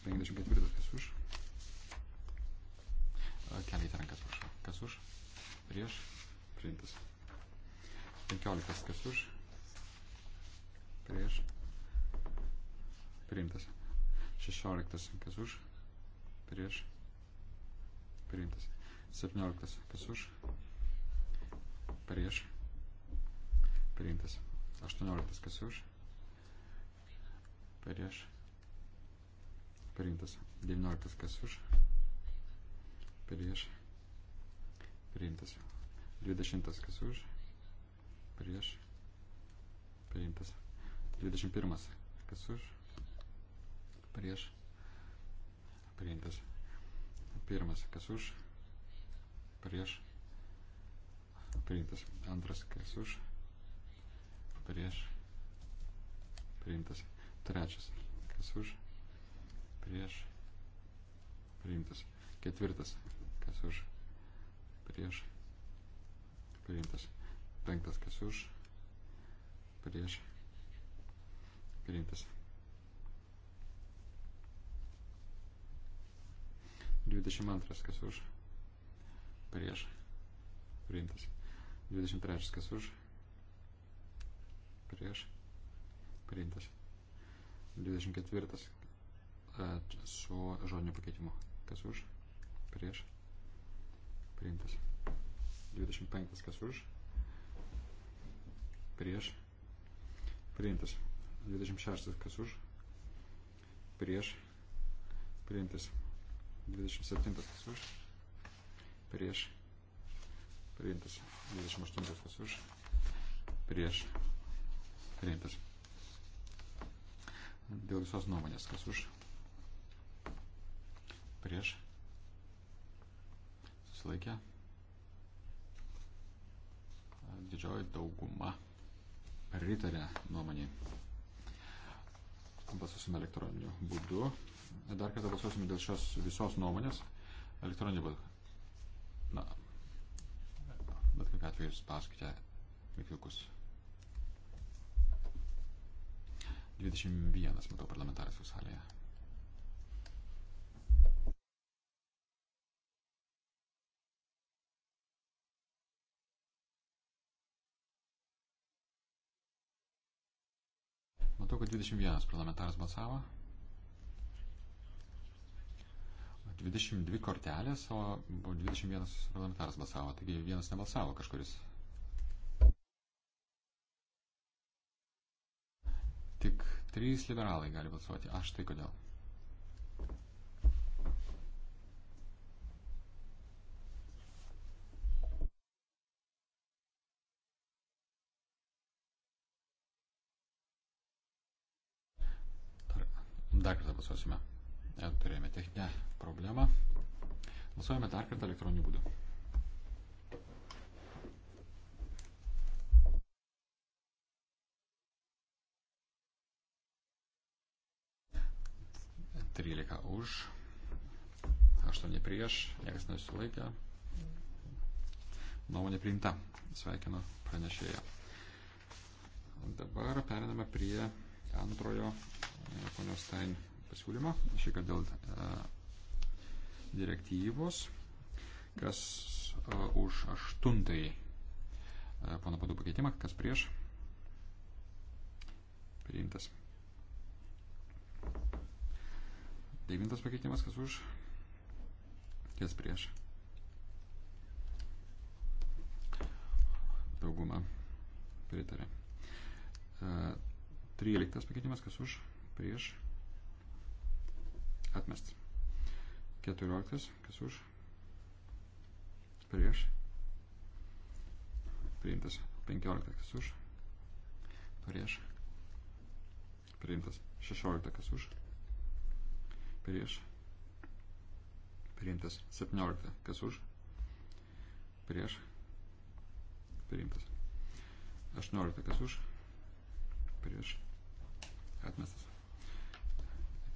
[SPEAKER 2] 54 kas už. Keliai rankas, prašau. Kas už? Prieš. Priimtas. 15 kas už. Prieš. Priimtas. 16 kas už. Prieš. Priimtas. 17 kas už. Prieš. Priimtas. 18 kas už. Prieš priimtas 19 kas už, prieš, priimtas 20 kas už, prieš, priimtas 21 kas už, prieš, priimtas pirmas kas už, prieš, priimtas antras kas už, prieš, priimtas trečias kas už, prieš priimtas. Ketvirtas, kas už prieš priimtas. Penktas, kas už prieš priimtas. 22, kas už prieš priimtas. 23, kas už prieš priimtas. 24, su žodiniu pakeitimu. Kas už? Prieš? Priimtas. 25. Kas už? Prieš? Priimtas. 26. Kas už? Prieš? Priimtas. 27. Kas už? Prieš? Priimtas. 28. Kas už? Prieš? Priimtas. Dėl visos nuomonės, kas už prieš, susilaikė, didžioji dauguma pritarė nuomonį. Balsuosime elektroniniu būdu. Dar kartą balsuosime dėl šios visos nuomonės. Elektroniniu būdu. Na, bet kokiu atveju jūs paskite mygtukus. 21, matau, parlamentaras jūsų salėje. Matau, kad 21 parlamentaras balsavo. 22 kortelės, o 21 parlamentaras balsavo, taigi vienas nebalsavo kažkuris. Tik 3 liberalai gali balsuoti. Aš tai kodėl? Dar kartą balsuosime. E, turėjome techninę problemą. Balsuojame dar kartą elektroniniu būdu. Trylika už, aštuoni prieš, niekas nesulaikė. Nuomonė priimta. Sveikinu pranešėją. Dabar periname prie antrojo ponios Stein pasiūlymą, šį kartą dėl e, direktyvos, kas e, už aštuntąjį e, pono padų pakeitimą, kas prieš priimtas. Devintas pakeitimas, kas už, kas prieš. Dauguma pritarė. Tryliktas pakeitimas, kas už, prieš, atmestas. 14, kas už, prieš, priimtas. 15, kas už, prieš, priimtas. 16, kas už, prieš, priimtas. 17, kas už, prieš, priimtas. 18, kas už, prieš, atmestas.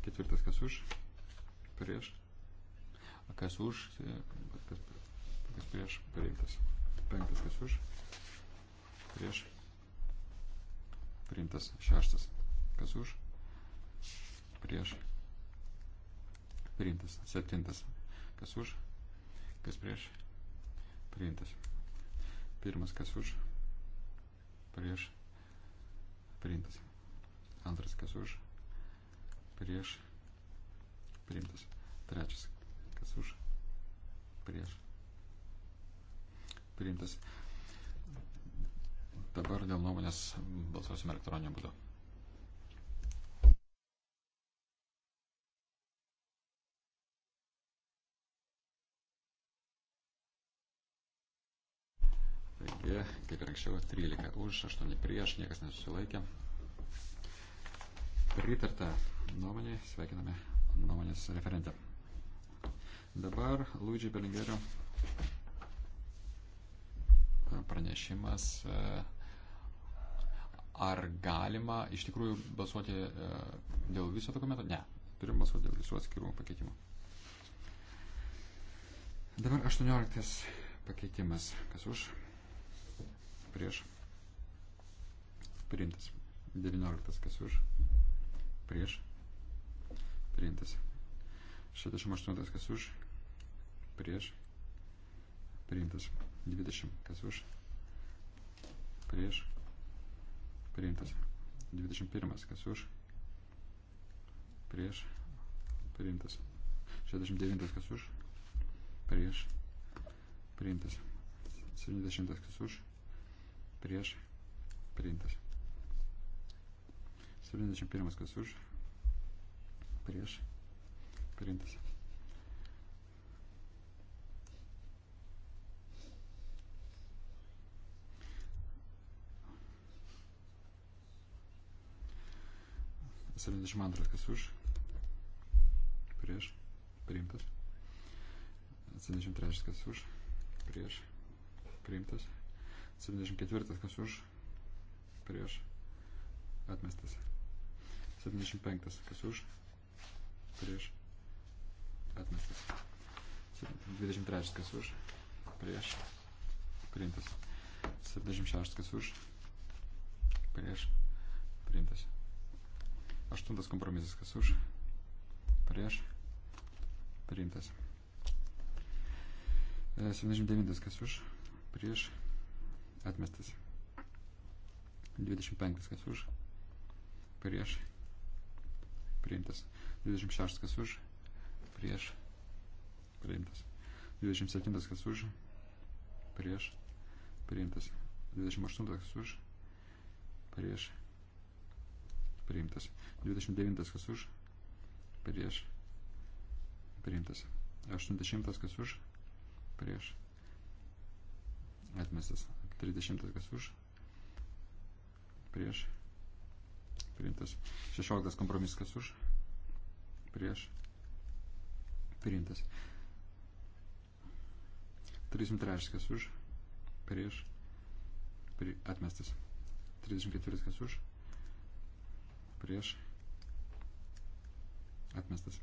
[SPEAKER 2] Ketvirtas kas už, prieš. Kas už, kas, kas prieš, priimtas. Penktas kas už, prieš, priimtas. Šeštas kas už, prieš, priimtas. Septintas kas už, kas prieš, priimtas. Pirmas kas už, prieš, priimtas. Antras kas už, prieš prieš, priimtas. Trečias, kas už, prieš, priimtas. Dabar dėl nuomonės balsuosime elektroniniu būdu. Taigi, kaip ir anksčiau, 13 už, 8 prieš, niekas nesusilaikė pritarta nuomonė, sveikiname nuomonės referentą. Dabar Luidžiai Belingerio pranešimas, e, ar galima iš tikrųjų balsuoti e, dėl viso dokumento? Ne, turim balsuoti dėl visų atskirų pakeitimų. Dabar 18 pakeitimas. Kas už? Prieš. Priimtas. 19 kas už? prieš, priimtas. 68 kas už, prieš, priimtas. 20 kas už, prieš, priimtas. 21 kas už, prieš, priimtas. 69 kas už, prieš, priimtas. 70 kas už, prieš, priimtas. 71 kas už, prieš, priimtas. Septyniasdešimt antras kas už, prieš, priimtas. Septyniasdešimt trečias kas už, prieš, priimtas. 74 kas už, prieš, atmestas. 75. Kas už? Prieš. Atmestas. 23. Kas už? Prieš. Priimtas. 76. Kas už? Prieš. Priimtas. 8. Kompromisas. Kas už? Prieš. Priimtas. 79. E, Kas už? Prieš. Atmestas. 25. Kas už? Prieš priimtas. 26 kas už, prieš, priimtas. 27 kas už, prieš, priimtas. 28 kas už, prieš, priimtas. 29 kas už, prieš, priimtas. 80 kas už, prieš, atmestas. 30 kas už, prieš, priimtas priimtas. 16 kompromisas kas už, prieš, priimtas. 33 kas už, prieš, pri, atmestas. 34 kas už, prieš, atmestas.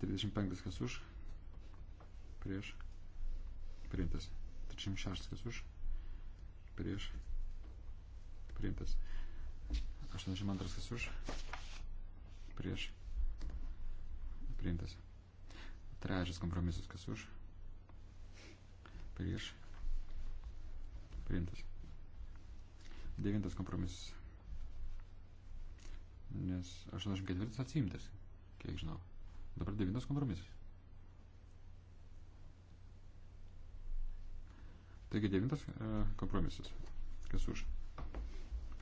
[SPEAKER 2] 35 kas už, prieš, priimtas. 36 kas už, prieš, priimtas. 82 kas už, prieš, priimtas. Trečias kompromisas kas už, prieš, priimtas. Devintas kompromisas. Nes 84 atsiimtas, kiek žinau. Dabar devintas kompromisas. Taigi devintas e, kompromisas. Kas už?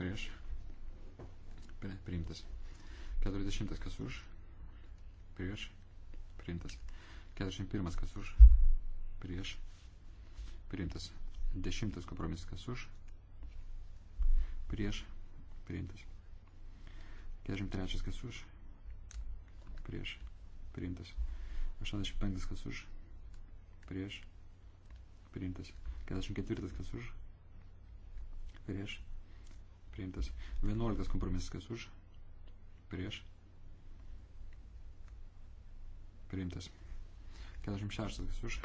[SPEAKER 2] Prieš priimtas. 40 kas už, prieš, priimtas. 41 kas už, prieš, priimtas. 10 kompromisas kas už, prieš, priimtas. 43 kas už, prieš, priimtas. 85 kas už, prieš, priimtas. 44 kas už, prieš, priimtas. 11 kompromisas, kas už, prieš, priimtas. 46 kas už,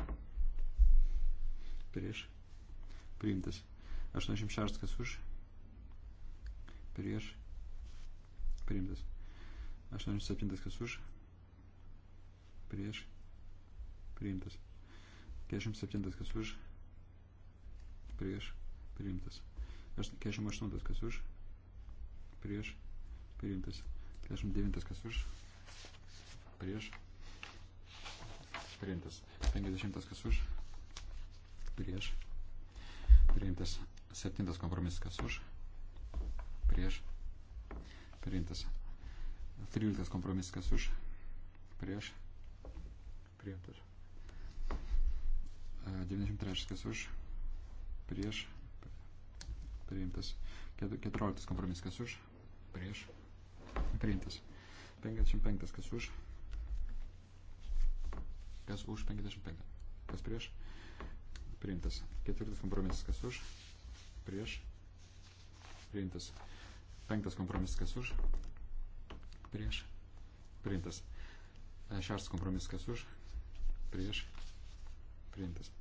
[SPEAKER 2] prieš, priimtas. 86 kas už, prieš, priimtas. 87 kas už, prieš, priimtas. 47 kas už, prieš, priimtas. 48 kas už, prieš, priimtas. 49 kas už, prieš, priimtas. 50 kas už, prieš, priimtas. 7 kompromisas kas už, prieš, priimtas. 13 kompromisas kas už, prieš, priimtas. 93 kas už, prieš, priimtas priimtas. 14 kompromis, kas už, prieš, priimtas. 55, kas už, kas už 55, kas prieš, priimtas. Ketvirtas kompromisas, kas už, prieš, priimtas. Penktas kompromisas, kas už, prieš, priimtas. Šeštas kompromisas, kas už, prieš, priimtas.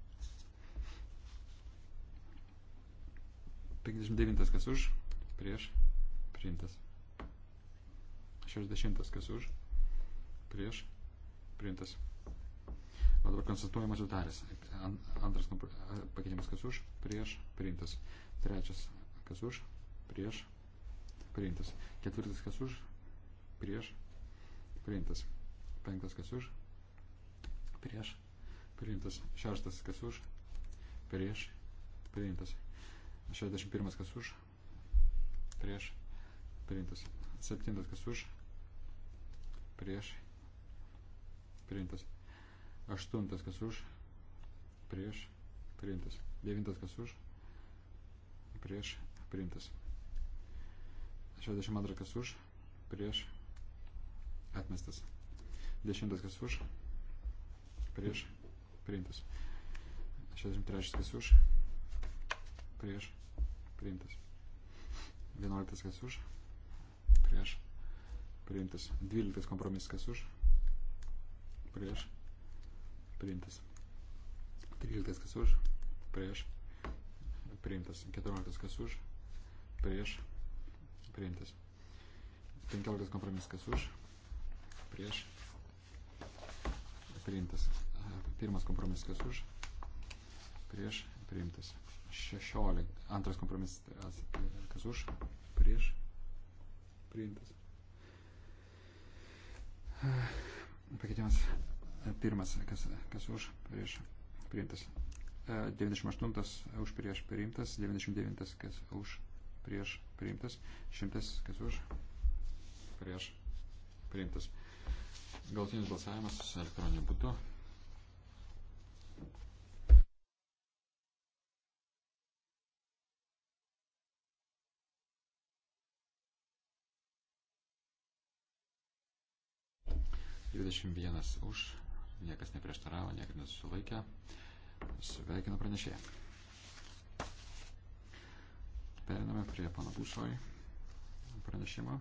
[SPEAKER 2] 59 kas už, prieš, priimtas. 60 kas už, prieš, priimtas. O dabar konstatuojamas sutarės. Antras e, pakeitimas kas už, prieš, priimtas. Trečias kas už, prieš, priimtas. Ketvirtas kas už, prieš, priimtas. Penktas kas už, prieš, priimtas. Šeštas kas už, prieš, priimtas. 61 kas už, prieš, priimtas. 7 kas už, prieš, priimtas. 8 kas už, prieš, priimtas. 9 kas už, prieš, priimtas. 62 kas už, prieš, atmestas. 10 kas už, prieš, priimtas. 63 kas už, prieš, priimtas. 11 kas už, prieš, priimtas. 12 kompromisas kas už, prieš, priimtas. 13 kas už, prieš, priimtas. 14 kas už, prieš, priimtas. 15 kompromisas kas už, prieš, priimtas. Pirmas kompromisas kas už, prieš, priimtas. 16. Antras kompromisas. Tai kas už? Prieš. Priimtas. Pakeitimas. Pirmas. Kas, kas už? Prieš. Priimtas. 98 už prieš priimtas, 99 kas už prieš priimtas, 100 kas už prieš priimtas. Galtinis balsavimas elektroniniu būdu. 21 už, niekas neprieštaravo, niekas nesulaikė. Sveikinu pranešėją. Periname prie pana Busoj pranešimo.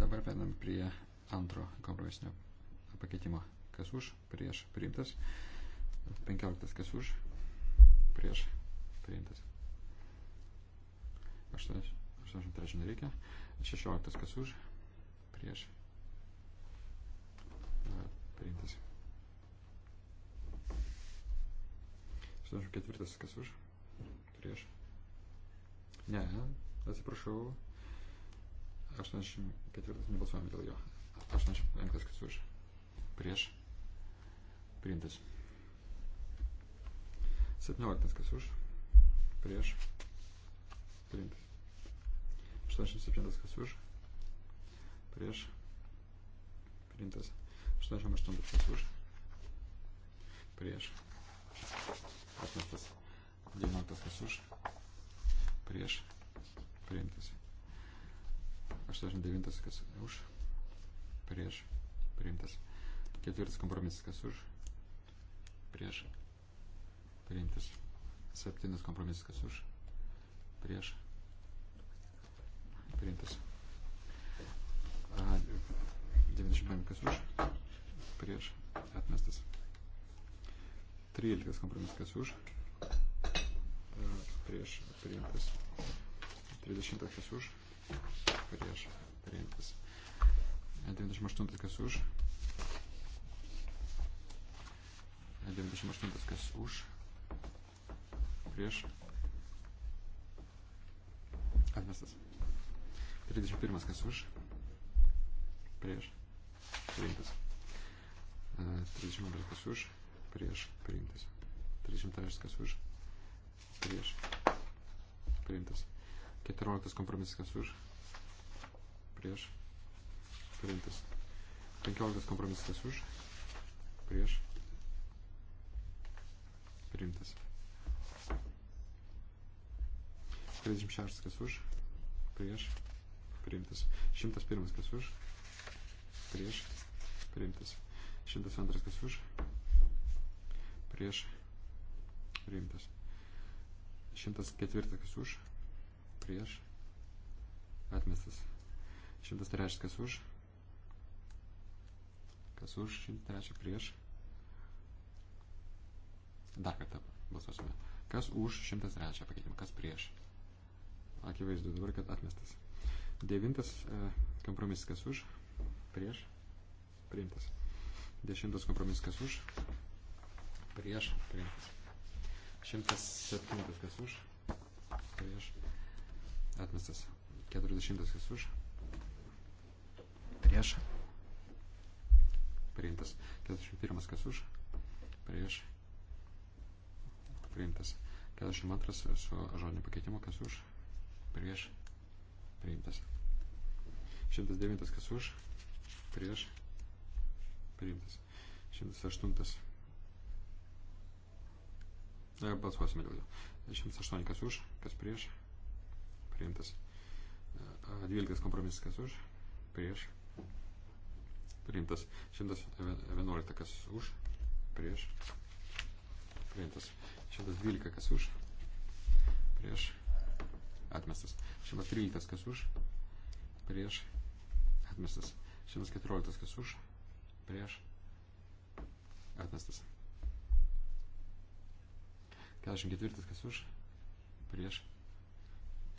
[SPEAKER 2] Dabar periname prie antro kompromisinio pakeitimo. Kas už, prieš, priimtas. 15 kas už, prieš, priimtas. 8. 83 nereikia. 16 kas už, prieš. Priimtas. 84 kas už, prieš. Ne, atsiprašau. 84 nebalsuojame dėl jo. 85 kas už, prieš. Priimtas. 17 kas už, prieš. Priimtas. 87 kas už, prieš, priimtas. 88 kas už, prieš, atmestas. 19 kas už, prieš, priimtas. 89 kas už, prieš, priimtas. Ketvirtas kompromisas kas už, prieš, priimtas. Septintas kompromisas kas už, prieš, priimtas priimtas. 95 kas už, prieš, atmestas. 13 kompromisas kas už, prieš, priimtas. 30 kas už, prieš, priimtas. 98 kas už. 98 kas už. Prieš. Atmestas. 31 kas už. Prieš. Priimtas. 32 e, kas už. Prieš. Priimtas. 32 kas už. Prieš. Priimtas. 14 kompromisas kas už. Prieš. Priimtas. 15 kompromisas kas už. Prieš. Priimtas. 36 kas už. Prieš priimtas. 101 kas už, prieš, priimtas. 102 kas už, prieš, priimtas. 104 kas už, prieš, atmestas. 103 kas už, kas už, 103 prieš. Dar kartą balsuosime. Kas už 103 pakeitimą, kas prieš. Akivaizdu dabar, kad atmestas. Devintas e, kompromisas kas už, prieš, priimtas. Dešimtas kompromisas kas už, prieš, priimtas. Šimtas septintas kas už, prieš, atmestas. Keturiasdešimtas kas už, prieš, priimtas. Keturiasdešimt pirmas kas už, prieš, priimtas. 42 su žodiniu pakeitimu, kas už, prieš, priimtas. 109 kas už, prieš, priimtas. 108. E, balsuosime dėl jo. 108 kas už, kas prieš, priimtas. 12 kompromisas kas už, prieš, priimtas. 111 kas už, prieš, priimtas. 112 kas už, prieš, atmestas. 113 kas už, prieš, atmestas. 114 kas už, prieš, atmestas. 44 kas už, prieš,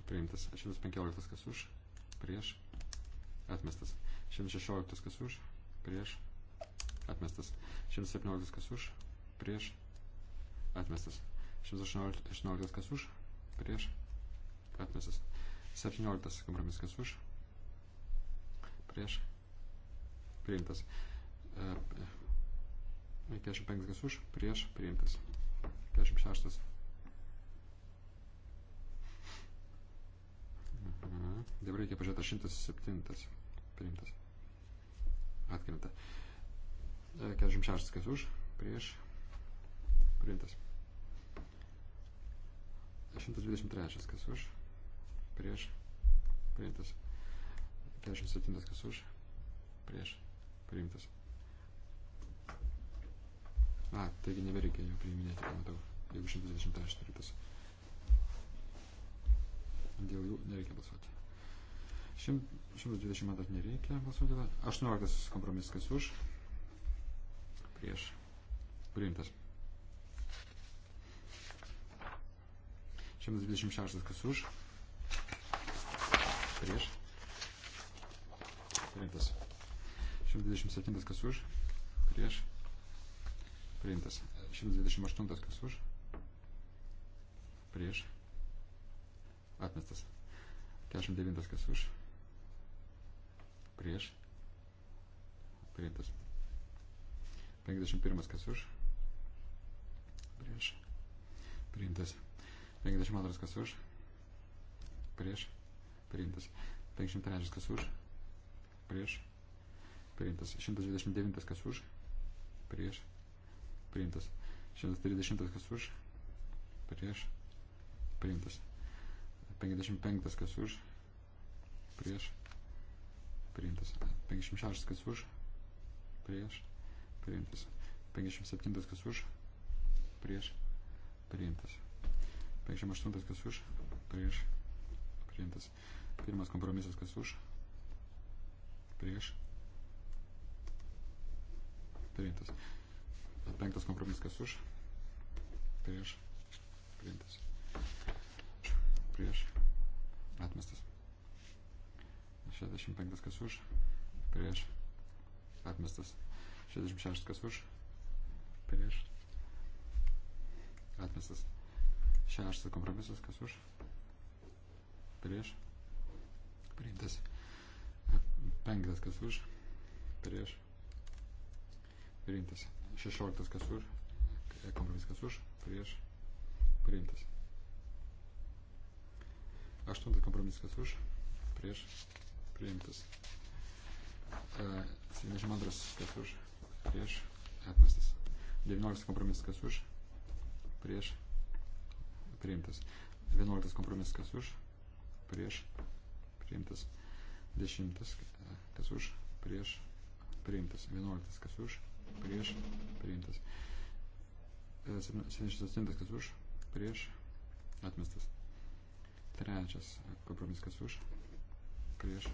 [SPEAKER 2] priimtas. 115 kas už, prieš, atmestas. 116 kas už, prieš, atmestas. 117 kas už, prieš, atmestas. 118 kas už, prieš, atmestas. 17 kompromisas e, mhm. e, kas už, prieš, priimtas. 45 kas už, prieš, priimtas. 46. Aha. Dabar reikia pažiūrėti 107 priimtas. Atkrinta. 46 kas už, prieš, priimtas. 123 kas už, prieš, priimtas. 47 kas už, prieš, priimtas. A, taigi nebereikia jo priiminėti, pamatau, jeigu 128. Dėl jų nereikia balsuoti. 120 metų nereikia balsuoti. 18 kompromisas kas už, prieš, priimtas. 126 kas už, prieš. Priimtas. 127 kas už, prieš. Priimtas. 128 kas už, prieš. Atmestas. 49 kas už, prieš. Priimtas. 51 kas už, prieš. Priimtas. 52 kas už, prieš priimtas. 53 kas už, prieš, priimtas. 129 kas už, prieš, priimtas. 130 kas už, prieš, priimtas. 55 kas už, prieš, priimtas. 56 kas už, prieš, priimtas. 57 kas už, prieš, priimtas. 58 kas už, prieš, priimtas. Pirmas kompromisas, kas už, prieš, priimtas. Penktas kompromisas, kas už, prieš, priimtas. Prieš, atmestas. 65 kas už, prieš, atmestas. 66 kas už, prieš, atmestas. Šeštas kompromisas kas už, prieš, atmestas priimtas. Penktas kas už, prieš, priimtas. Šešioliktas kas už, kompromis kas už, prieš, priimtas. Aštuntas kompromis kas už, prieš, priimtas. 72 e, kas už, prieš, atmestas. 19 kompromisas kas už, prieš, priimtas. 11 kompromisas kas už, prieš, priimtas priimtas. 10 kas už, prieš priimtas. 11 kas už, prieš priimtas. 77 e, kas už, prieš atmestas. Trečias kompromisas kas už, prieš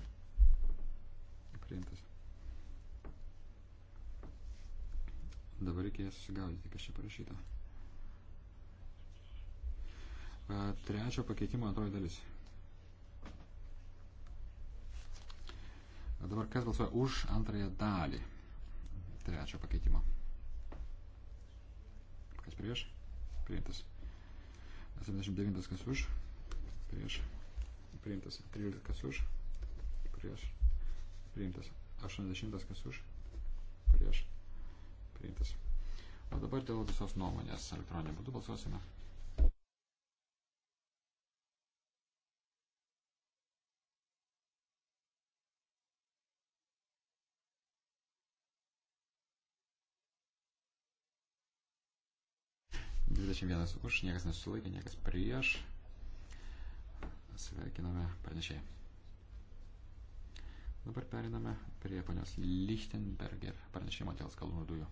[SPEAKER 2] priimtas. Dabar reikia susigaudyti, kas čia parašyta. E, trečio pakeitimo antroji dalis. Dabar kas balsuoja už antrąją dalį trečio pakeitimo? Kas prieš? Priimtas. 79 kas už? Prieš. Priimtas. 13 kas už? Prieš. Priimtas. 80 kas už? Prieš. Priimtas. O dabar dėl visos nuomonės elektroninio būdu balsuosime. 31 už, niekas nesulaikė, niekas prieš. Sveikiname pranešėjai. Dabar periname prie ponios Lichtenberger pranešimo dėl skalūnų dujų.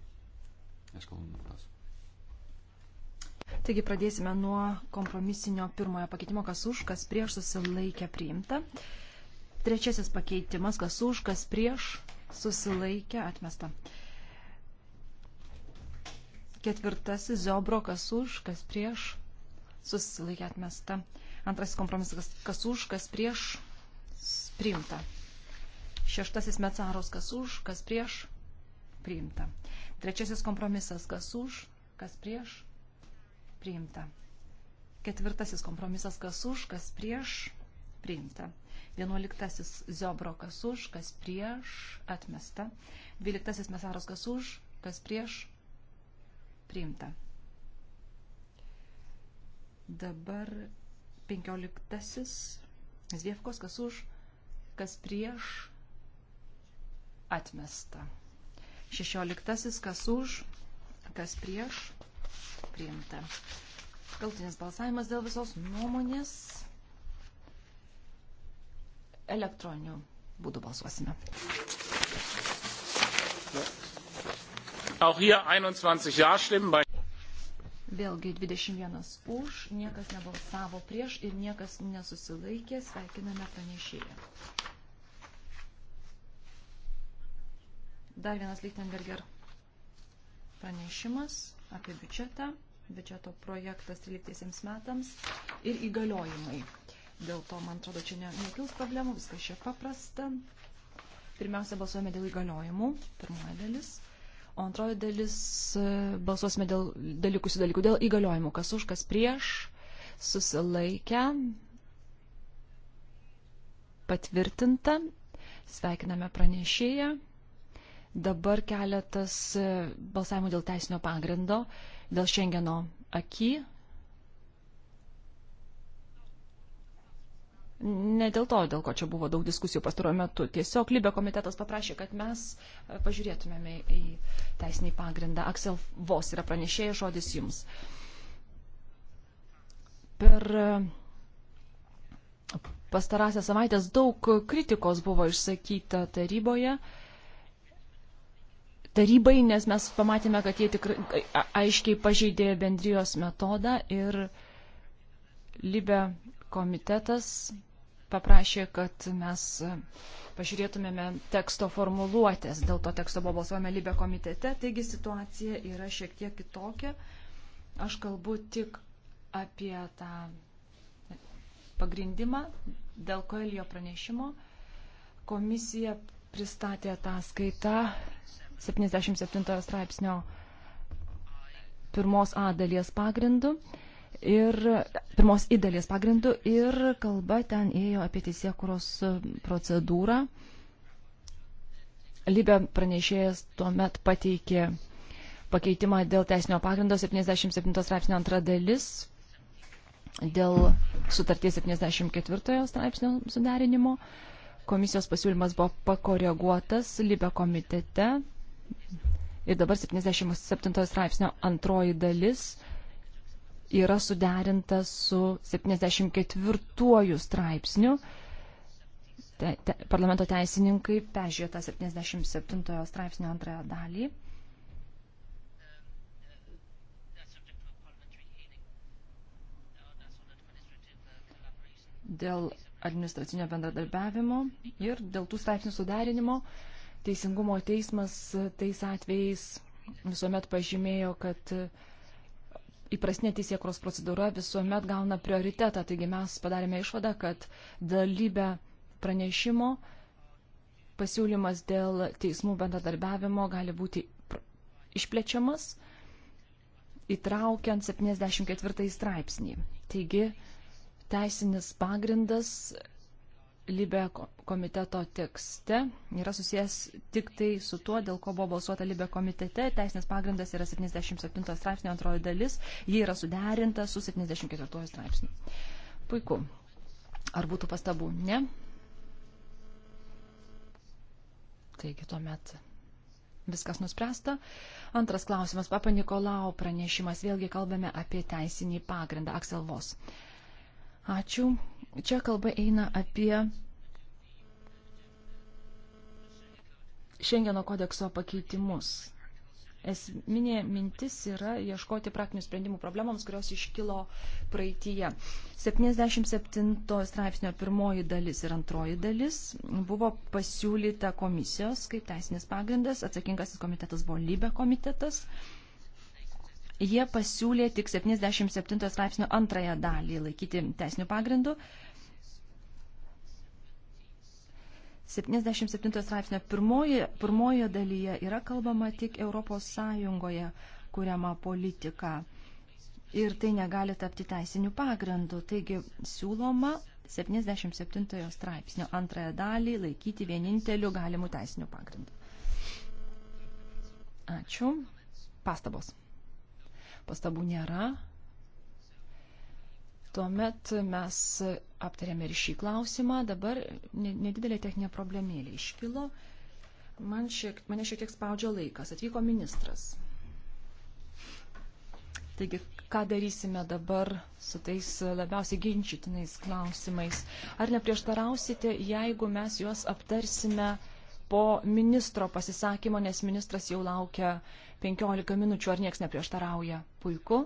[SPEAKER 2] Eskalūnų naftos.
[SPEAKER 3] Taigi pradėsime nuo kompromisinio pirmojo pakeitimo, kas už, kas prieš susilaikė priimta. Trečiasis pakeitimas, kas už, kas prieš susilaikė atmesta. Ketvirtasis Ziobro, kas už, kas prieš, susilaikė atmesta. Antrasis kompromisas, kas už, kas prieš, priimta. Šeštasis Mecaros, kas už, kas prieš, priimta. Trečiasis kompromisas, kas už, kas prieš, priimta. Ketvirtasis kompromisas, kas už, kas prieš, priimta. Vienuoliktasis Ziobro, kas už, kas prieš, atmesta. Dvyliktasis Mesaros, kas už, kas prieš, Priimta. Dabar penkioliktasis. Zviefkos, kas už, kas prieš, atmesta. Šešioliktasis, kas už, kas prieš, priimta. Galtinis balsavimas dėl visos nuomonės elektroniniu būdu balsuosime.
[SPEAKER 1] Auch hier 21 Ja-Stimmen bei.
[SPEAKER 3] Vėlgi 21 už, niekas nebalsavo prieš ir niekas nesusilaikė. Sveikiname pranešėją. Dar vienas Lichtenberger pranešimas apie biudžetą, biudžeto projektas 13 metams ir įgaliojimai. Dėl to, man atrodo, čia ne, nekils problemų, viskas čia paprasta. Pirmiausia, balsuojame dėl įgaliojimų. Pirmoji dalis. O antroji dalis e, balsuosime dėl dalikusių dalykų, dėl įgaliojimų, kas už, kas prieš, susilaikę, patvirtinta, sveikiname pranešėją. Dabar keletas e, balsavimų dėl teisinio pagrindo, dėl Šengeno akį, ne dėl to, dėl ko čia buvo daug diskusijų pastaruoju metu. Tiesiog Libė komitetas paprašė, kad mes e, pažiūrėtumėme į teisinį pagrindą. Aksel Vos yra pranešėjęs žodis jums. Per e, pastarąsią savaitęs daug kritikos buvo išsakyta taryboje. Tarybai, nes mes pamatėme, kad jie tikrai aiškiai pažeidė bendrijos metodą ir Libė komitetas paprašė, kad mes e, pažiūrėtumėme teksto formuluotės. Dėl to teksto buvo balsuojama Libė komitete, taigi situacija yra šiek tiek kitokia. Aš kalbu tik apie tą pagrindimą dėl Koelio pranešimo. Komisija pristatė ataskaitą 77 straipsnio pirmos A dalies pagrindu ir pirmos įdėlės pagrindų ir kalba ten ėjo apie teisėkuros procedūrą. Libė pranešėjas tuomet pateikė pakeitimą dėl teisinio pagrindo 77 straipsnio antra dalis, dėl sutarties 74 straipsnio sudarinimo. Komisijos pasiūlymas buvo pakoreguotas Libė komitete ir dabar 77 straipsnio antroji dalis yra suderinta su 74 straipsniu. Te, te, parlamento teisininkai peržiūrėjo tą 77 straipsnio antrąją dalį. Dėl administracinio bendradarbiavimo ir dėl tų straipsnių suderinimo teisingumo teismas tais atvejais visuomet pažymėjo, kad įprastinė teisėkros procedūra visuomet gauna prioritetą. Taigi mes padarėme išvadą, kad dalybę pranešimo pasiūlymas dėl teismų bendradarbiavimo gali būti išplečiamas, įtraukiant 74 straipsnį. Taigi teisinis pagrindas Libe komiteto tekste yra susijęs tik tai su tuo, dėl ko buvo balsuota Libe komitete. Teisinės pagrindas yra 77 straipsnio antroji dalis. Ji yra suderinta su 74 straipsniu. Puiku. Ar būtų pastabų? Ne. Taigi tuomet viskas nuspręsta. Antras klausimas. Papa Nikolau pranešimas. Vėlgi kalbame apie teisinį pagrindą. Akselvos. Ačiū, Čia kalba eina apie Šengeno kodekso pakeitimus. Esminė mintis yra ieškoti praktinių sprendimų problemams, kurios iškilo praeitie. 77 straipsnio pirmoji dalis ir antroji dalis buvo pasiūlyta komisijos kaip teisinis pagrindas, atsakingasis komitetas buvo Lybe komitetas. komitetas jie pasiūlė tik 77 straipsnio antrąją dalį laikyti teisinių pagrindų. 77 straipsnio pirmoje, pirmoje dalyje yra kalbama tik ES kuriama politika. Ir tai negali tapti teisinių pagrindų. Taigi siūloma 77 straipsnio antrąją dalį laikyti vieninteliu galimu teisiniu pagrindu. Ačiū. Pastabos pastabų nėra. Tuomet mes aptarėme ir šį klausimą. Dabar nedidelė techninė problemėlė iškilo. Man šiek, mane šiek tiek spaudžia laikas. Atvyko ministras. Taigi, ką darysime dabar su tais labiausiai ginčytinais klausimais? Ar neprieštarausite, jeigu mes juos aptarsime? po ministro pasisakymo, nes ministras jau laukia 15 minučių, ar nieks neprieštarauja. Puiku.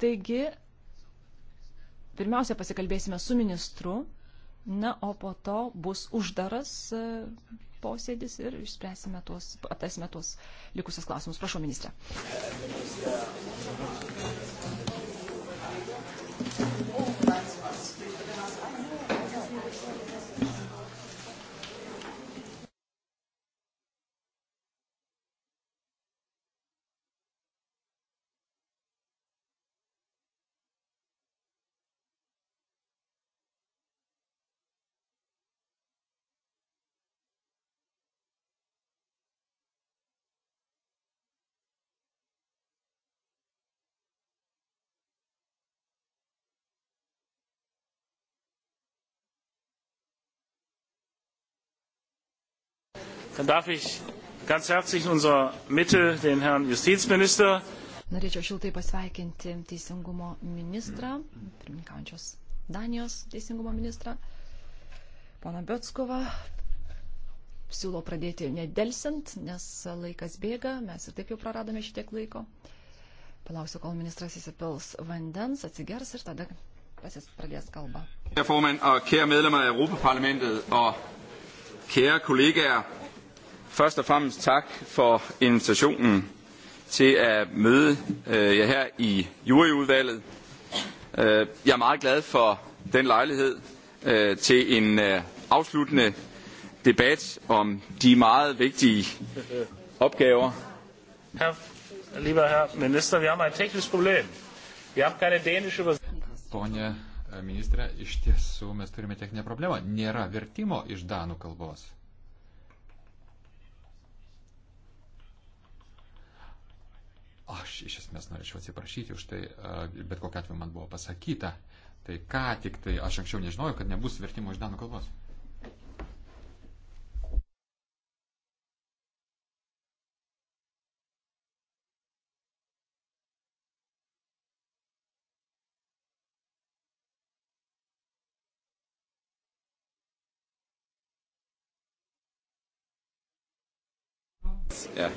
[SPEAKER 3] Taigi, pirmiausia, pasikalbėsime su ministru, na, o po to bus uždaras e, posėdis ir išspręsime tuos, aptarsime tuos likusias klausimus. Prašau, ministrė.
[SPEAKER 1] Dann darf ich ganz herzlich in unserer Mitte den Herrn Justizminister.
[SPEAKER 3] Norėčiau šiltai pasveikinti teisingumo ministrą,
[SPEAKER 1] pirmininkaujančios
[SPEAKER 3] Danijos teisingumo ministrą, poną Biotskovą. Siūlau pradėti nedelsint, nes laikas bėga, mes ir taip jau praradome šitiek laiko. Palauksiu, kol ministras įsipils vandens, atsigers ir tada pasis
[SPEAKER 2] pradės kalbą. Kære formand og kære medlemmer af Europaparlamentet og kære kollegaer, Først og fremmest tak for invitationen til at møde øh, jer her i juryudvalget. Øh, jeg er meget glad for den lejlighed øh, til en afsluttende debat om de meget vigtige opgaver.
[SPEAKER 1] Herr, lieber
[SPEAKER 2] Herr Minister, wir haben ein technisches Problem. Wir haben keine dänische Übersetzung. E, ministre, iš tiesų mes turime techninę problemą. Nėra vertimo iš danų kalbos. Aš iš esmės norėčiau atsiprašyti už tai, bet kokia atveju man buvo pasakyta. Tai ką tik tai, aš anksčiau nežinojau, kad nebus vertimo iš danų kalbos.
[SPEAKER 1] Yeah.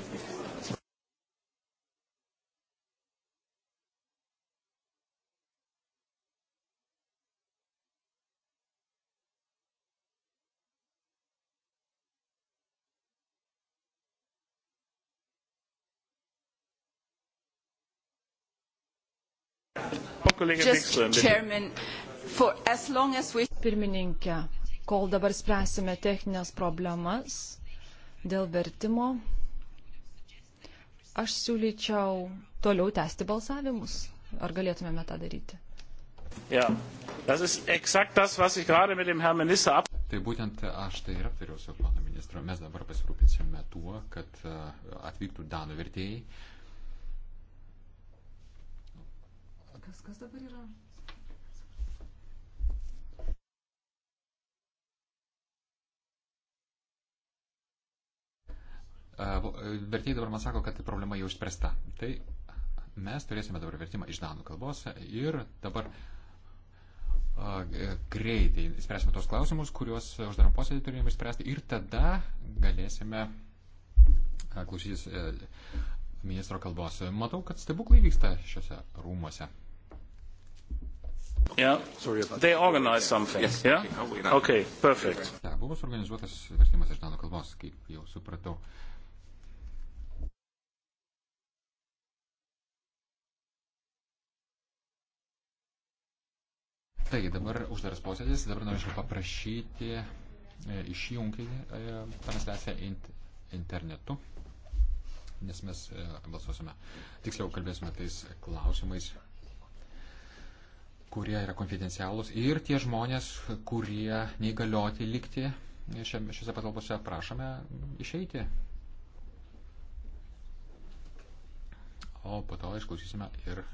[SPEAKER 3] Pirmininkė, kol dabar spręsime techninės problemas dėl vertimo, aš siūlyčiau toliau tęsti balsavimus. Ar galėtumėme tą daryti?
[SPEAKER 1] Ja, das ist exakt
[SPEAKER 2] das, was ich gerade mit dem Herrn Minister ab. Tai būtent aš tai ir aptariau su ponu ministru. Mes dabar pasirūpinsime tuo, kad e, atvyktų Danų vertėjai,
[SPEAKER 3] Markas, kas dabar yra?
[SPEAKER 2] Vertėjai dabar man sako, kad tai problema jau išspręsta. Tai mes turėsime dabar vertimą iš danų kalbos ir dabar greitai spręsime tos klausimus, kuriuos uždaram posėdį turėjome išspręsti ir tada galėsime klausytis e, ministro kalbos. Matau, kad stebuklai vyksta šiuose rūmuose. Yeah. Sorry about They organized something. Yes. Yeah? Okay, perfect. Ja, buvo suorganizuotas vertimas iš danų kalbos, kaip jau supratau. Taigi, dabar uždaras posėdis, dabar norėčiau paprašyti e, išjungti e, transliaciją int, internetu, nes mes e, balsuosime, tiksliau kalbėsime tais klausimais, kurie yra konfidencialūs ir tie žmonės, kurie neįgalioti likti šiuose patalpose, prašome išeiti. O po to išklausysime ir.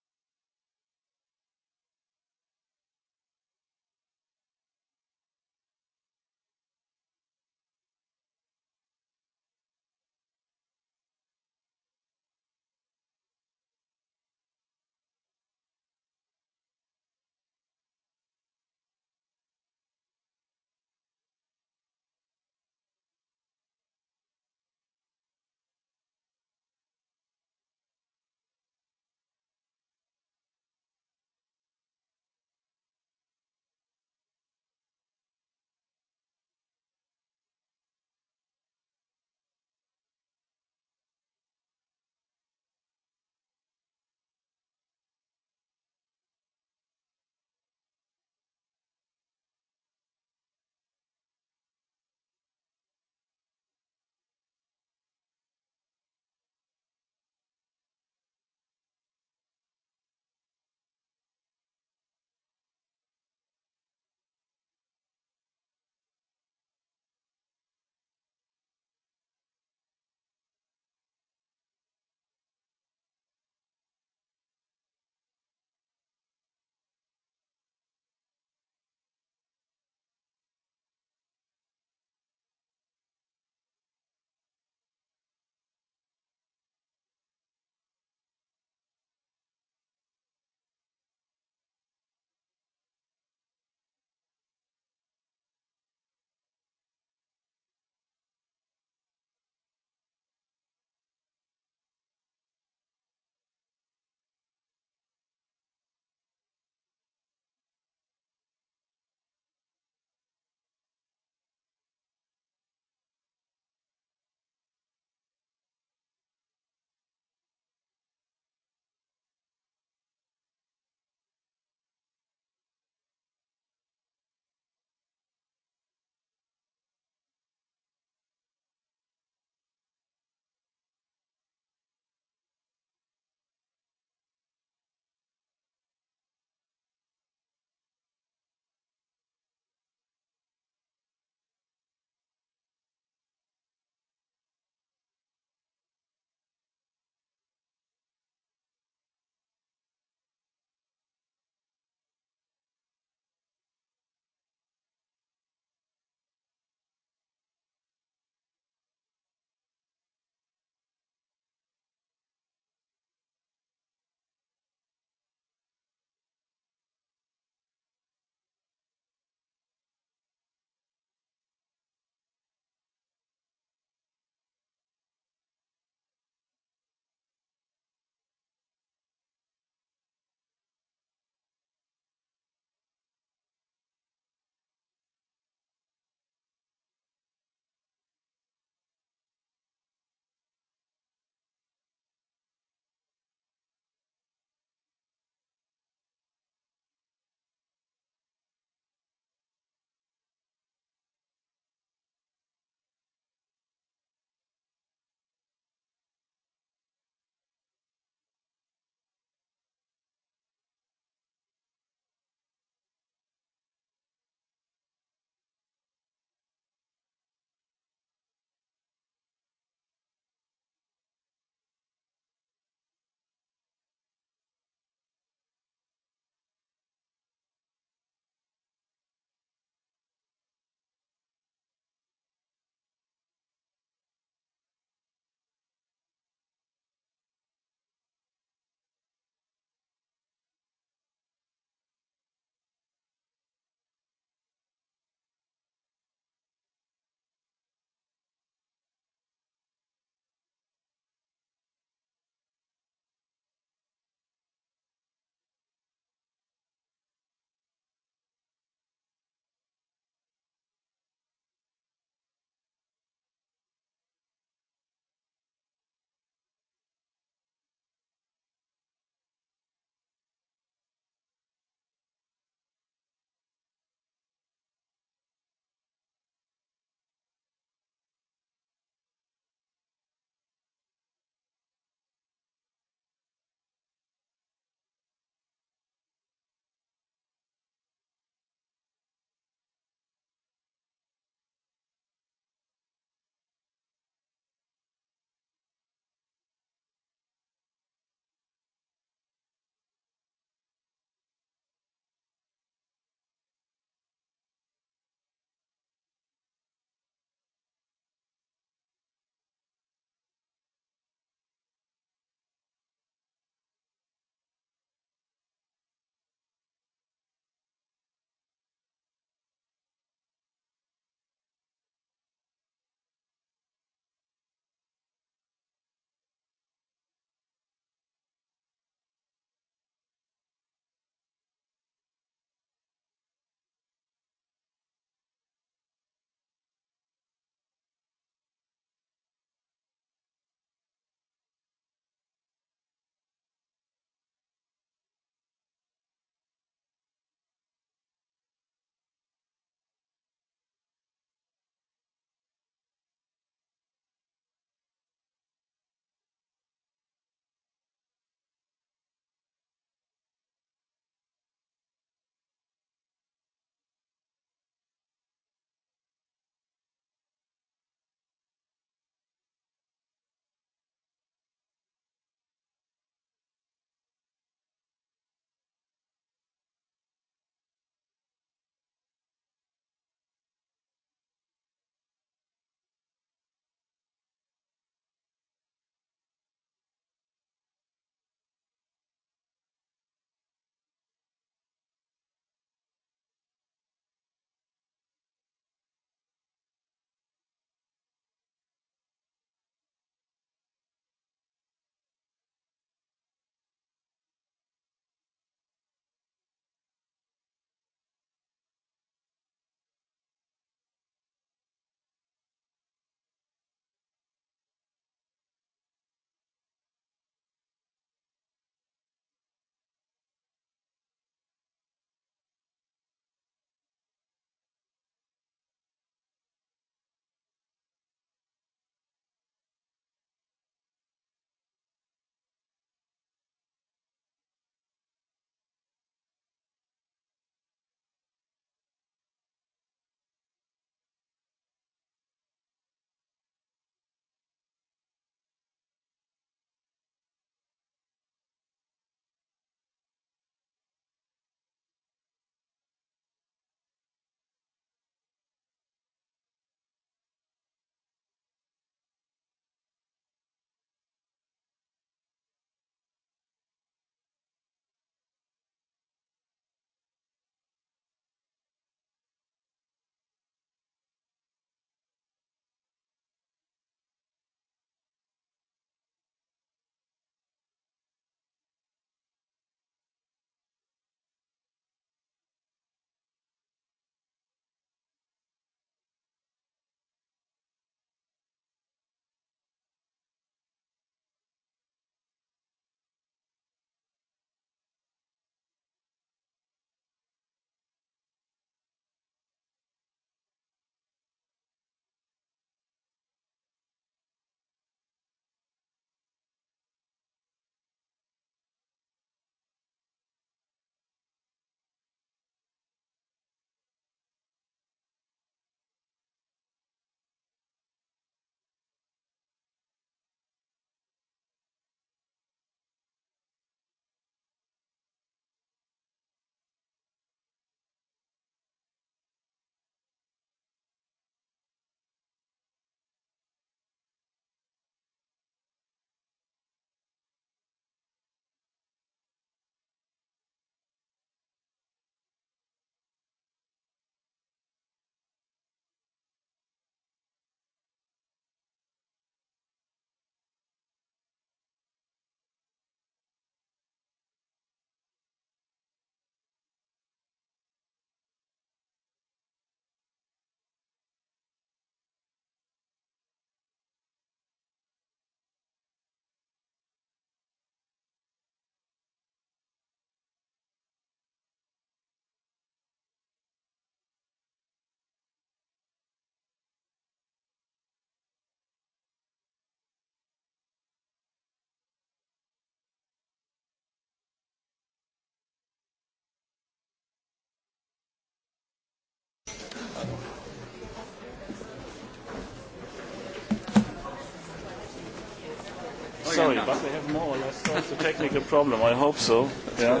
[SPEAKER 1] yeah. But we have more or less solved the technical problem. I hope so. Yeah.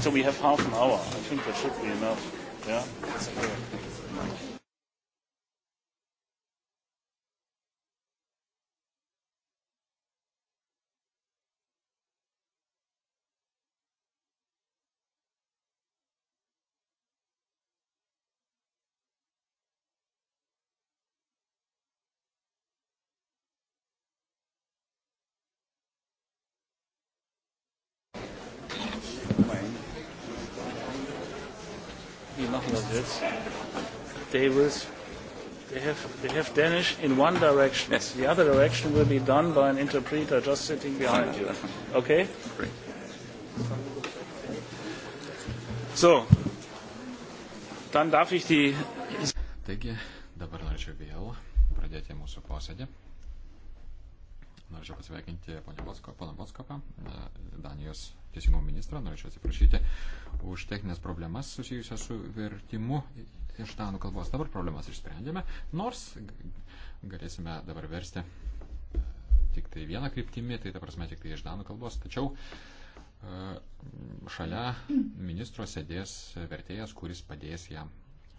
[SPEAKER 1] So we have half an hour. I think that should be enough. Yeah. this. They will. They have, they have Danish in one direction. Yes. The other direction will be done by an interpreter just sitting behind you. Okay? Great.
[SPEAKER 2] So, dann darf ich die. Taigi, dabar norėčiau vėl pradėti mūsų posėdį norėčiau pasveikinti poną Boskopą, e, Danijos teisingumo ministrą, norėčiau atsiprašyti už techninės problemas susijusias su vertimu iš danų kalbos. Dabar problemas išsprendėme, nors galėsime dabar versti e, tik tai vieną kryptimį, tai ta prasme tik tai iš danų kalbos, tačiau e, šalia ministro sėdės vertėjas, kuris padės jam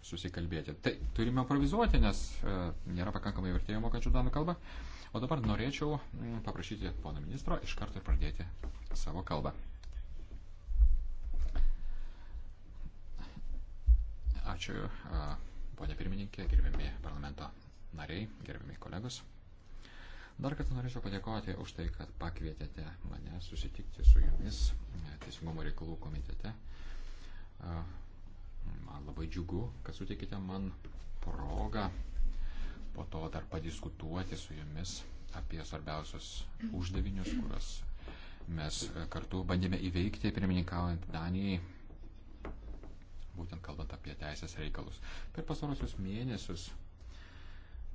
[SPEAKER 2] susikalbėti. Tai turime improvizuoti, nes nėra pakankamai vertėjų mokančių danų kalbą. O dabar norėčiau mm, paprašyti pono ministro iš karto ir pradėti savo kalbą. Ačiū, ponė pirmininkė, gerbiami parlamento nariai, gerbiami kolegos. Dar kartą norėčiau padėkoti už tai, kad pakvietėte mane susitikti su jumis Teisingumo reikalų komitete. Man labai džiugu, kad sutikite man progą po to dar padiskutuoti su jumis apie svarbiausius uždavinius, kuriuos mes e, kartu bandėme įveikti, pirmininkaujant Danijai, būtent kalbant apie teisės reikalus. Per pastarosius mėnesius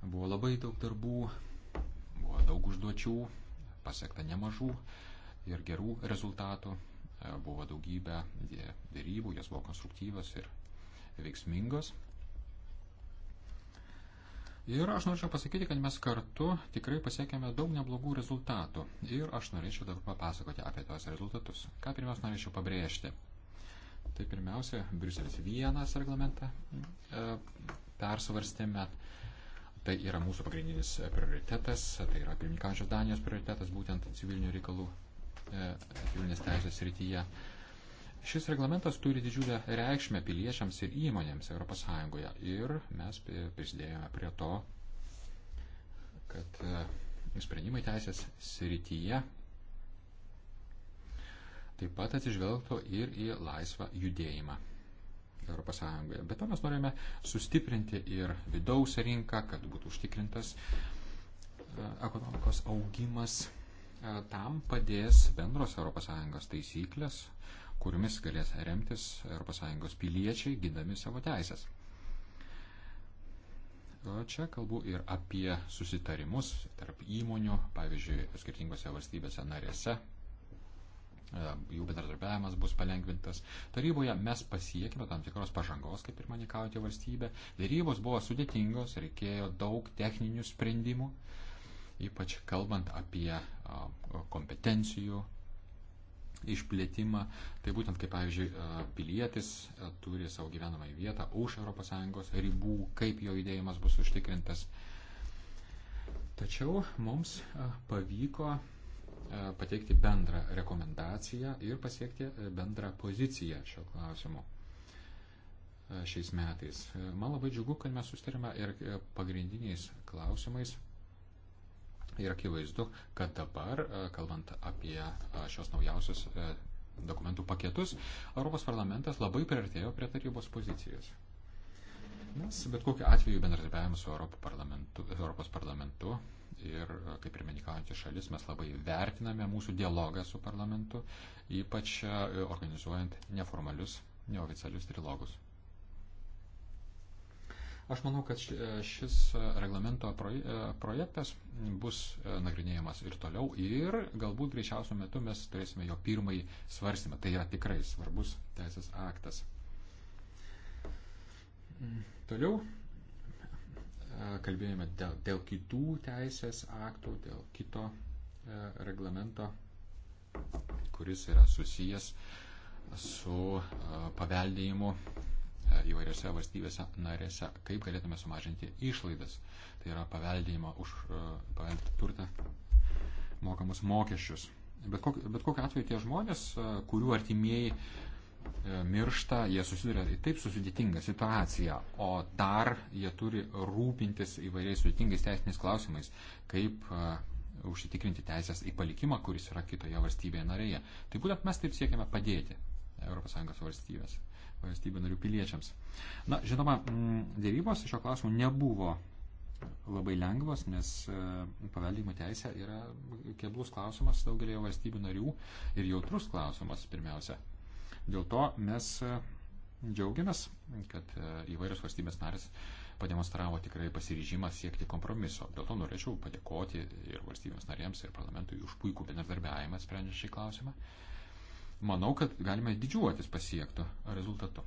[SPEAKER 2] buvo labai daug darbų, buvo daug užduočių, pasiekta nemažų ir gerų rezultatų, e, buvo daugybė dėrybų, jos buvo konstruktyvios ir veiksmingos. Ir aš norėčiau pasakyti, kad mes kartu tikrai pasiekėme daug neblogų rezultatų. Ir aš norėčiau dabar papasakoti apie tos rezultatus. Ką pirmiausia norėčiau pabrėžti. Tai pirmiausia, Briuselis vienas reglamentą e, persvarstėme. Tai yra mūsų pagrindinis prioritetas, tai yra pirmininkančios Danijos prioritetas, būtent civilinių reikalų, e, civilinės teisės rytyje. E, Šis reglamentas turi didžiulę reikšmę piliečiams ir įmonėms ES ir mes prisidėjome prie to, kad e, sprendimai teisės srityje taip pat atsižvelgtų ir į laisvą judėjimą ES. Bet to mes norime sustiprinti ir vidaus rinką, kad būtų užtikrintas e, ekonomikos augimas. E, tam padės bendros ES taisyklės, kuriomis galės remtis ES piliečiai, gindami savo teisės. Čia kalbu ir apie susitarimus tarp įmonių, pavyzdžiui, skirtingose valstybėse narėse. E, jų bendradarbiavimas bus palengvintas. Taryboje mes pasiekime tam tikros pažangos, kaip ir manikauti valstybė. Darybos buvo sudėtingos, reikėjo daug techninių sprendimų, ypač kalbant apie kompetencijų išplėtimą. Tai būtent kaip, pavyzdžiui, e, pilietis e, turi savo gyvenamąją vietą už ES ribų, kaip jo judėjimas bus užtikrintas. Tačiau mums e, pavyko pateikti bendrą rekomendaciją ir pasiekti bendrą poziciją šio klausimu šiais metais. Man labai džiugu, kad mes sustarime ir pagrindiniais klausimais ir akivaizdu, kad dabar, e, kalbant apie e, šios naujausius e, dokumentų paketus, Europos parlamentas labai priartėjo prie tarybos pozicijos. Mes bet kokiu atveju bendradarbiavim su Europos parlamentu, Europos parlamentu ir kaip ir menikaujantis šalis mes labai vertiname mūsų dialogą su parlamentu, ypač organizuojant neformalius, neoficialius trilogus. Aš manau, kad šis e, reglamento e, projektas bus e, nagrinėjamas ir toliau ir galbūt greičiausiu metu mes turėsime jo pirmąjį svarstymą. Tai yra tikrai svarbus teisės aktas. Mm, toliau kalbėjome dėl, dėl kitų teisės aktų, dėl kito reglamento, kuris yra susijęs su paveldėjimu E, įvairiose valstybėse narėse, kaip galėtume sumažinti išlaidas, tai yra paveldėjimą už e, paveldėtą turtą mokamus mokesčius. Bet, kok, bet kokiu atveju tie žmonės, e, kurių artimieji miršta, jie susiduria į taip susidėtingą situaciją, o dar jie turi rūpintis įvairiais sudėtingais teisiniais klausimais, kaip užsitikrinti teisės į palikimą, kuris yra kitoje valstybėje narėje. Tai būtent mes taip siekiame padėti ES valstybės valstybių narių piliečiams. Na, žinoma, mm, dėrybos šio klausimu nebuvo labai lengvos, nes e, paveldimo teisė yra keblus klausimas daugelėje valstybių narių ir jautrus klausimas pirmiausia. Dėl to mes e, džiaugiamės, kad e, įvairios valstybės narės pademonstravo tikrai pasiryžimą siekti kompromiso. Dėl to norėčiau padėkoti ir valstybėms narėms, ir parlamentui už puikų bendradarbiavimą sprendžiant šį klausimą. Uh, manau, kad galime didžiuotis pasiektų rezultatu.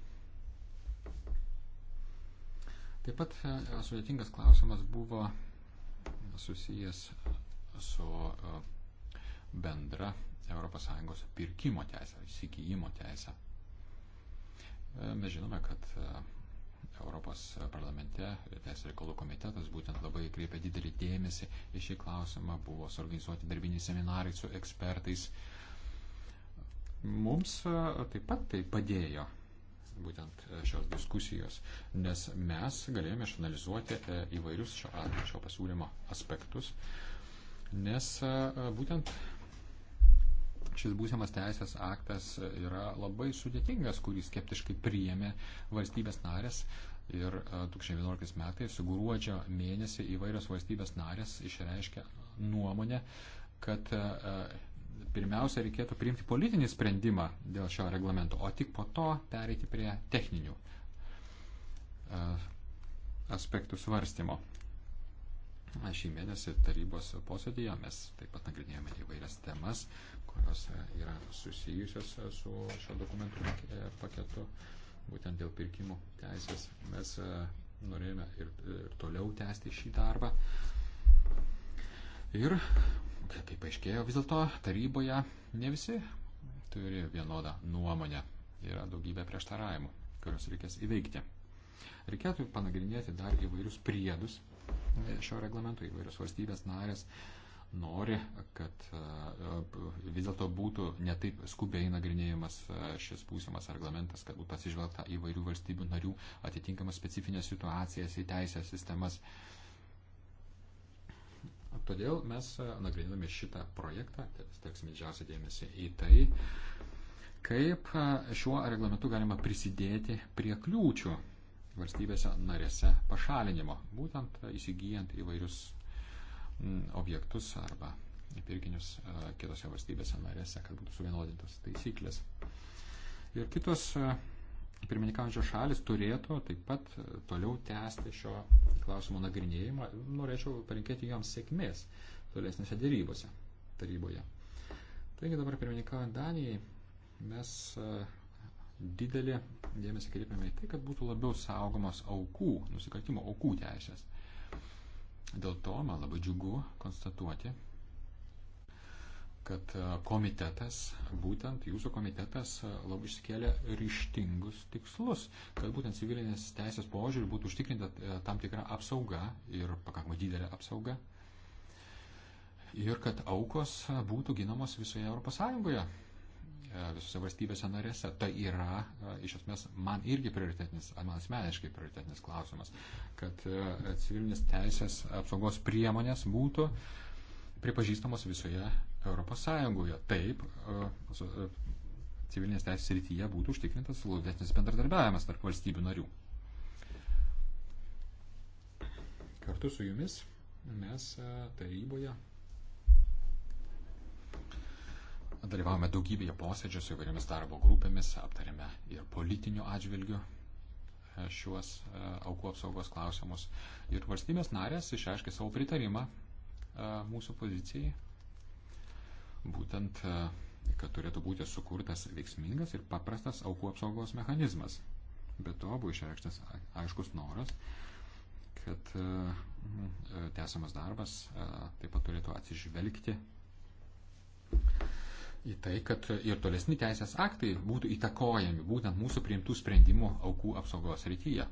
[SPEAKER 2] Taip pat e, sudėtingas klausimas buvo susijęs su e, bendra ES pirkimo teisė, įsigijimo teisė. E, mes žinome, kad Europos parlamente Teisės reikalų komitetas būtent labai kreipia didelį dėmesį į šį klausimą, buvo suorganizuoti darbiniai seminarai su ekspertais, uh, Mums e, taip pat tai padėjo būtent e, šios diskusijos, nes mes galėjome išanalizuoti e, įvairius šio, šio pasiūlymo aspektus, nes būtent šis būsimas teisės aktas yra labai sudėtingas, kurį skeptiškai priėmė valstybės narės. Ir 2011 metais gruodžio mėnesį įvairios valstybės narės išreiškė nuomonę, kad pirmiausia reikėtų priimti politinį sprendimą dėl šio reglamento, o tik po to pereiti prie techninių e, aspektų svarstymo. Šį mėnesį tarybos posėdėje mes taip pat nagrinėjome įvairias temas, kurios yra susijusios su šio dokumentų paketu, būtent dėl pirkimų teisės. Mes e, norėjome ir, ir toliau tęsti šį darbą. Ir kaip tai paaiškėjo, vis dėlto taryboje ne visi turi vienodą nuomonę. Yra daugybė prieštaravimų, kuriuos reikės įveikti. Reikėtų panagrinėti dar įvairius priedus šio reglamento, įvairios valstybės narės nori, kad e, vis dėlto būtų netaip skubiai nagrinėjimas e, šis būsimas reglamentas, kad būtų atsižvelgta įvairių valstybių narių atitinkamas specifinės situacijas į teisės sistemas. Uh, Todėl mes e, nagrinėdami šitą projektą, telksime didžiausią dėmesį į tai, kaip e, šiuo reglamentu galima prisidėti prie kliūčių valstybėse narėse pašalinimo, būtent e, įsigijant įvairius objektus arba pirkinius kitose valstybėse narėse, kad būtų suvienodintos taisyklės. Ir kitos pirmininkaujančios šalis turėtų taip pat e, toliau tęsti šio klausimo nagrinėjimą. Norėčiau palinkėti joms sėkmės tolesnėse dėrybose taryboje. Taigi dabar pirmininkaujant Danijai mes e, didelį dėmesį kreipiame į tai, kad būtų labiau saugomos aukų, nusikaltimo aukų teisės. Dėl to man labai džiugu konstatuoti, kad e, komitetas, būtent jūsų komitetas e, labai išsikėlė ryštingus tikslus, kad būtent civilinės teisės požiūrį būtų užtikrinta e, tam tikra apsauga ir pakankamai didelė apsauga. Ir kad aukos būtų ginamos visoje ES, visose valstybėse narėse. Tai yra, iš esmės, man irgi prioritetinis, man asmeniškai prioritetinis klausimas, kad civilinės teisės apsaugos priemonės būtų pripažįstamos visoje Europos Sąjungoje. Taip, e, e, civilinės teisės rytyje būtų užtikrintas glaudesnis bendradarbiavimas tarp valstybių narių. Kartu su jumis mes e, taryboje dalyvavome daugybėje posėdžių su įvairiomis darbo grupėmis, aptarėme ir politinių atžvilgių šiuos aukų apsaugos klausimus. Ir valstybės narės išaiškė savo pritarimą mūsų pozicijai būtent, e, kad turėtų būti sukurtas veiksmingas ir paprastas aukų apsaugos mechanizmas. Be to buvo išreikštas aiškus noras, kad e, e, tęsiamas darbas taip pat turėtų atsižvelgti į tai, kad ir tolesni teisės aktai būtų įtakojami būtent mūsų priimtų sprendimų aukų apsaugos rytyje.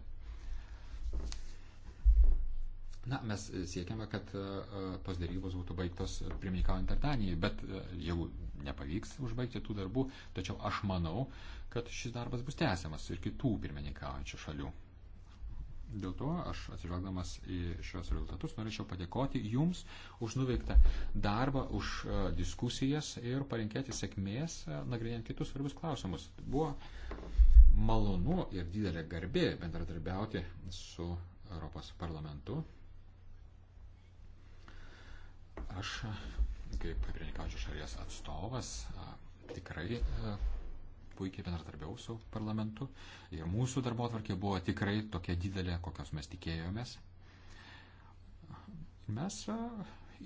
[SPEAKER 2] Na, mes siekiame, kad e, e, tos dėrybos būtų baigtos pirmininkaujant Ardanijai, bet e, jau nepavyks užbaigti tų darbų, tačiau aš manau, kad šis darbas bus tęsiamas ir kitų pirmininkaujančių šalių. Dėl to aš atsižvelgdamas į šios rezultatus norėčiau padėkoti Jums už nuveiktą darbą, už diskusijas ir palinkėti sėkmės nagrinėjant kitus svarbius klausimus. Buvo malonu ir didelė garbė bendradarbiauti su Europos parlamentu Aš, kaip pirmininkaujančio šalies atstovas, tikrai puikiai bendradarbiau su parlamentu ir mūsų darbo atvarkė buvo tikrai tokia didelė, kokios mes tikėjomės. Mes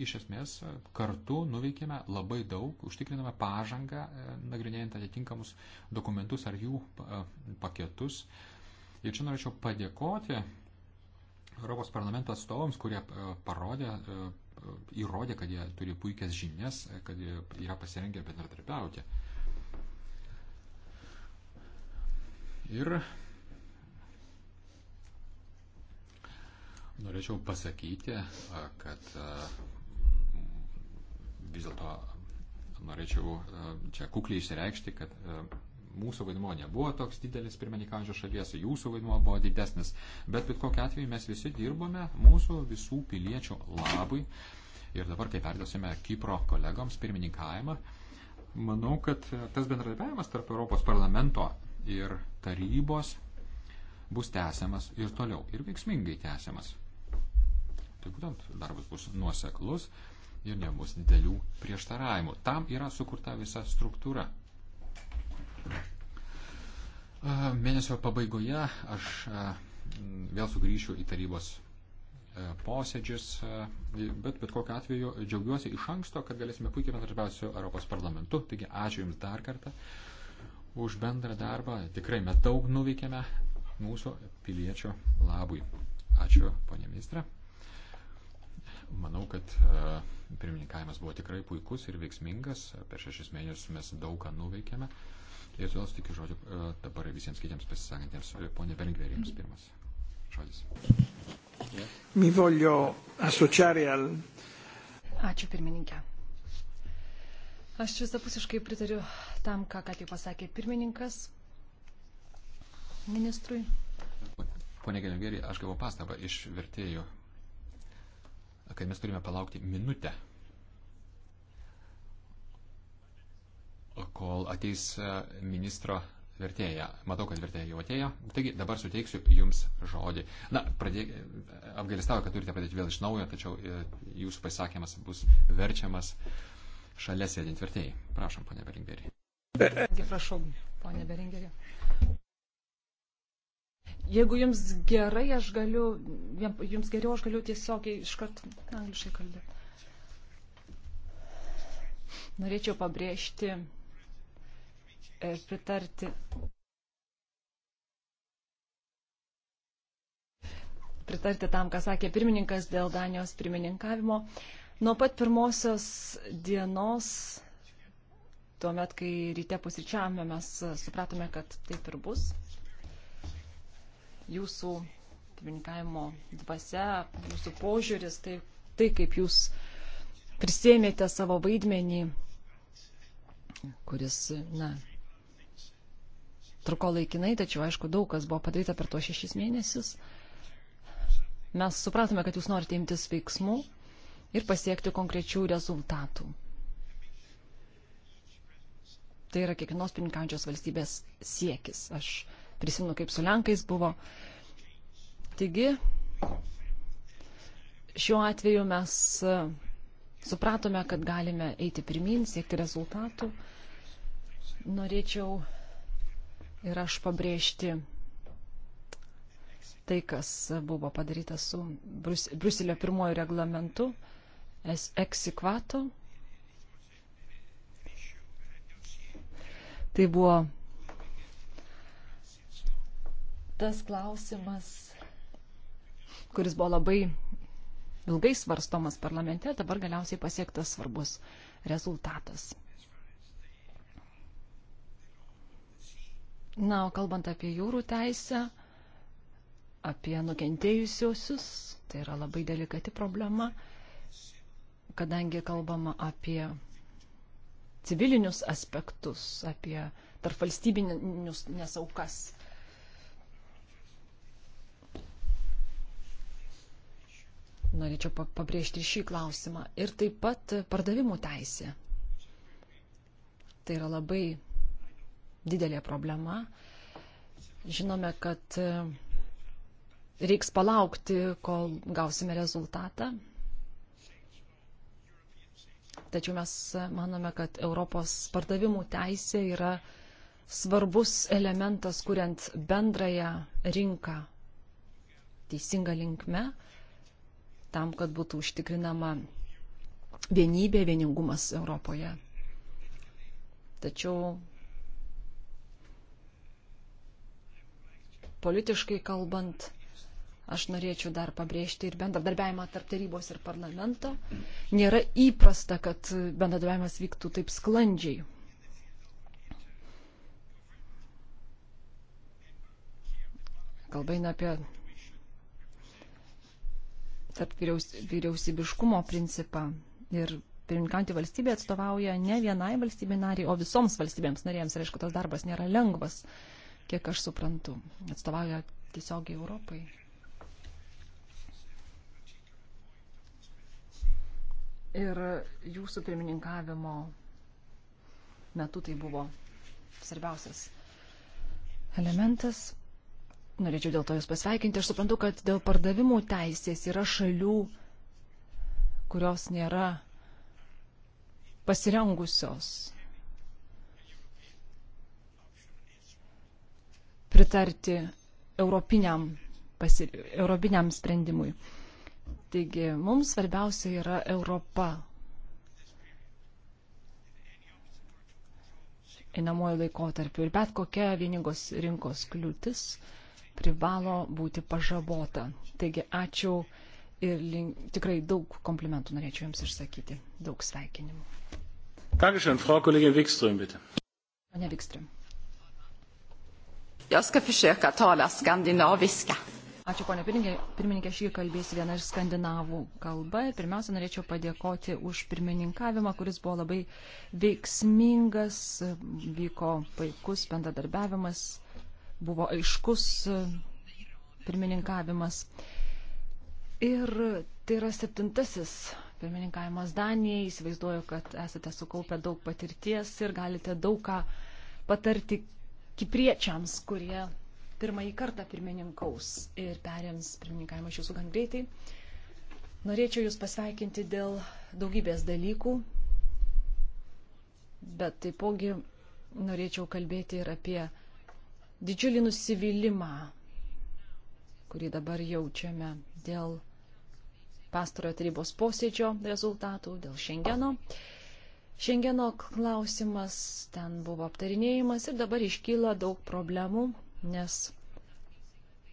[SPEAKER 2] iš esmės kartu nuveikėme labai daug, užtikriname pažangą, e, nagrinėjant atitinkamus dokumentus ar jų paketus. Ir čia norėčiau padėkoti Europos parlamento atstovams, kurie parodė įrodė, kad jie turi puikias žinias, kad jie yra pasirengę bendradarbiauti. Ir norėčiau pasakyti, kad vis dėlto norėčiau čia kukliai išreikšti, kad mūsų vaidmuo nebuvo toks didelis pirmininkaujančios šalies, jūsų vaidmuo buvo didesnis, bet bet kokiu atveju mes visi dirbome mūsų visų piliečių labui. Ir dabar, kai perdosime Kipro kolegoms pirmininkavimą, manau, kad tas bendradarbiavimas tarp Europos parlamento ir tarybos bus tęsiamas ir toliau, ir veiksmingai tęsiamas. Tai būtent darbas bus nuoseklus ir nebus didelių prieštaravimų. Tam yra sukurta visa struktūra Mėnesio pabaigoje aš vėl sugrįšiu į tarybos e, posėdžius, bet bet kokiu atveju džiaugiuosi iš anksto, kad galėsime puikiai bendradarbiauti su Europos parlamentu. Taigi ačiū Jums dar kartą už bendrą darbą. Tikrai mes daug nuveikėme mūsų piliečio labui. Ačiū, ponė ministra. Manau, kad pirmininkavimas buvo tikrai puikus ir veiksmingas. Per šešis mėnesius mes daug ką nuveikėme. Ir todėl sutikiu žodžiu e, dabar visiems kitiems pasisakantiems. E, Pone Belgrė, jums pirmas žodis. Mi voglio associare al.
[SPEAKER 3] Ačiū pirmininkė. Aš visapusiškai pritariu tam, ką ką tik pasakė pirmininkas ministrui.
[SPEAKER 2] Pone Gelingeri, aš gavau pastabą iš vertėjų, kad mes turime palaukti minutę kol ateis e, ministro vertėja. Matau, kad vertėja jau atėjo. Taigi dabar suteiksiu Jums žodį. Na, pradėk... apgailestauju, kad turite pradėti vėl iš naujo, tačiau e, Jūsų pasakymas bus verčiamas šalia sėdint vertėjai. Prašom, ponė Beringerį.
[SPEAKER 3] Prašau, ponė Beringerį. Jeigu jums gerai, aš galiu, jums geriau aš galiu tiesiog iškart angliškai kalbėti. Norėčiau pabrėžti E, pritarti. Pritarti tam, ką sakė pirmininkas dėl Danijos pirmininkavimo. Nuo pat pirmosios dienos, tuomet, kai ryte pusryčiavome, mes supratome, kad taip ir bus. Jūsų pirmininkavimo dvasia, jūsų požiūris, tai, tai kaip jūs prisėmėte savo vaidmenį, kuris, na, truko laikinai, tačiau aišku, daug kas buvo padaryta per tuos šešis mėnesius. Mes supratome, kad jūs norite imtis veiksmų ir pasiekti konkrečių rezultatų. Tai yra kiekvienos pininkančios valstybės siekis. Aš prisimenu, kaip su Lenkais buvo. Taigi, šiuo atveju mes e, supratome, kad galime eiti pirmin, siekti rezultatų. Norėčiau ir aš pabrėžti tai, kas buvo padaryta su Brus Bruselio pirmojo reglamentu eksikvato. Tai buvo tas klausimas, kuris buvo labai ilgai svarstomas parlamente, dabar galiausiai pasiektas svarbus rezultatas. Na, o kalbant apie jūrų teisę, apie nukentėjusiosius, tai yra labai delikati problema, kadangi kalbama apie civilinius aspektus, apie tarp valstybinius nesaukas. Norėčiau pabrėžti ir šį klausimą. Ir taip pat pardavimų teisė. Tai yra labai didelė problema. Žinome, kad e, reiks palaukti, kol gausime rezultatą. Tačiau mes manome, kad Europos pardavimų teisė yra svarbus elementas, kuriant bendrąją rinką teisinga linkme, tam, kad būtų užtikrinama vienybė, vieningumas Europoje. Tačiau politiškai kalbant, aš norėčiau dar pabrėžti ir bendradarbiavimą tarp tarybos ir parlamento. Nėra įprasta, kad bendradarbiavimas vyktų taip sklandžiai. Kalba eina apie tarp vyriaus, vyriausybiškumo principą ir pirminkantį valstybę atstovauja ne vienai valstybei nariai, o visoms valstybėms narėms. Ir aišku, tas darbas nėra lengvas. Uh, kiek aš suprantu, atstovauja tiesiogiai Europai. Ir jūsų pirmininkavimo metu tai buvo svarbiausias elementas. Norėčiau dėl to Jūs pasveikinti. Aš suprantu, kad dėl pardavimų teisės yra šalių, kurios nėra pasirengusios pritarti europiniam, pasi, europiniam sprendimui. Taigi mums svarbiausia yra Europa. Einamojo laikotarpiu ir bet kokia vieningos rinkos kliūtis privalo būti pažabota. Taigi ačiū ir link, tikrai daug komplimentų norėčiau Jums išsakyti, daug sveikinimų.
[SPEAKER 1] Dankeschön, Frau Kollegin Wikström, bitte.
[SPEAKER 3] Pane Wikström. Jag ska försöka tala skandinaviska. Ačiū, ponia pirmininkė. Pirmininkė, aš jį kalbėsiu viena iš skandinavų kalba. Ir pirmiausia, norėčiau padėkoti už pirmininkavimą, kuris buvo labai veiksmingas, vyko puikus bendradarbiavimas, buvo aiškus pirmininkavimas. Ir tai yra septintasis pirmininkavimas Danijai. Įsivaizduoju, kad esate sukaupę daug patirties ir galite daug ką patarti kipriečiams, kurie pirmąjį kartą pirmininkaus ir perėms pirmininkavimą iš jūsų gan greitai. Norėčiau jūs pasveikinti dėl daugybės dalykų, bet taipogi norėčiau kalbėti ir apie didžiulį nusivylimą, kurį dabar jaučiame dėl pastarojo tarybos posėdžio rezultatų, dėl Šengeno. Uh, Šengeno klausimas ten buvo aptarinėjimas ir dabar iškyla daug problemų, nes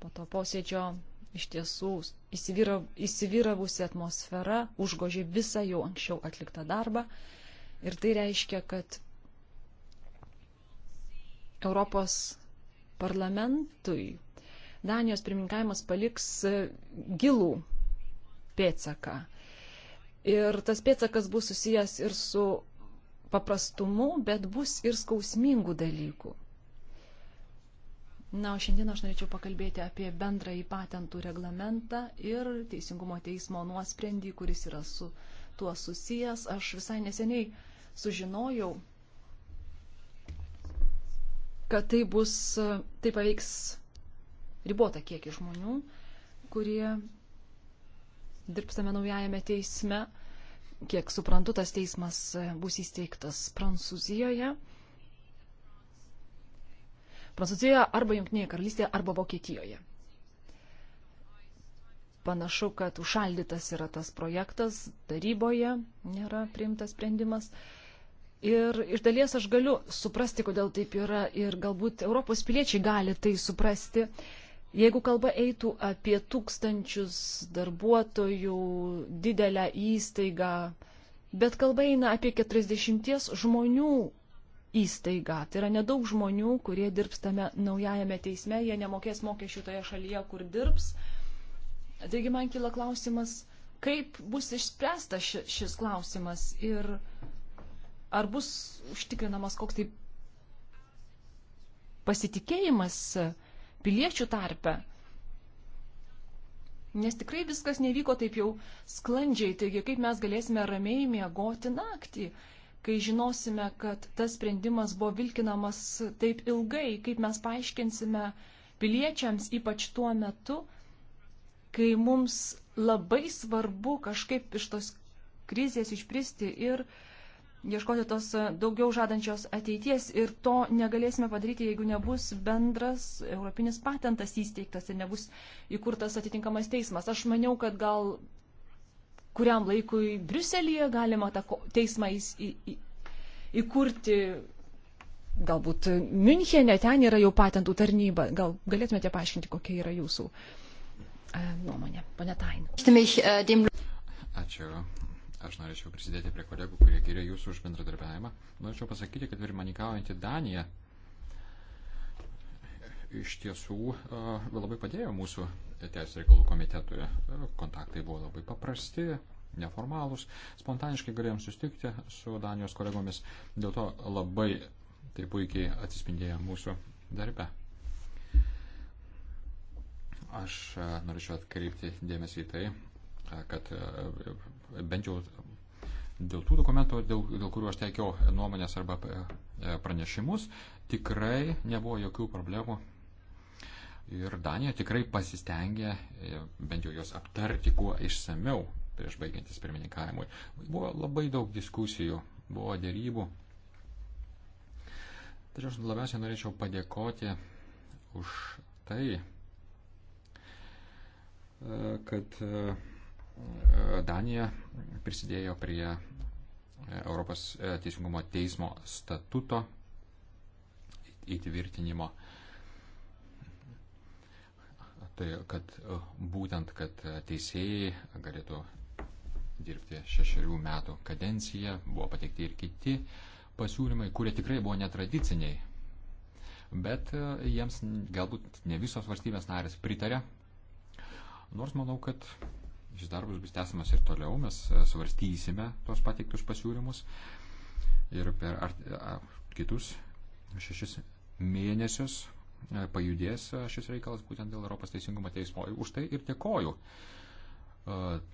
[SPEAKER 3] po to posėdžio iš tiesų įsivyra, įsivyravusi atmosfera užgožė visą jau anksčiau atliktą darbą. Ir tai reiškia, kad Europos parlamentui Danijos pirmininkavimas paliks e, gilų pėtsaką. Ir tas pėtsakas bus susijęs ir su paprastumu, bet bus ir skausmingų dalykų. Na, o šiandien aš norėčiau pakalbėti apie bendrąjį patentų reglamentą ir Teisingumo teismo nuosprendį, kuris yra su tuo susijęs. Aš visai neseniai sužinojau, kad tai bus, tai paveiks ribotą kiekį žmonių, kurie dirbs tame naujajame teisme. Kiek suprantu, tas teismas e, bus įsteigtas Prancūzijoje. Prancūzijoje arba Junktinėje karalystėje arba Vokietijoje. Panašu, kad užšaldytas yra tas projektas, taryboje nėra priimtas sprendimas. Ir iš dalies aš galiu suprasti, kodėl taip yra ir galbūt Europos piliečiai gali tai suprasti, Jeigu kalba eitų apie tūkstančius darbuotojų, didelę įstaigą, bet kalba eina apie 40 žmonių įstaigą. Tai yra nedaug žmonių, kurie dirbs tame naujajame teisme, jie nemokės mokesčių toje šalyje, kur dirbs. Taigi man kyla klausimas, kaip bus išspręsta ši, šis klausimas ir ar bus užtikrinamas koks tai pasitikėjimas piliečių tarpe. Nes tikrai viskas nevyko taip jau sklandžiai, taigi kaip mes galėsime ramiai miegoti naktį, kai žinosime, kad tas sprendimas buvo vilkinamas taip ilgai, kaip mes paaiškinsime piliečiams, ypač tuo metu, kai mums labai svarbu kažkaip iš tos krizės išpristi ir uh, ieškoti tos daugiau žadančios ateities ir to negalėsime padaryti, jeigu nebus bendras europinis patentas įsteigtas ir nebus įkurtas atitinkamas teismas. Aš maniau, kad gal kuriam laikui Briuselėje galima tą teismą į, į, įkurti. Galbūt Münchenė ten yra jau patentų tarnyba. Gal galėtumėte paaiškinti, kokia yra jūsų e, nuomonė, pane Tain.
[SPEAKER 2] Ačiū. Aš norėčiau prisidėti prie kolegų, kurie giria jūsų už bendradarbiavimą. Norėčiau pasakyti, kad pirmininkaujantį Daniją iš tiesų labai padėjo mūsų Teisės reikalų komitetui. Kontaktai buvo labai paprasti, neformalūs, spontaniškai galėjom sustikti su Danijos kolegomis, dėl to labai tai puikiai atsispindėjo mūsų darbe. Aš norėčiau atkreipti dėmesį į tai, kad bent jau dėl tų dokumentų, dėl, dėl kurių aš teikiau nuomonės arba e, e, pranešimus, tikrai nebuvo jokių problemų. Ir Danija tikrai pasistengė e, bent jau jos aptarti kuo išsameu prieš baigiantis pirmininkavimui. Buvo labai daug diskusijų, buvo dėrybų. Tačiau aš labiausiai norėčiau padėkoti už tai, kad uh, Danija prisidėjo prie e, Europos e, teisingumo teismo statuto įtvirtinimo. Tai kad e, būtent, kad teisėjai galėtų dirbti šešerių metų kadenciją, buvo pateikti ir kiti pasiūlymai, kurie tikrai buvo netradiciniai, bet jiems galbūt ne visos valstybės narės pritarė. Nors manau, kad šis darbas bus tęsiamas ir toliau, mes e, svarstysime tos pateiktus pasiūlymus ir per ar, e, a, kitus šešis mėnesius e, pajudės šis reikalas būtent dėl Europos Teisingumo teismo. Už tai ir dėkoju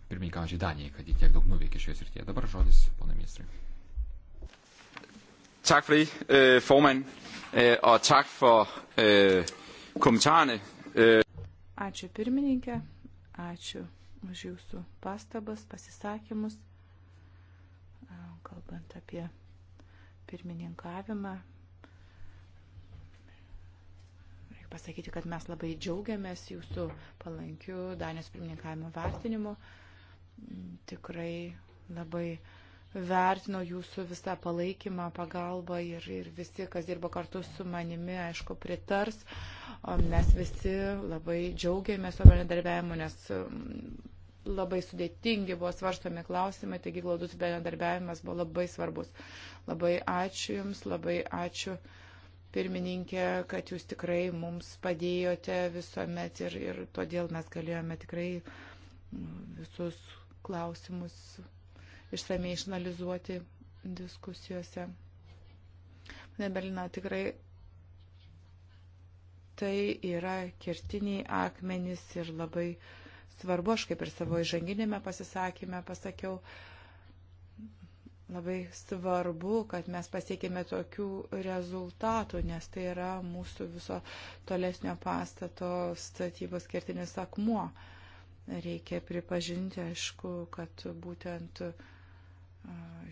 [SPEAKER 2] pirmininkaujančiai Danijai, kad jie tiek daug nuveikė šioje srityje. Dabar žodis, pana ministrai. Tak for det, øh, formand, øh, og tak for øh, kommentarerne. Øh.
[SPEAKER 4] Ačiū pirmininkė, ačiū už jūsų pastabas, pasisakymus, kalbant apie pirmininkavimą. Reikia pasakyti, kad mes labai džiaugiamės jūsų palankių Danijos pirmininkavimo vertinimu. Tikrai labai vertino jūsų visą palaikymą, pagalbą ir, ir visi, kas dirba kartu su manimi, aišku, pritars. O mes visi labai džiaugiamės savo bendradarbiavimu, nes mm, labai sudėtingi buvo svarstomi klausimai, taigi glaudus bendradarbiavimas buvo labai svarbus. Labai ačiū Jums, labai ačiū pirmininkė, kad Jūs tikrai mums padėjote visuomet ir, ir todėl mes galėjome tikrai mm, visus klausimus išsamei išanalizuoti diskusijose. Ne, Berlina, tikrai tai yra kirtiniai akmenys ir labai svarbu, aš kaip ir savo įžanginėme pasisakymę pasakiau, labai svarbu, kad mes pasiekėme tokių rezultatų, nes tai yra mūsų viso tolesnio pastato statybos kertinis akmuo. Reikia pripažinti, aišku, kad būtent uh,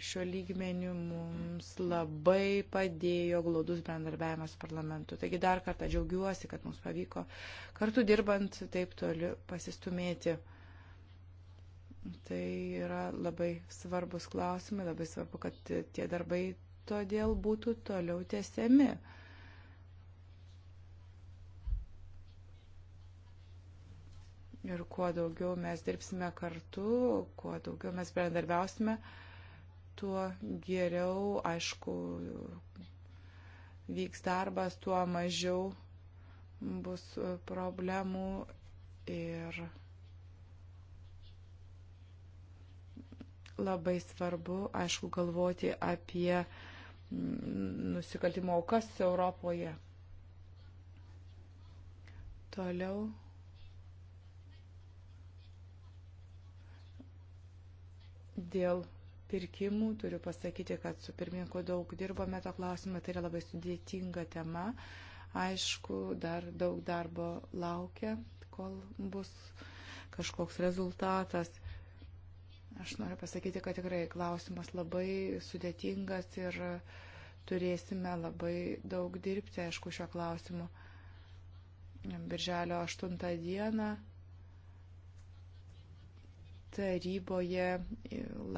[SPEAKER 4] Šiuo lygmeniu mums labai padėjo glaudus bendarbiavimas su parlamentu. Taigi dar kartą džiaugiuosi, kad mums pavyko kartu dirbant taip toli pasistumėti. Tai yra labai svarbus klausimai, labai svarbu, kad tie darbai todėl būtų toliau tęsiami. Ir kuo daugiau mes dirbsime kartu, kuo daugiau mes bendarbiausime, uh, tuo geriau, aišku, vyks darbas, tuo mažiau bus problemų ir labai svarbu, aišku, galvoti apie nusikaltimo aukas Europoje. Toliau. Dėl pirkimų. Turiu pasakyti, kad su pirmininku daug dirbome to klausimą, tai yra labai sudėtinga tema. Aišku, dar daug darbo laukia, kol bus kažkoks rezultatas. Aš noriu pasakyti, kad tikrai klausimas labai sudėtingas ir turėsime labai daug dirbti, aišku, šio klausimu. Birželio 8 dieną taryboje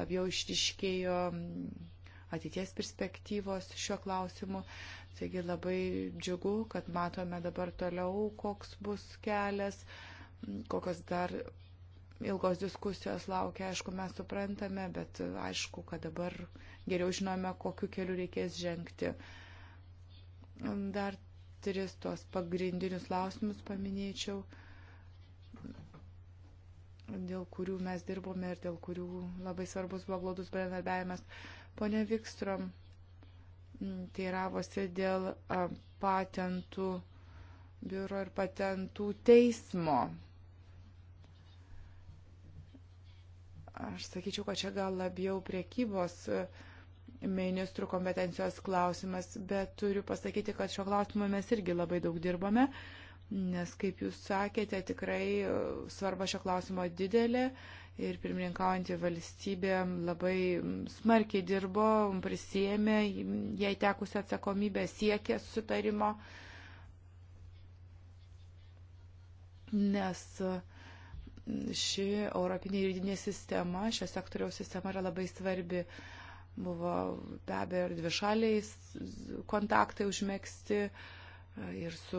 [SPEAKER 4] labiau išriškėjo ateities perspektyvos šiuo klausimu. Taigi labai džiugu, kad matome dabar toliau, koks bus kelias, kokios dar ilgos diskusijos laukia, aišku, mes suprantame, bet aišku, kad dabar geriau žinome, kokiu keliu reikės žengti. Dar tris tos pagrindinius klausimus paminėčiau dėl kurių mes dirbome ir dėl kurių labai svarbus buvo glaudus bendradarbiavimas. Pone Vikstrom mm, teiravosi dėl patentų biuro ir patentų teismo. Aš sakyčiau, kad čia gal labiau priekybos ministrų kompetencijos klausimas, bet turiu pasakyti, kad šio klausimu mes irgi labai daug dirbame. Uh, nes, kaip jūs sakėte, tikrai e, svarba šio klausimo didelė ir pirmininkaujantį valstybė labai smarkiai dirbo, prisėmė, jai tekusi atsakomybė siekė sutarimo, nes e, ši europinė juridinė sistema, šio sektoriaus sistema yra labai svarbi. Buvo be abejo ir dvišaliais kontaktai užmėgsti, uh, ir su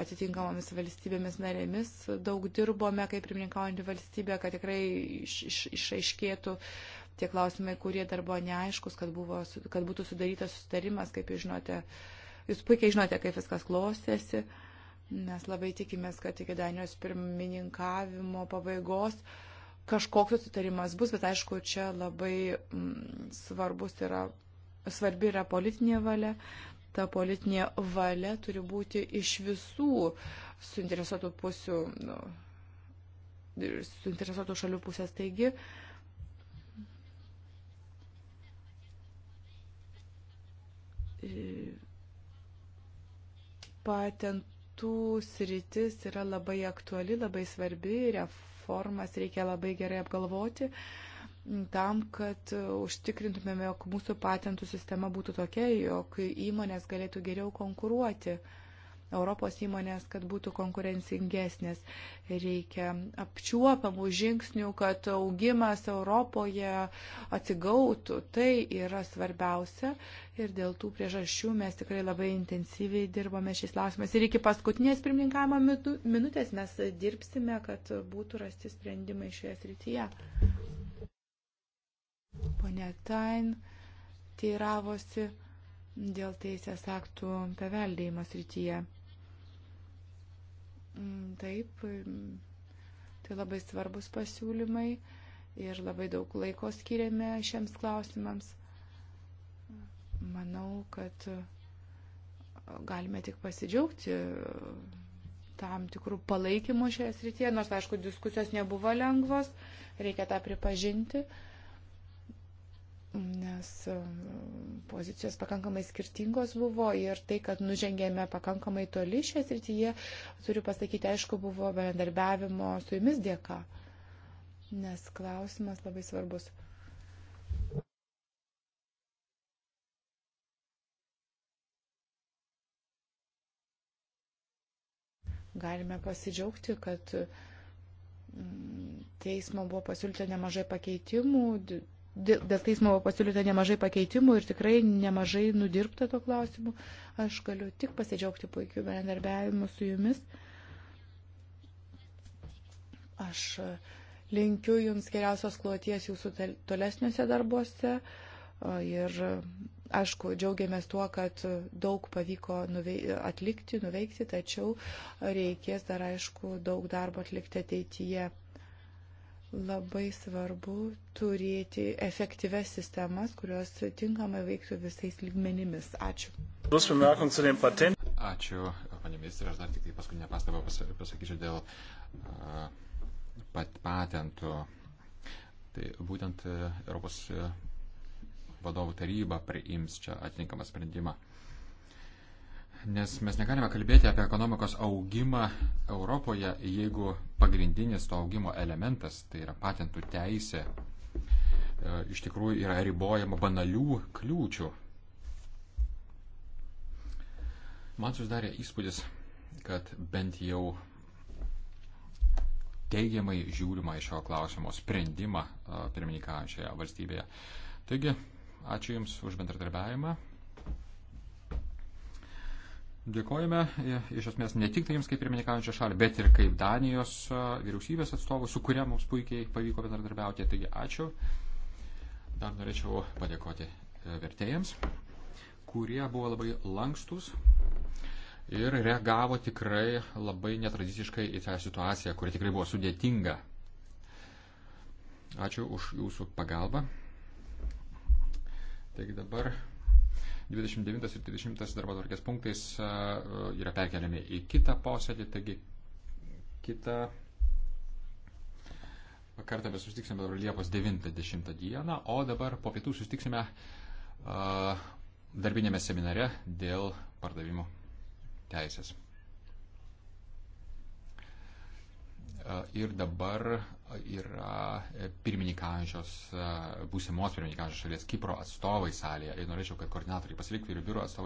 [SPEAKER 4] atitinkamomis valstybėmis narėmis daug dirbome, kaip pirmininkaujantį valstybę, kad tikrai iš, iš, išaiškėtų tie klausimai, kurie dar buvo neaiškus, kad, buvo, kad būtų sudarytas sustarimas, kaip jūs žinote, jūs puikiai žinote, kaip viskas klostėsi. Mes labai tikimės, kad iki Danijos pirmininkavimo pabaigos kažkoks sutarimas bus, bet aišku, čia labai mm, svarbus yra svarbi yra politinė valia, ta politinė valia turi būti iš visų suinteresuotų pusių, nu, suinteresuotų šalių pusės. Taigi, e, patentų sritis yra labai aktuali, labai svarbi, reformas reikia labai gerai apgalvoti. Uh, tam, kad e, užtikrintumėme, jog mūsų patentų sistema būtų tokia, jog įmonės galėtų geriau konkuruoti. Europos įmonės, kad būtų konkurencingesnės. Reikia apčiuopamų žingsnių, kad augimas Europoje atsigautų. Tai yra svarbiausia ir dėl tų priežasčių mes tikrai labai intensyviai dirbame šiais klausimais. Ir iki paskutinės pirmininkavimo minutės mes dirbsime, kad būtų rasti sprendimai šioje srityje. Pone Tain teiravosi dėl teisės aktų paveldėjimo srityje. Mm, taip, tai labai svarbus pasiūlymai ir labai daug laiko skiriame šiems klausimams. Manau, kad galime tik pasidžiaugti tam tikrų palaikymų šioje srityje, nors, aišku, diskusijos nebuvo lengvos, reikia tą pripažinti. Uh, nes um, pozicijos pakankamai skirtingos buvo ir tai, kad nužengėme pakankamai toli šią srityje, turiu pasakyti, aišku, buvo bendarbiavimo su jumis dėka, nes klausimas labai svarbus. Galime pasidžiaugti, kad mm, teismo buvo pasiūlyta nemažai pakeitimų, dėl teismo pasiūlyta nemažai pakeitimų ir tikrai nemažai nudirbta to klausimu. Aš galiu tik pasidžiaugti puikiu bendarbiavimu su jumis. Aš e, linkiu jums geriausios kloties jūsų tolesniuose darbuose e, ir e, aišku, džiaugiamės tuo, kad daug pavyko nuveik, atlikti, nuveikti, tačiau reikės dar aišku daug darbo atlikti ateityje labai svarbu turėti efektyves sistemas, kurios tinkamai veiktų visais lygmenimis.
[SPEAKER 2] Ačiū. Ačiū, panė ministrė, aš dar tik tai paskutinę pastabą pasakysiu dėl pat patentų. Tai būtent Europos vadovų taryba priims čia atitinkamą sprendimą. Nes mes negalime kalbėti apie ekonomikos augimą Europoje, jeigu pagrindinis to augimo elementas, tai yra patentų teisė, e, iš tikrųjų yra ribojama banalių kliūčių. Man susidarė įspūdis, kad bent jau teigiamai žiūrima į šio klausimo sprendimą e, pirmininkaujančioje valstybėje. Taigi, ačiū Jums už bendradarbiavimą. Dėkojame iš esmės ne tik tai jums kaip pirmininkaujančią šalį, bet ir kaip Danijos vyriausybės atstovų, su kuria mums puikiai pavyko bendradarbiauti. Taigi ačiū. Dar norėčiau padėkoti e, vertėjams, kurie buvo labai lankstus ir reagavo tikrai labai netradiciškai į tą situaciją, kuri tikrai buvo sudėtinga. Ačiū už jūsų pagalbą. Taigi dabar 29 ir 30 darbo tvarkės punktais e, e, yra perkeliami į kitą posėdį, taigi kitą kartą mes susitiksime dabar Liepos 90 dieną, o dabar po pietų susitiksime e, darbinėme seminare dėl pardavimų teisės. E, ir dabar yra pirmininkaujančios, e, būsimos pirmininkaujančios šalies Kipro atstovai salėje. Ir norėčiau, kad koordinatoriai pasiliktų ir biuro atstovai.